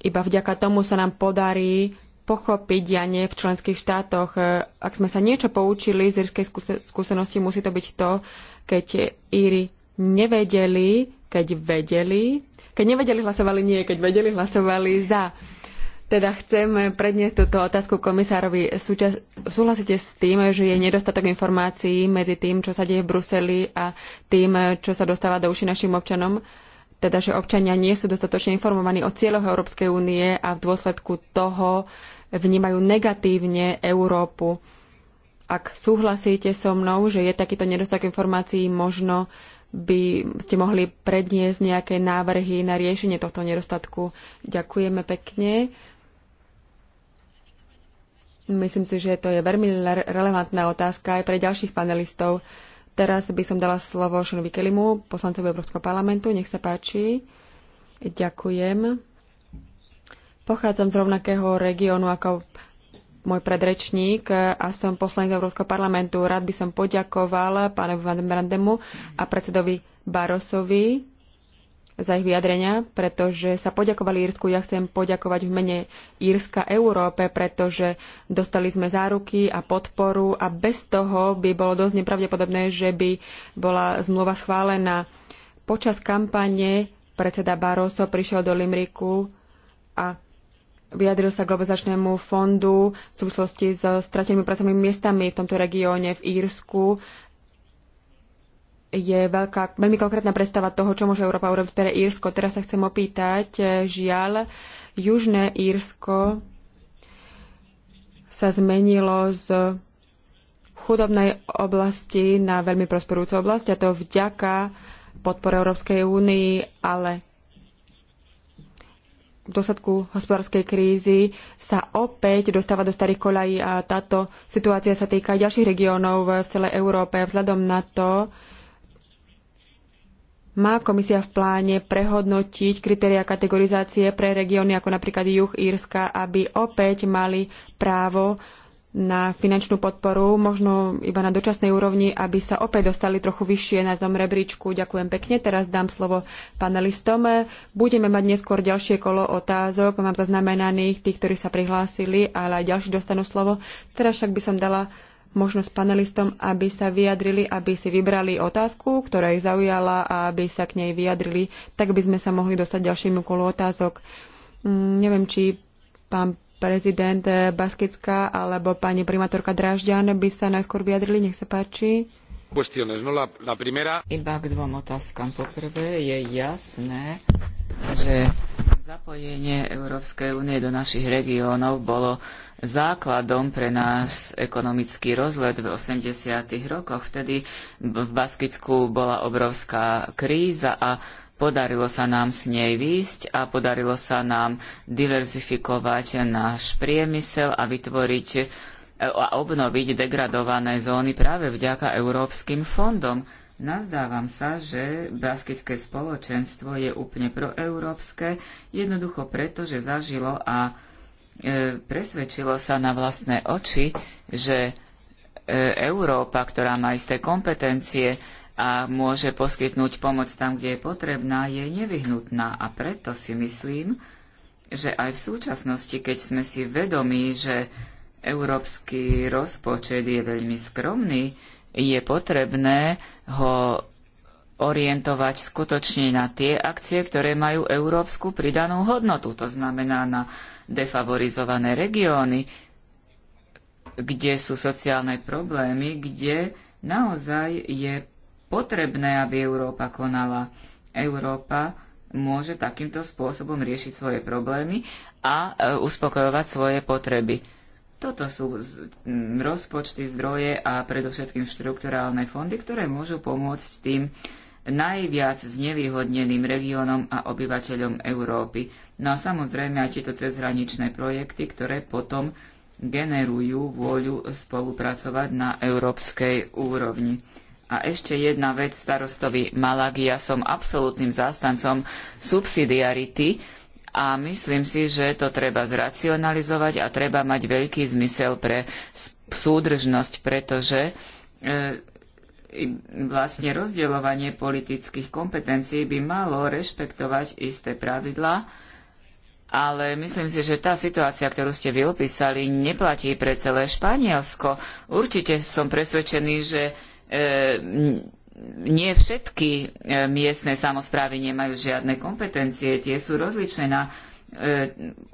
Iba vďaka tomu sa nám podarí pochopiť dianie v členských štátoch. Ak sme sa niečo poučili z írskej skúsenosti, musí to byť to, keď Íry nevedeli, keď vedeli, keď nevedeli hlasovali nie, keď vedeli hlasovali za. Teda chcem predniesť túto otázku komisárovi. súhlasíte s tým, že je nedostatok informácií medzi tým, čo sa deje v Bruseli a tým, čo sa dostáva do uši našim občanom? Teda, že občania nie sú dostatočne informovaní o cieľoch Európskej únie a v dôsledku toho vnímajú negatívne Európu. Ak súhlasíte so mnou, že je takýto nedostatok informácií, možno by ste mohli predniesť nejaké návrhy na riešenie tohto nedostatku. Ďakujeme pekne. Myslím si, že to je veľmi relevantná otázka aj pre ďalších panelistov. Teraz by som dala slovo Šonovi Kelimu, poslancovi Európskeho parlamentu. Nech sa páči. Ďakujem. Pochádzam z rovnakého regiónu ako môj predrečník a som poslanec Európskeho parlamentu. Rád by som poďakoval pánovi Van Brandemu a predsedovi Barosovi za ich vyjadrenia, pretože sa poďakovali Írsku. Ja chcem poďakovať v mene Írska Európe, pretože dostali sme záruky a podporu a bez toho by bolo dosť nepravdepodobné, že by bola zmluva schválená. Počas kampane predseda Barroso prišiel do Limriku a vyjadril sa globalizačnému fondu v súvislosti so stratenými pracovnými miestami v tomto regióne v Írsku je veľká, veľmi konkrétna predstava toho, čo môže Európa urobiť pre Írsko. Teraz sa chcem opýtať, e, žiaľ, Južné Írsko sa zmenilo z chudobnej oblasti na veľmi prosperujúcu oblasť a to vďaka podpore Európskej únii, ale v dôsledku hospodárskej krízy sa opäť dostáva do starých kolají a táto situácia sa týka aj ďalších regiónov v celej Európe. Vzhľadom na to, má komisia v pláne prehodnotiť kritéria kategorizácie pre regióny ako napríklad juh Írska, aby opäť mali právo na finančnú podporu, možno iba na dočasnej úrovni, aby sa opäť dostali trochu vyššie na tom rebríčku. Ďakujem pekne. Teraz dám slovo panelistom. Budeme mať neskôr ďalšie kolo otázok. Mám zaznamenaných tých, ktorí sa prihlásili, ale aj ďalší dostanú slovo. Teraz však by som dala možnosť panelistom, aby sa vyjadrili, aby si vybrali otázku, ktorá ich zaujala a aby sa k nej vyjadrili, tak by sme sa mohli dostať ďalšiemu kolu otázok. Mm, neviem, či pán prezident Baskická alebo pani primátorka Dražďan by sa najskôr vyjadrili. Nech sa páči. ¿no? Iba k dvom otázkam. Poprvé je jasné, že Zapojenie Európskej únie do našich regiónov bolo základom pre náš ekonomický rozlet v 80. rokoch. Vtedy v Baskicku bola obrovská kríza a podarilo sa nám s nej výjsť a podarilo sa nám diverzifikovať náš priemysel a vytvoriť a obnoviť degradované zóny práve vďaka európskym fondom. Nazdávam sa, že baskické spoločenstvo je úplne proeurópske, jednoducho preto, že zažilo a e, presvedčilo sa na vlastné oči, že e, Európa, ktorá má isté kompetencie a môže poskytnúť pomoc tam, kde je potrebná, je nevyhnutná. A preto si myslím, že aj v súčasnosti, keď sme si vedomí, že európsky rozpočet je veľmi skromný, je potrebné ho orientovať skutočne na tie akcie, ktoré majú európsku pridanú hodnotu, to znamená na defavorizované regióny, kde sú sociálne problémy, kde naozaj je potrebné, aby Európa konala. Európa môže takýmto spôsobom riešiť svoje problémy a e, uspokojovať svoje potreby. Toto sú rozpočty, zdroje a predovšetkým štrukturálne fondy, ktoré môžu pomôcť tým najviac znevýhodneným regiónom a obyvateľom Európy. No a samozrejme aj tieto cezhraničné projekty, ktoré potom generujú vôľu spolupracovať na európskej úrovni. A ešte jedna vec starostovi Malagy. Ja som absolútnym zástancom subsidiarity, a myslím si, že to treba zracionalizovať a treba mať veľký zmysel pre súdržnosť, pretože e, vlastne rozdeľovanie politických kompetencií by malo rešpektovať isté pravidlá, ale myslím si, že tá situácia, ktorú ste vy opísali, neplatí pre celé Španielsko. Určite som presvedčený, že e, nie všetky e, miestne samozprávy nemajú žiadne kompetencie, tie sú rozličné na e,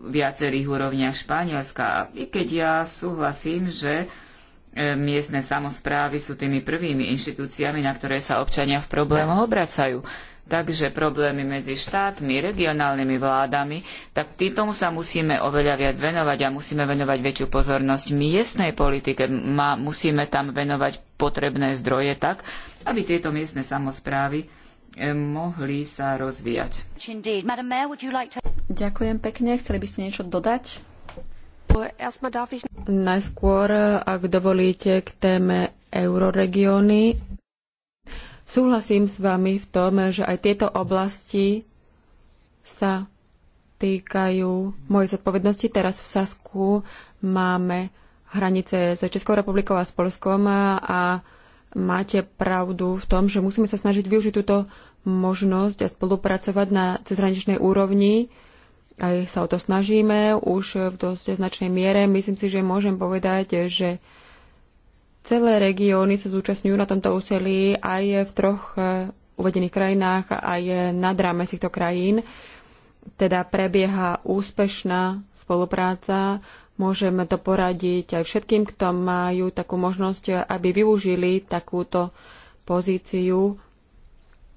viacerých úrovniach Španielska. A i keď ja súhlasím, že e, miestne samozprávy sú tými prvými inštitúciami, na ktoré sa občania v problémoch obracajú. Takže problémy medzi štátmi, regionálnymi vládami, tak tomu sa musíme oveľa viac venovať a musíme venovať väčšiu pozornosť miestnej politike. musíme tam venovať potrebné zdroje tak, aby tieto miestne samozprávy e, mohli sa rozvíjať. Ďakujem pekne. Chceli by ste niečo dodať? Najskôr, ak dovolíte, k téme euroregióny Súhlasím s vami v tom, že aj tieto oblasti sa týkajú mojej zodpovednosti. Teraz v Sasku máme hranice s Českou republikou a s Polskom a máte pravdu v tom, že musíme sa snažiť využiť túto možnosť a spolupracovať na cezhraničnej úrovni. Aj sa o to snažíme už v dosť značnej miere. Myslím si, že môžem povedať, že Celé regióny sa zúčastňujú na tomto úsilí aj v troch e, uvedených krajinách, aj e, nad rámec týchto krajín. Teda prebieha úspešná spolupráca. Môžeme to poradiť aj všetkým, kto majú takú možnosť, aby využili takúto pozíciu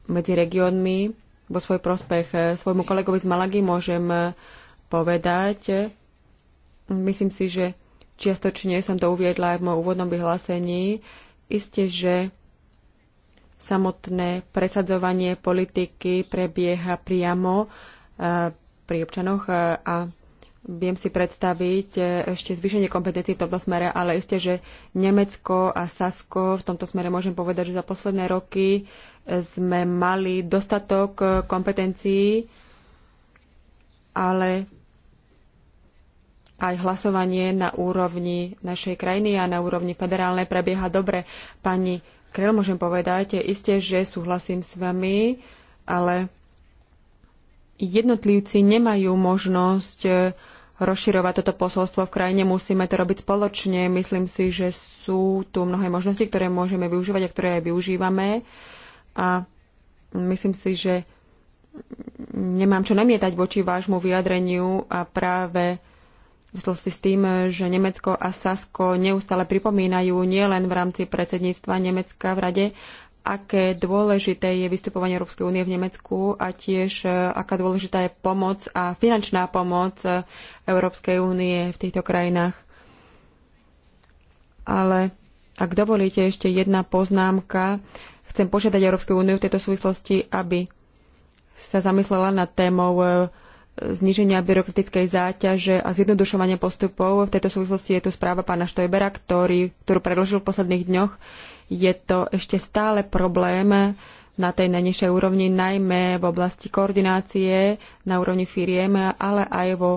medzi regiónmi vo svoj prospech. E, svojmu kolegovi z Malagy môžem povedať, myslím si, že čiastočne som to uviedla aj v mojom úvodnom vyhlásení, isté, že samotné presadzovanie politiky prebieha priamo e, pri občanoch e, a viem si predstaviť e, ešte zvýšenie kompetencií v tomto smere, ale isté, že Nemecko a Sasko v tomto smere môžem povedať, že za posledné roky sme mali dostatok kompetencií, ale aj hlasovanie na úrovni našej krajiny a na úrovni federálnej prebieha dobre. Pani Krel, môžem povedať, isté, že súhlasím s vami, ale jednotlivci nemajú možnosť eh, rozširovať toto posolstvo v krajine. Musíme to robiť spoločne. Myslím si, že sú tu mnohé možnosti, ktoré môžeme využívať a ktoré aj využívame. A myslím si, že nemám čo namietať voči vášmu vyjadreniu a práve súvislosti s tým, že Nemecko a Sasko neustále pripomínajú nielen v rámci predsedníctva Nemecka v Rade, aké dôležité je vystupovanie Európskej únie v Nemecku a tiež e, aká dôležitá je pomoc a finančná pomoc e, Európskej únie v týchto krajinách. Ale ak dovolíte ešte jedna poznámka, chcem požiadať Európsku úniu v tejto súvislosti, aby sa zamyslela nad témou e, zniženia byrokratickej záťaže a zjednodušovania postupov. V tejto súvislosti je tu správa pána Štojbera, ktorý, ktorú predložil v posledných dňoch. Je to ešte stále problém na tej najnižšej úrovni, najmä v oblasti koordinácie na úrovni firiem, ale aj vo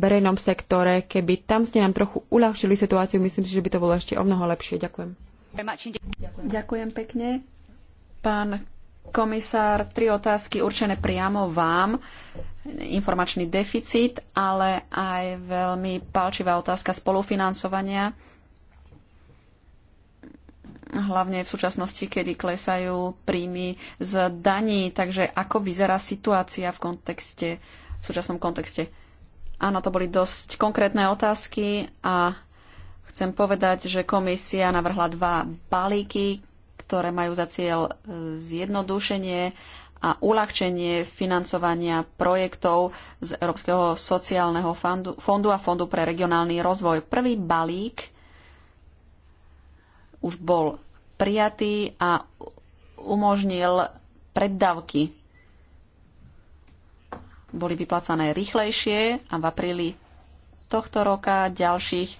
verejnom sektore. Keby tam ste nám trochu uľahčili situáciu, myslím si, že by to bolo ešte o mnoho lepšie. Ďakujem. Ďakujem, Ďakujem pekne. Pán komisár, tri otázky určené priamo vám. Informačný deficit, ale aj veľmi palčivá otázka spolufinancovania. Hlavne v súčasnosti, kedy klesajú príjmy z daní. Takže ako vyzerá situácia v, kontexte, v súčasnom kontexte? Áno, to boli dosť konkrétne otázky a chcem povedať, že komisia navrhla dva balíky, ktoré majú za cieľ e, zjednodušenie a uľahčenie financovania projektov z Európskeho sociálneho fondu, fondu a Fondu pre regionálny rozvoj. Prvý balík už bol prijatý a umožnil preddavky. Boli vyplacané rýchlejšie a v apríli tohto roka ďalších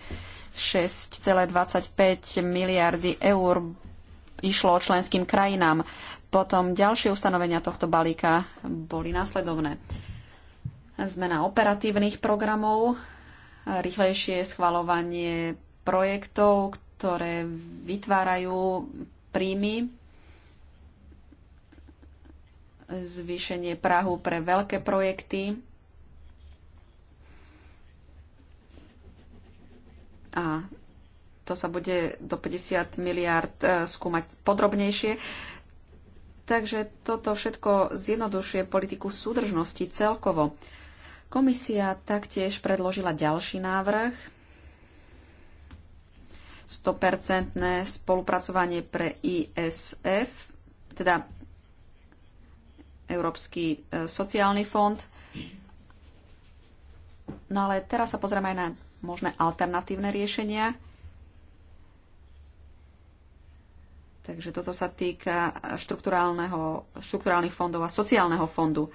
6,25 miliardy eur išlo členským krajinám. Potom ďalšie ustanovenia tohto balíka boli následovné. Zmena operatívnych programov, rýchlejšie schvalovanie projektov, ktoré vytvárajú príjmy, zvýšenie Prahu pre veľké projekty a to sa bude do 50 miliard e, skúmať podrobnejšie. Takže toto všetko zjednodušuje politiku súdržnosti celkovo. Komisia taktiež predložila ďalší návrh. 100% spolupracovanie pre ISF, teda Európsky e, sociálny fond. No ale teraz sa pozrieme aj na možné alternatívne riešenia. Takže toto sa týka štrukturálnych fondov a sociálneho fondu.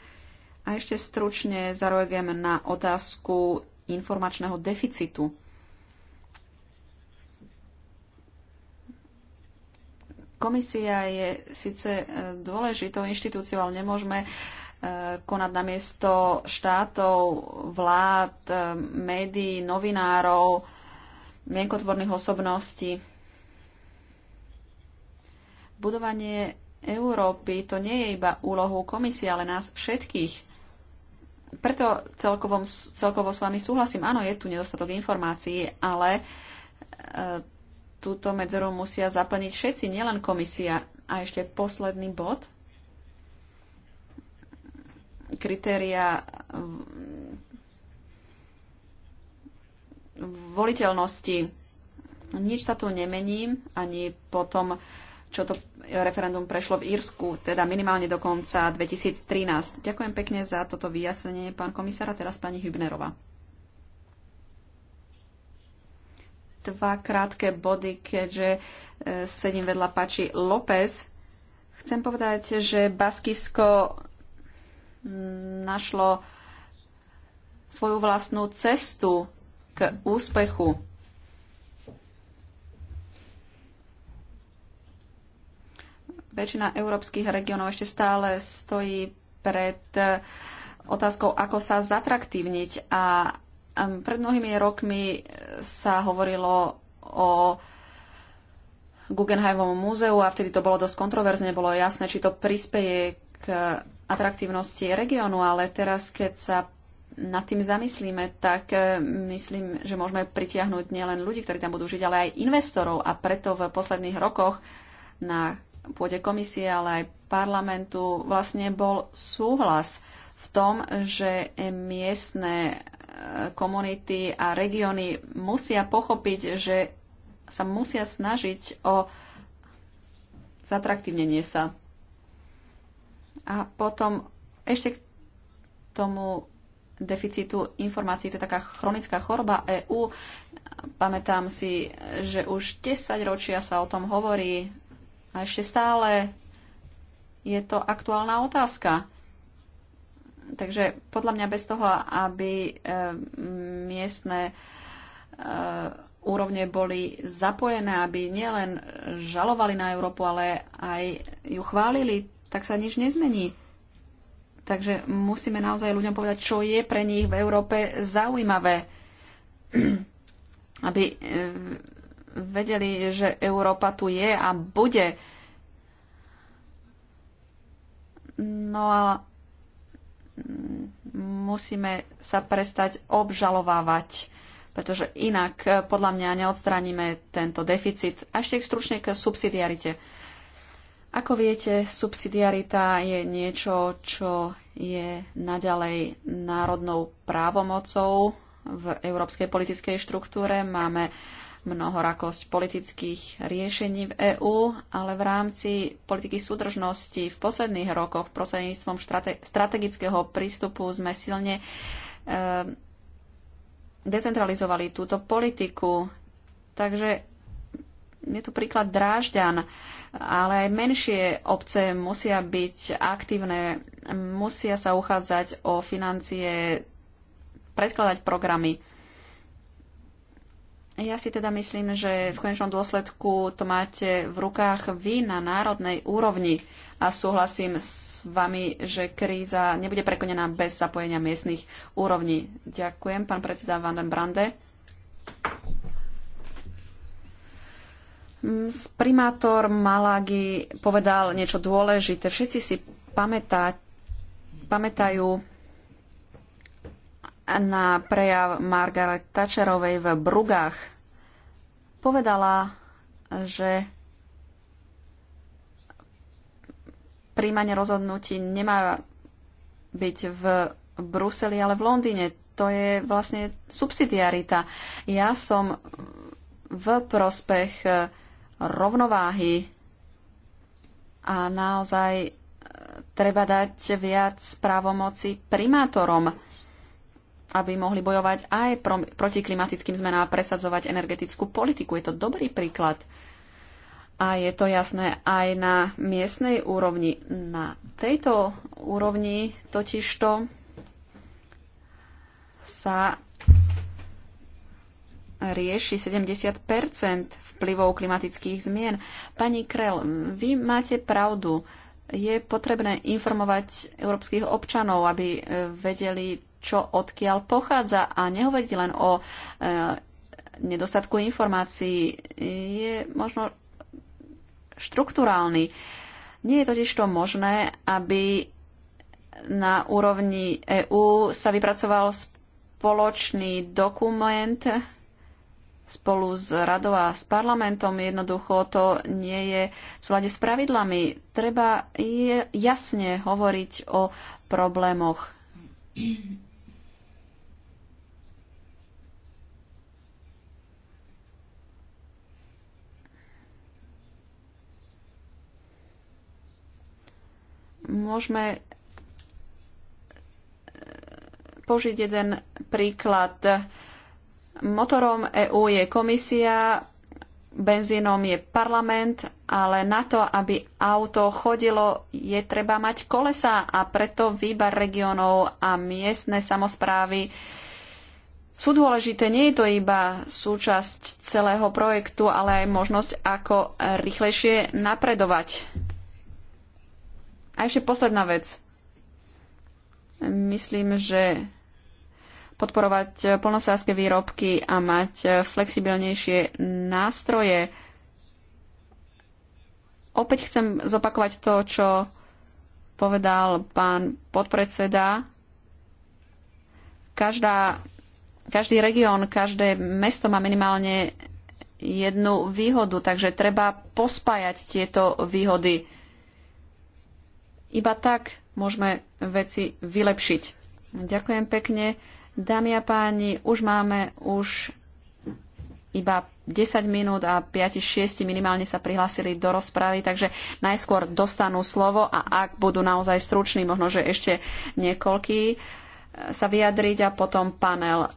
A ešte stručne zareagujem na otázku informačného deficitu. Komisia je síce e, dôležitou inštitúciou, ale nemôžeme e, konať na miesto štátov, vlád, e, médií, novinárov, mienkotvorných osobností. Budovanie Európy to nie je iba úlohou komisie, ale nás všetkých. Preto celkovo, celkovo s vami súhlasím. Áno, je tu nedostatok informácií, ale e, túto medzeru musia zaplniť všetci, nielen komisia. A ešte posledný bod. Kritéria voliteľnosti. Nič sa tu nemením, ani potom čo to referendum prešlo v Írsku, teda minimálne do konca 2013. Ďakujem pekne za toto vyjasnenie, pán komisár, a teraz pani Hübnerová. Dva krátke body, keďže e, sedím vedľa páči López. Chcem povedať, že Baskisko mm, našlo svoju vlastnú cestu k úspechu väčšina európskych regiónov ešte stále stojí pred eh, otázkou, ako sa zatraktívniť. A pred mnohými rokmi eh, sa hovorilo o Guggenheimovom múzeu a vtedy to bolo dosť kontroverzne, bolo jasné, či to prispieje k atraktívnosti regiónu, ale teraz, keď sa nad tým zamyslíme, tak eh, myslím, že môžeme pritiahnuť nielen ľudí, ktorí tam budú žiť, ale aj investorov. A preto v posledných rokoch na pôde komisie, ale aj parlamentu vlastne bol súhlas v tom, že miestne e, komunity a regióny musia pochopiť, že sa musia snažiť o zatraktívnenie sa. A potom ešte k tomu deficitu informácií, to je taká chronická choroba EÚ. Pamätám si, že už 10 ročia sa o tom hovorí, a ešte stále je to aktuálna otázka. Takže podľa mňa bez toho, aby e, miestne e, úrovne boli zapojené, aby nielen žalovali na Európu, ale aj ju chválili, tak sa nič nezmení. Takže musíme naozaj ľuďom povedať, čo je pre nich v Európe zaujímavé. *clears throat* aby e, vedeli, že Európa tu je a bude. No a musíme sa prestať obžalovávať, pretože inak eh, podľa mňa neodstraníme tento deficit. A ešte stručne k subsidiarite. Ako viete, subsidiarita je niečo, čo je naďalej národnou právomocou v európskej politickej štruktúre. Máme mnohorakosť politických riešení v EÚ, ale v rámci politiky súdržnosti v posledných rokoch prostredníctvom strategického prístupu sme silne e, decentralizovali túto politiku. Takže je tu príklad Drážďan, ale aj menšie obce musia byť aktívne, musia sa uchádzať o financie, predkladať programy ja si teda myslím, že v konečnom dôsledku to máte v rukách vy na národnej úrovni a súhlasím s vami, že kríza nebude prekonená bez zapojenia miestnych úrovní. Ďakujem, pán predseda Van den Brande. Mm, primátor Malagy povedal niečo dôležité. Všetci si pamätá, pamätajú na prejav Margaret Thatcherovej v Brugách. Povedala, že príjmanie rozhodnutí nemá byť v Bruseli, ale v Londýne. To je vlastne subsidiarita. Ja som v prospech e, rovnováhy a naozaj e, treba dať viac právomoci primátorom aby mohli bojovať aj pro, proti klimatickým zmenám a presadzovať energetickú politiku. Je to dobrý príklad. A je to jasné aj na miestnej úrovni. Na tejto úrovni totižto sa rieši 70 vplyvov klimatických zmien. Pani Krell, vy máte pravdu. Je potrebné informovať európskych občanov, aby vedeli čo odkiaľ pochádza a nehovoriť len o e, nedostatku informácií je možno štruktúrálny. Nie je totiž to možné, aby na úrovni EÚ sa vypracoval spoločný dokument spolu s radou a s parlamentom. Jednoducho to nie je v súlade s pravidlami. Treba jasne hovoriť o problémoch. Môžeme e, požiť jeden príklad. Motorom EÚ je komisia, benzínom je parlament, ale na to, aby auto chodilo, je treba mať kolesa a preto výbar regiónov a miestne samozprávy sú dôležité. Nie je to iba súčasť celého projektu, ale aj možnosť, ako rýchlejšie napredovať. A ešte posledná vec. Myslím, že podporovať plnosárske výrobky a mať flexibilnejšie nástroje. Opäť chcem zopakovať to, čo povedal pán podpredseda. Každá, každý región, každé mesto má minimálne jednu výhodu, takže treba pospájať tieto výhody. Iba tak môžeme veci vylepšiť. Ďakujem pekne. Dámy a páni, už máme už iba 10 minút a 5-6 minimálne sa prihlásili do rozpravy, takže najskôr dostanú slovo a ak budú naozaj struční, možno, že ešte niekoľký sa vyjadriť a potom panel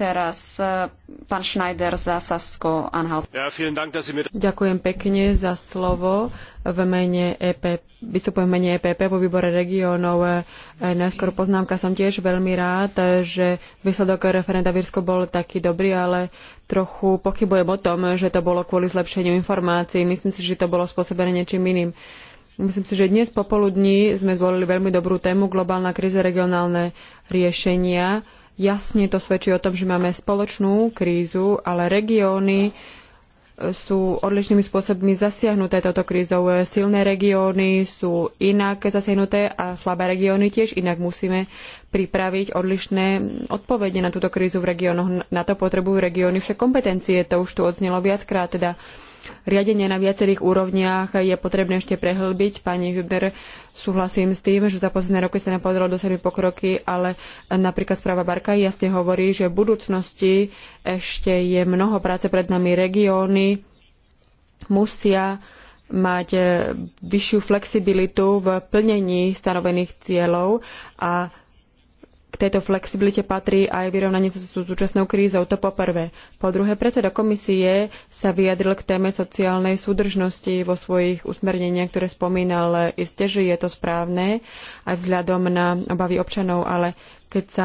Teraz e, pán Schneider za Sasko Anhalt. Ja, Dank, mi... Ďakujem pekne za slovo v mene EPP. Vystupujem v mene EPP vo výbore regiónov. E, najskôr poznámka som tiež veľmi rád, že výsledok referenda v bol taký dobrý, ale trochu pochybujem o tom, že to bolo kvôli zlepšeniu informácií. Myslím si, že to bolo spôsobené niečím iným. Myslím si, že dnes popoludní sme zvolili veľmi dobrú tému globálna kríza, regionálne riešenia Jasne to svedčí o tom, že máme spoločnú krízu, ale regióny e, sú odlišnými spôsobmi zasiahnuté touto krízou. Silné regióny sú inak zasiahnuté a slabé regióny tiež inak musíme pripraviť odlišné odpovede na túto krízu v regiónoch. Na to potrebujú regióny však kompetencie, to už tu odznelo viackrát, teda riadenie na viacerých úrovniach je potrebné ešte prehlbiť. Pani Hübner, súhlasím s tým, že za posledné roky sa nám podarilo dosiahnuť pokroky, ale napríklad správa Barka jasne hovorí, že v budúcnosti ešte je mnoho práce pred nami. Regióny musia mať vyššiu flexibilitu v plnení stanovených cieľov a k tejto flexibilite patrí aj vyrovnanie sa s súčasnou krízou, to poprvé. Po druhé, predseda komisie sa vyjadril k téme sociálnej súdržnosti vo svojich usmerneniach, ktoré spomínal. iste, že je to správne aj vzhľadom na obavy občanov, ale keď sa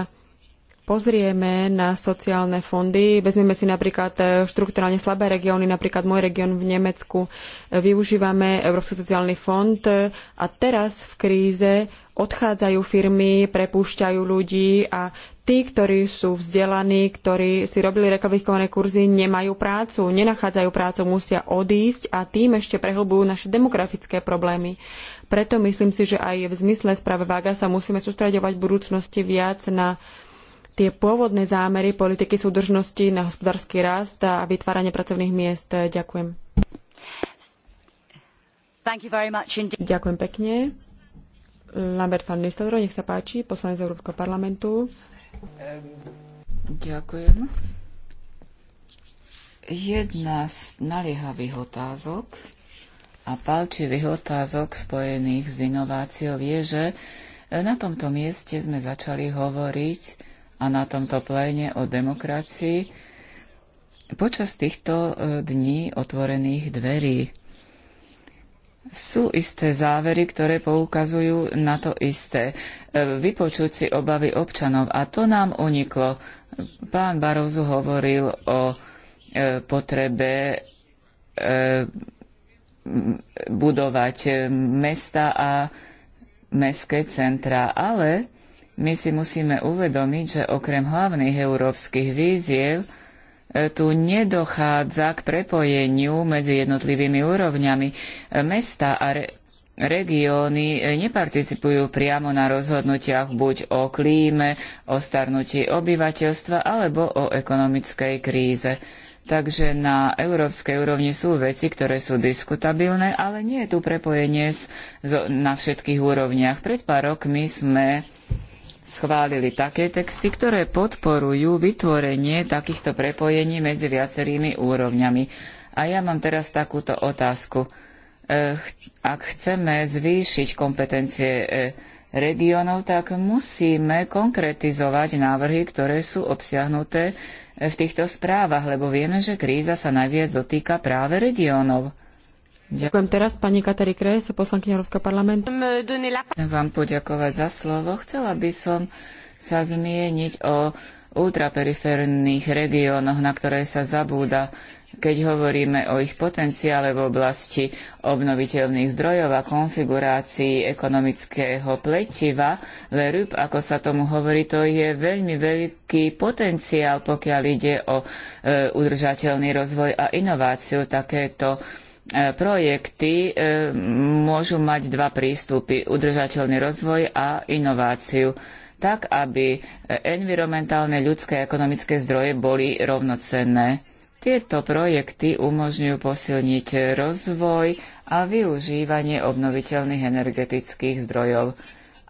pozrieme na sociálne fondy, vezmeme si napríklad eh, štrukturálne slabé regióny, napríklad môj región v Nemecku, eh, využívame Európsky sociálny fond eh, a teraz v kríze odchádzajú firmy, prepúšťajú ľudí a tí, ktorí sú vzdelaní, ktorí si robili rekvalifikované kurzy, nemajú prácu, nenachádzajú prácu, musia odísť a tým ešte prehlbujú naše demografické problémy. Preto myslím si, že aj v zmysle správe Vága sa musíme sústredovať v budúcnosti viac na tie pôvodné zámery politiky súdržnosti na hospodársky rast a vytváranie pracovných miest. Ďakujem. Ďakujem pekne. Lambert van Nistelro, nech sa páči, poslanec Európskeho parlamentu. Ďakujem. Jedna z naliehavých otázok a palčivých otázok spojených s inováciou je, že na tomto mieste sme začali hovoriť a na tomto pléne o demokracii počas týchto e, dní otvorených dverí sú isté závery, ktoré poukazujú na to isté. E, vypočuť si obavy občanov a to nám uniklo. Pán Barozu hovoril o e, potrebe e, budovať mesta a mestské centra, ale my si musíme uvedomiť, že okrem hlavných európskych víziev tu nedochádza k prepojeniu medzi jednotlivými úrovňami. Mesta a re- regióny neparticipujú priamo na rozhodnutiach buď o klíme, o starnutí obyvateľstva alebo o ekonomickej kríze. Takže na európskej úrovni sú veci, ktoré sú diskutabilné, ale nie je tu prepojenie na všetkých úrovniach. Pred pár rokmi sme schválili také texty, ktoré podporujú vytvorenie takýchto prepojení medzi viacerými úrovňami. A ja mám teraz takúto otázku. E, ak chceme zvýšiť kompetencie e, regiónov, tak musíme konkretizovať návrhy, ktoré sú obsiahnuté e, v týchto správach, lebo vieme, že kríza sa najviac dotýka práve regiónov. Ďakujem teraz pani Kateri Kres, poslankyňa Európskeho parlamentu. Eh, vám poďakovať za slovo. Chcela by som sa zmieniť o ultraperiférnych regiónoch, na ktoré sa zabúda, keď hovoríme o ich potenciále v oblasti obnoviteľných zdrojov a konfigurácii ekonomického pletiva. Lerup, ako sa tomu hovorí, to je veľmi veľký potenciál, pokiaľ ide o e, udržateľný rozvoj a inováciu. Takéto E, projekty e, môžu mať dva prístupy, udržateľný rozvoj a inováciu, tak aby environmentálne, ľudské a ekonomické zdroje boli rovnocenné. Tieto projekty umožňujú posilniť rozvoj a využívanie obnoviteľných energetických zdrojov.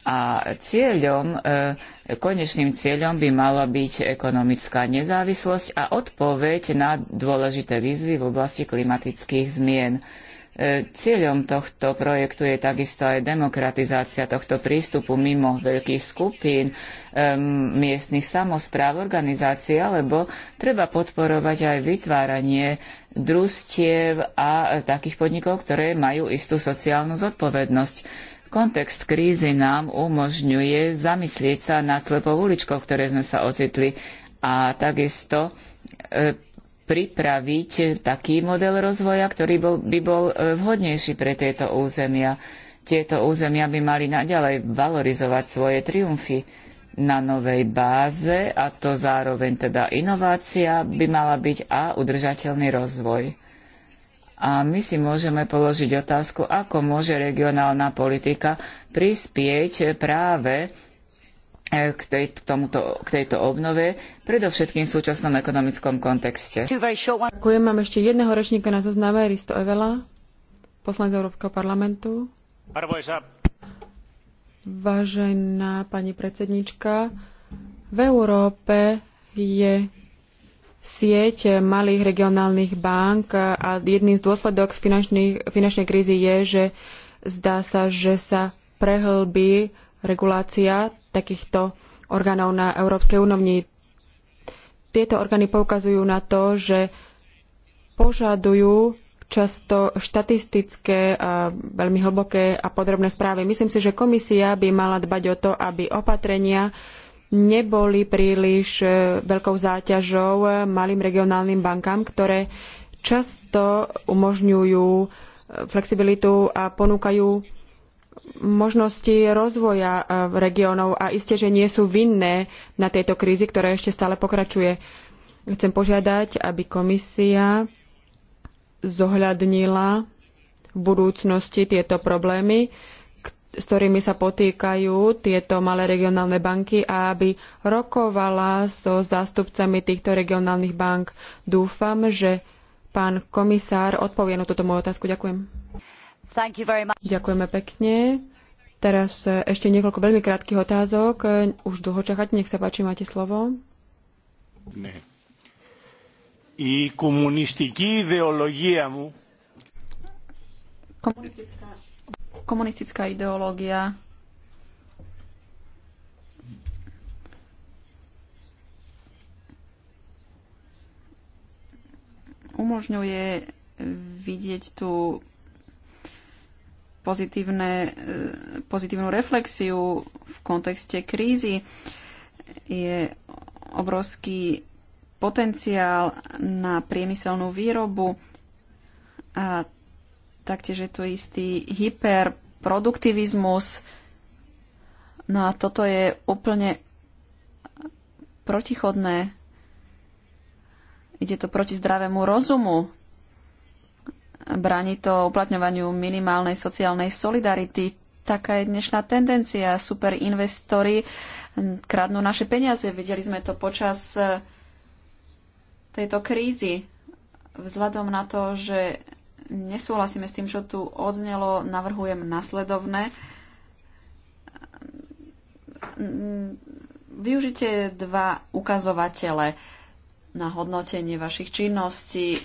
A cieľom, e, konečným cieľom by mala byť ekonomická nezávislosť a odpoveď na dôležité výzvy v oblasti klimatických zmien. E, cieľom tohto projektu je takisto aj demokratizácia tohto prístupu mimo veľkých skupín, e, miestnych samospráv, organizácií, alebo treba podporovať aj vytváranie družstiev a takých podnikov, ktoré majú istú sociálnu zodpovednosť Kontext krízy nám umožňuje zamyslieť sa nad slepou uličkou, ktoré sme sa ocitli a takisto e, pripraviť taký model rozvoja, ktorý bol, by bol e, vhodnejší pre tieto územia. Tieto územia by mali naďalej valorizovať svoje triumfy na novej báze a to zároveň teda inovácia by mala byť a udržateľný rozvoj. A my si môžeme položiť otázku, ako môže regionálna politika prispieť práve e, k, tej, k, tomuto, k tejto obnove, predovšetkým v súčasnom ekonomickom kontexte. Ďakujem, mám ešte jedného rečníka na zozname, Risto Evela, poslanec Európskeho parlamentu. Vážená pani predsednička, v Európe je sieť malých regionálnych bank a jedným z dôsledok finančnej krízy je, že zdá sa, že sa prehlbí regulácia takýchto orgánov na európskej úrovni. Tieto orgány poukazujú na to, že požadujú často štatistické, a veľmi hlboké a podrobné správy. Myslím si, že komisia by mala dbať o to, aby opatrenia, neboli príliš e, veľkou záťažou malým regionálnym bankám, ktoré často umožňujú e, flexibilitu a ponúkajú možnosti rozvoja e, regiónov a iste, že nie sú vinné na tejto krízi, ktorá ešte stále pokračuje. Chcem požiadať, aby komisia zohľadnila v budúcnosti tieto problémy s ktorými sa potýkajú tieto malé regionálne banky a aby rokovala so zástupcami týchto regionálnych bank. Dúfam, že pán komisár odpovie na túto moju otázku. Ďakujem. Ďakujeme pekne. Teraz e, ešte niekoľko veľmi krátkých otázok. E, už dlho čakať, nech sa páči, máte slovo. Ne. I ideológia mu. Komunistická komunistická ideológia umožňuje vidieť tú pozitívne, e, pozitívnu reflexiu v kontexte krízy. Je obrovský potenciál na priemyselnú výrobu a Taktiež je tu istý hyperproduktivizmus. No a toto je úplne protichodné. Ide to proti zdravému rozumu. Bráni to uplatňovaniu minimálnej sociálnej solidarity. Taká je dnešná tendencia. Superinvestory kradnú naše peniaze. Videli sme to počas eh, tejto krízy. Vzhľadom na to, že nesúhlasíme s tým, čo tu odznelo, navrhujem nasledovné. Využite dva ukazovatele na hodnotenie vašich činností.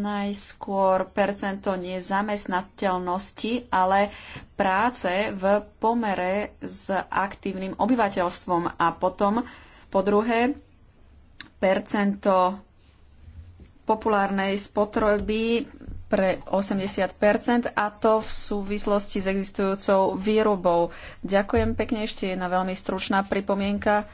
Najskôr percento nezamestnateľnosti, ale práce v pomere s aktívnym obyvateľstvom a potom po druhé percento populárnej spotreby pre 80 a to v súvislosti s existujúcou výrobou. Ďakujem pekne, ešte jedna veľmi stručná pripomienka.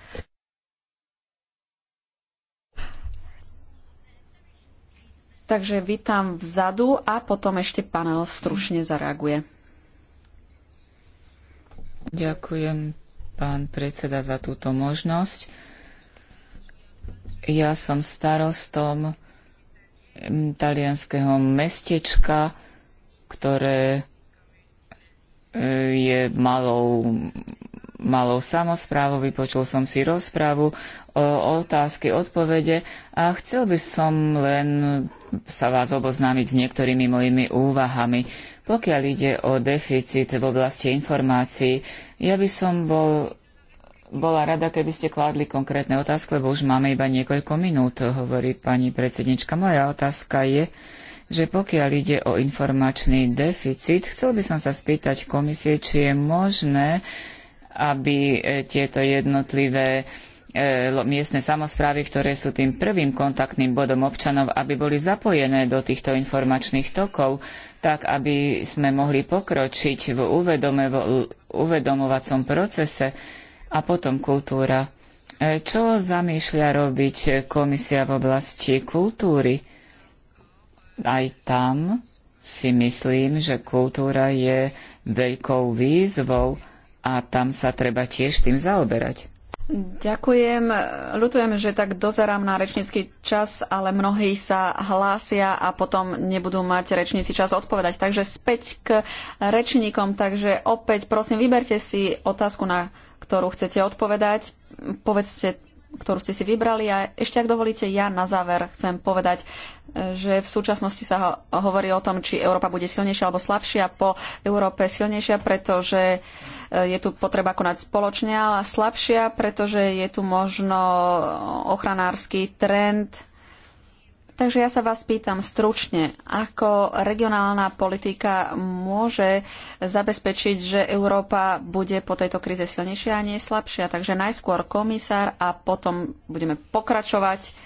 Takže vítam vzadu a potom ešte panel stručne zareaguje. Ďakujem, pán predseda, za túto možnosť. Ja som starostom talianského mestečka, ktoré e, je malou, malou samozprávou. Vypočul som si rozprávu e, o otázky, odpovede a chcel by som len sa vás oboznámiť s niektorými mojimi úvahami. Pokiaľ ide o deficit v oblasti informácií, ja by som bol bola rada, keby ste kládli konkrétne otázky, lebo už máme iba niekoľko minút, hovorí pani predsednička. Moja otázka je, že pokiaľ ide o informačný deficit, chcel by som sa spýtať komisie, či je možné, aby e, tieto jednotlivé e, miestne samozprávy, ktoré sú tým prvým kontaktným bodom občanov, aby boli zapojené do týchto informačných tokov, tak aby sme mohli pokročiť v uvedomovacom procese, a potom kultúra. E, čo zamýšľa robiť komisia v oblasti kultúry? Aj tam si myslím, že kultúra je veľkou výzvou a tam sa treba tiež tým zaoberať. Ďakujem. Ľutujem, že tak dozerám na rečnícky čas, ale mnohí sa hlásia a potom nebudú mať rečníci čas odpovedať. Takže späť k rečníkom. Takže opäť prosím, vyberte si otázku, na ktorú chcete odpovedať. Povedzte, ktorú ste si vybrali. A ešte, ak dovolíte, ja na záver chcem povedať, že v súčasnosti sa hovorí o tom, či Európa bude silnejšia alebo slabšia. Po Európe silnejšia, pretože eh, je tu potreba konať spoločne, ale slabšia, pretože je tu možno ochranársky trend Takže ja sa vás pýtam stručne, ako regionálna politika môže zabezpečiť, že Európa bude po tejto kríze silnejšia a nie slabšia. Takže najskôr komisár a potom budeme pokračovať.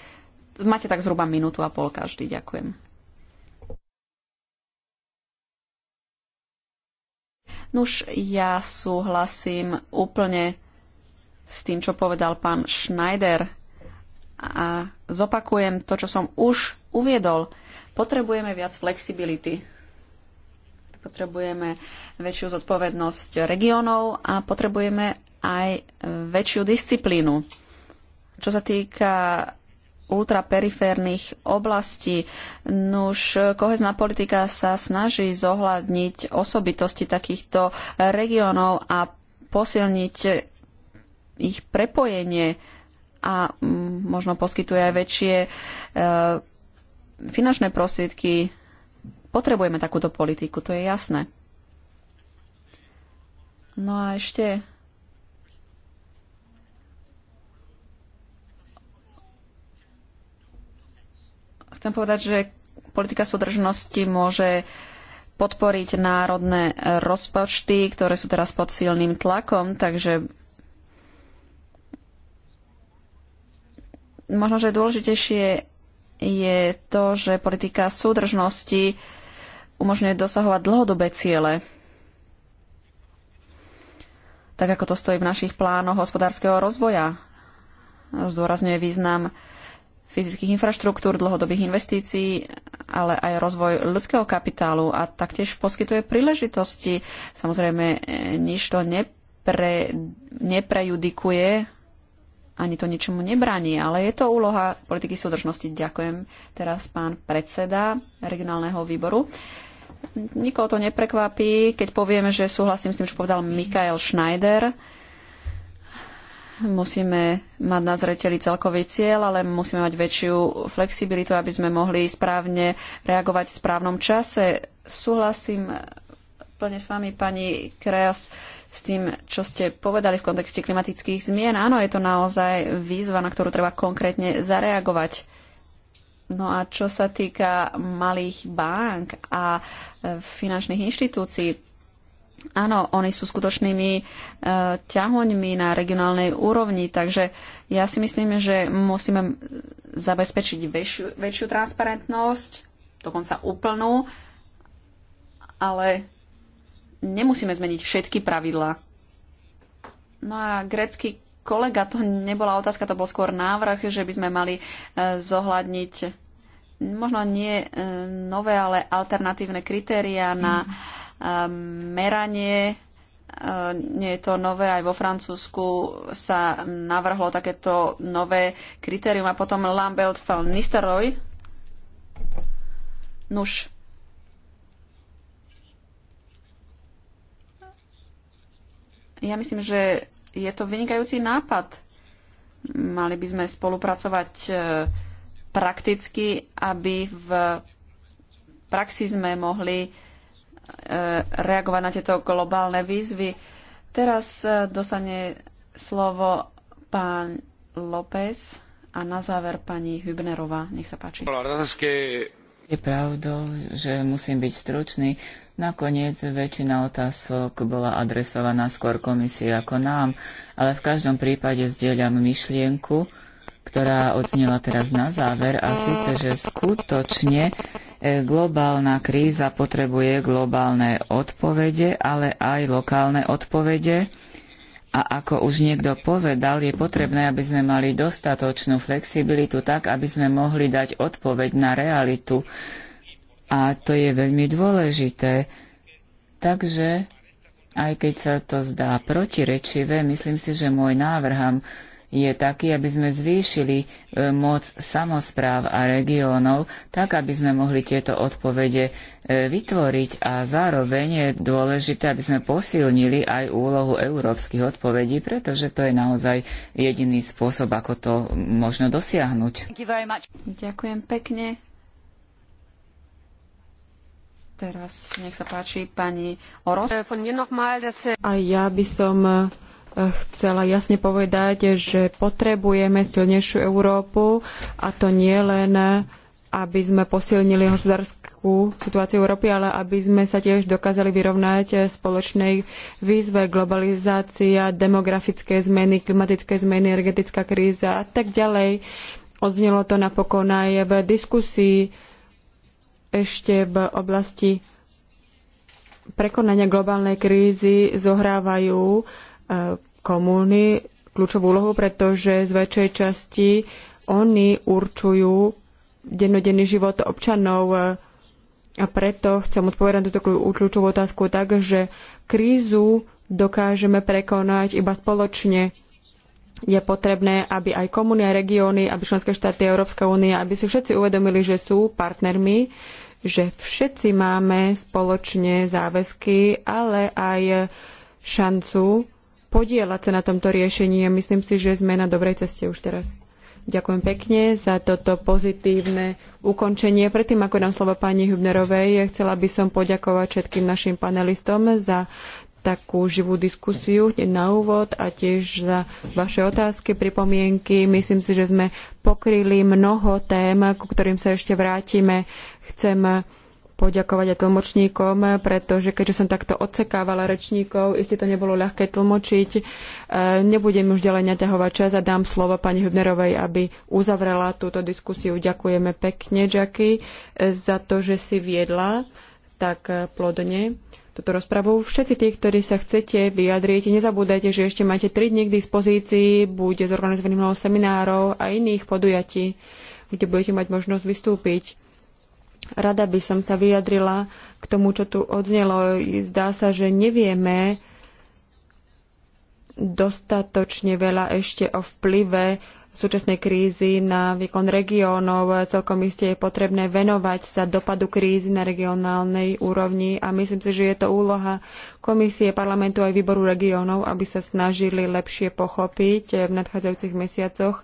Máte tak zhruba minútu a pol každý. Ďakujem. Nuž, ja súhlasím úplne s tým, čo povedal pán Schneider a zopakujem to, čo som už uviedol. Potrebujeme viac flexibility. Potrebujeme väčšiu zodpovednosť regiónov a potrebujeme aj väčšiu disciplínu. Čo sa týka ultraperiférnych oblastí. Nuž, kohezná politika sa snaží zohľadniť osobitosti takýchto regiónov a posilniť ich prepojenie a mm, možno poskytuje aj väčšie e, finančné prostriedky. Potrebujeme takúto politiku, to je jasné. No a ešte chcem povedať, že politika súdržnosti môže podporiť národné rozpočty, ktoré sú teraz pod silným tlakom, takže Možno, že dôležitejšie je to, že politika súdržnosti umožňuje dosahovať dlhodobé ciele tak ako to stojí v našich plánoch hospodárskeho rozvoja. Zdôrazňuje význam fyzických infraštruktúr, dlhodobých investícií, ale aj rozvoj ľudského kapitálu a taktiež poskytuje príležitosti. Samozrejme, nič to nepre, neprejudikuje ani to ničomu nebraní, ale je to úloha politiky súdržnosti. Ďakujem teraz pán predseda regionálneho výboru. Nikoho to neprekvapí, keď povieme, že súhlasím s tým, čo povedal Mikael Schneider. Musíme mať na zreteli celkový cieľ, ale musíme mať väčšiu flexibilitu, aby sme mohli správne reagovať v správnom čase. Súhlasím plne s vami, pani Kreas s tým, čo ste povedali v kontexte klimatických zmien. Áno, je to naozaj výzva, na ktorú treba konkrétne zareagovať. No a čo sa týka malých bank a e, finančných inštitúcií, áno, oni sú skutočnými e, ťahoňmi na regionálnej úrovni, takže ja si myslím, že musíme zabezpečiť väčšiu, väčšiu transparentnosť, dokonca úplnú, ale nemusíme zmeniť všetky pravidlá. No a grécky kolega, to nebola otázka, to bol skôr návrh, že by sme mali e, zohľadniť možno nie e, nové, ale alternatívne kritéria na mhm. e, meranie. Nie je to nové, aj vo Francúzsku sa navrhlo takéto nové kritérium a potom Lambert von Nisteroy. Nuž, Ja myslím, že je to vynikajúci nápad. Mali by sme spolupracovať e, prakticky, aby v praxi sme mohli e, reagovať na tieto globálne výzvy. Teraz e, dostane slovo pán López a na záver pani Hübnerová. Nech sa páči. Je pravdou, že musím byť stručný. Nakoniec väčšina otázok bola adresovaná skôr komisii ako nám, ale v každom prípade zdieľam myšlienku, ktorá odznela teraz na záver a síce, že skutočne e, globálna kríza potrebuje globálne odpovede, ale aj lokálne odpovede. A ako už niekto povedal, je potrebné, aby sme mali dostatočnú flexibilitu tak, aby sme mohli dať odpoveď na realitu a to je veľmi dôležité. Takže, aj keď sa to zdá protirečivé, myslím si, že môj návrh je taký, aby sme zvýšili e, moc samozpráv a regiónov, tak aby sme mohli tieto odpovede e, vytvoriť a zároveň je dôležité, aby sme posilnili aj úlohu európskych odpovedí, pretože to je naozaj jediný spôsob, ako to možno dosiahnuť. Ďakujem pekne. Teraz nech sa páči pani Oros. Äh, äh, a ja by som äh, chcela jasne povedať, že potrebujeme silnejšiu Európu a to nie len aby sme posilnili hospodárskú situáciu Európy, ale aby sme sa tiež dokázali vyrovnať spoločnej výzve globalizácia, demografické zmeny, klimatické zmeny, energetická kríza a tak ďalej. Odznelo to napokon aj v diskusii ešte v oblasti prekonania globálnej krízy zohrávajú e, komúny kľúčovú úlohu, pretože z väčšej časti oni určujú dennodenný život občanov e, a preto chcem odpovedať na túto kľúčovú otázku tak, že krízu dokážeme prekonať iba spoločne je potrebné, aby aj komunia, aj regióny, aby členské štáty Európska únia, aby si všetci uvedomili, že sú partnermi, že všetci máme spoločne záväzky, ale aj šancu podielať sa na tomto riešení. A myslím si, že sme na dobrej ceste už teraz. Ďakujem pekne za toto pozitívne ukončenie. Predtým, ako dám slovo pani Hübnerovej, chcela by som poďakovať všetkým našim panelistom za takú živú diskusiu na úvod a tiež za vaše otázky, pripomienky. Myslím si, že sme pokryli mnoho tém, ku ktorým sa ešte vrátime. Chcem poďakovať aj tlmočníkom, pretože keďže som takto odsekávala rečníkov, isté to nebolo ľahké tlmočiť. E, nebudem už ďalej naťahovať čas a dám slovo pani Hübnerovej, aby uzavrela túto diskusiu. Ďakujeme pekne, Jackie, e, za to, že si viedla tak e, plodne túto rozpravu. Všetci tí, ktorí sa chcete vyjadriť, nezabúdajte, že ešte máte 3 dni k dispozícii, bude zorganizovaný mnoho seminárov a iných podujatí, kde budete mať možnosť vystúpiť. Rada by som sa vyjadrila k tomu, čo tu odznelo. Zdá sa, že nevieme dostatočne veľa ešte o vplyve súčasnej krízy na výkon regiónov. Celkom iste je potrebné venovať sa dopadu krízy na regionálnej úrovni a myslím si, že je to úloha komisie, parlamentu aj výboru regiónov, aby sa snažili lepšie pochopiť v nadchádzajúcich mesiacoch,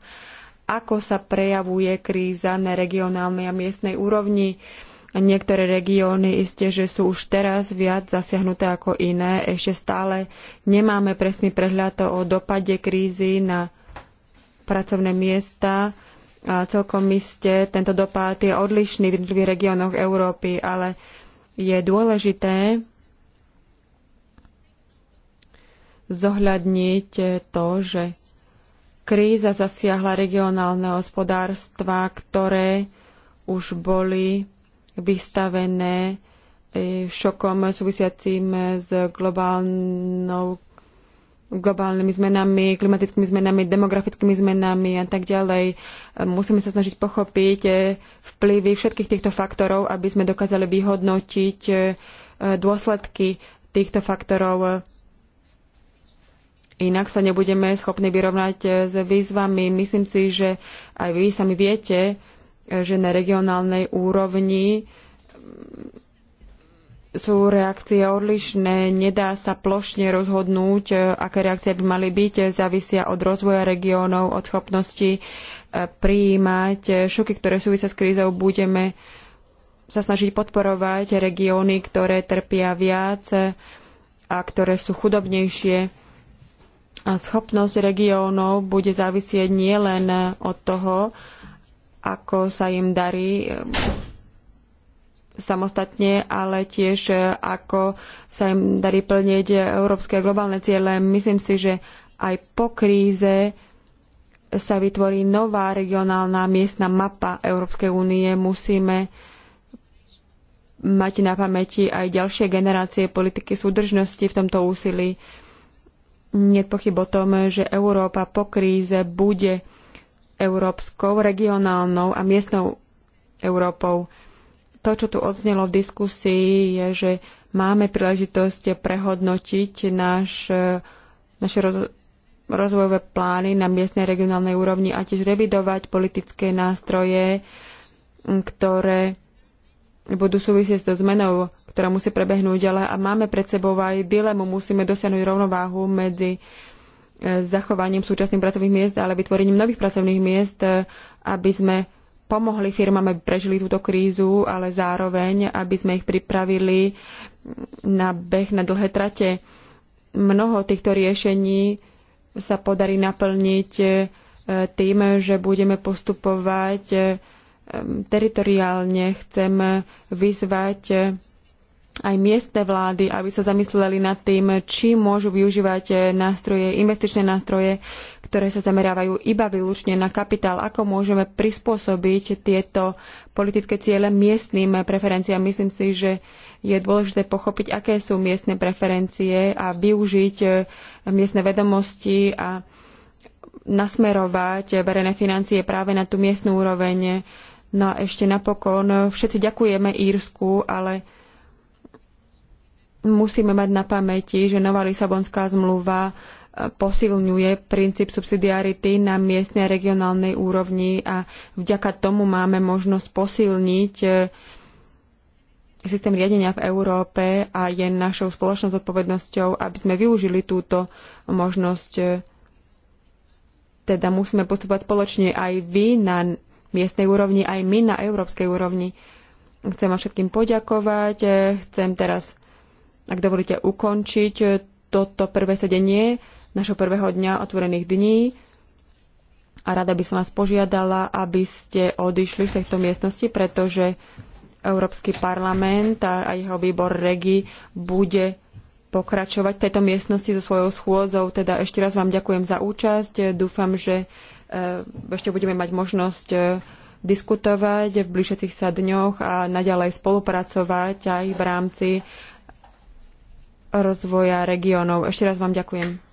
ako sa prejavuje kríza na regionálnej a miestnej úrovni. Niektoré regióny isté, že sú už teraz viac zasiahnuté ako iné. Ešte stále nemáme presný prehľad o dopade krízy na pracovné miesta a celkom iste tento dopad je odlišný v jednotlivých regiónoch Európy, ale je dôležité zohľadniť to, že kríza zasiahla regionálne hospodárstva, ktoré už boli vystavené eh, šokom súvisiacím s globálnou globálnymi zmenami, klimatickými zmenami, demografickými zmenami a tak ďalej. Musíme sa snažiť pochopiť eh, vplyvy všetkých týchto faktorov, aby sme dokázali vyhodnotiť eh, dôsledky týchto faktorov. Inak sa nebudeme schopní vyrovnať eh, s výzvami. Myslím si, že aj vy sami viete, že na regionálnej úrovni sú reakcie odlišné, nedá sa plošne rozhodnúť, e, aké reakcie by mali byť, e, závisia od rozvoja regiónov, od schopnosti e, prijímať šoky, ktoré súvisia s krízou, budeme sa snažiť podporovať regióny, ktoré trpia viac a ktoré sú chudobnejšie. A schopnosť regiónov bude závisieť nielen od toho, ako sa im darí samostatne, ale tiež e, ako sa im darí plniť európske a globálne ciele. Myslím si, že aj po kríze sa vytvorí nová regionálna miestna mapa Európskej únie. Musíme mať na pamäti aj ďalšie generácie politiky súdržnosti v tomto úsilí. Nie pochyb o tom, že Európa po kríze bude európskou, regionálnou a miestnou Európou to, čo tu odznelo v diskusii, je, že máme príležitosť prehodnotiť náš, naše roz, rozvojové plány na miestnej regionálnej úrovni a tiež revidovať politické nástroje, ktoré budú súvisieť so zmenou, ktorá musí prebehnúť, ďalej a máme pred sebou aj dilemu, musíme dosiahnuť rovnováhu medzi e, zachovaním súčasných pracovných miest, ale vytvorením nových pracovných miest, e, aby sme pomohli firmám, aby prežili túto krízu, ale zároveň, aby sme ich pripravili na beh na dlhé trate. Mnoho týchto riešení sa podarí naplniť e, tým, že budeme postupovať e, teritoriálne. Chcem vyzvať e, aj miestne vlády, aby sa zamysleli nad tým, či môžu využívať eh, nástroje, investičné nástroje, ktoré sa zamerávajú iba výlučne na kapitál. Ako môžeme prispôsobiť tieto politické ciele miestnym preferenciám? Myslím si, že je dôležité pochopiť, aké sú miestne preferencie a využiť eh, miestne vedomosti a nasmerovať verejné financie práve na tú miestnu úroveň. No a ešte napokon, eh, všetci ďakujeme Írsku, ale musíme mať na pamäti, že nová Lisabonská zmluva e, posilňuje princíp subsidiarity na miestnej a regionálnej úrovni a vďaka tomu máme možnosť posilniť e, systém riadenia v Európe a je našou spoločnou zodpovednosťou, aby sme využili túto možnosť. E, teda musíme postupovať spoločne aj vy na miestnej úrovni, aj my na európskej úrovni. Chcem vám všetkým poďakovať. Chcem teraz ak dovolíte, ukončiť toto prvé sedenie našho prvého dňa otvorených dní. A rada by som vás požiadala, aby ste odišli z tejto miestnosti, pretože Európsky parlament a jeho výbor REGI bude pokračovať v tejto miestnosti so svojou schôdzou. Teda ešte raz vám ďakujem za účasť. Dúfam, že e, ešte budeme mať možnosť e, diskutovať v blížiacich sa dňoch a naďalej spolupracovať aj v rámci rozvoja regiónov. Ešte raz vám ďakujem.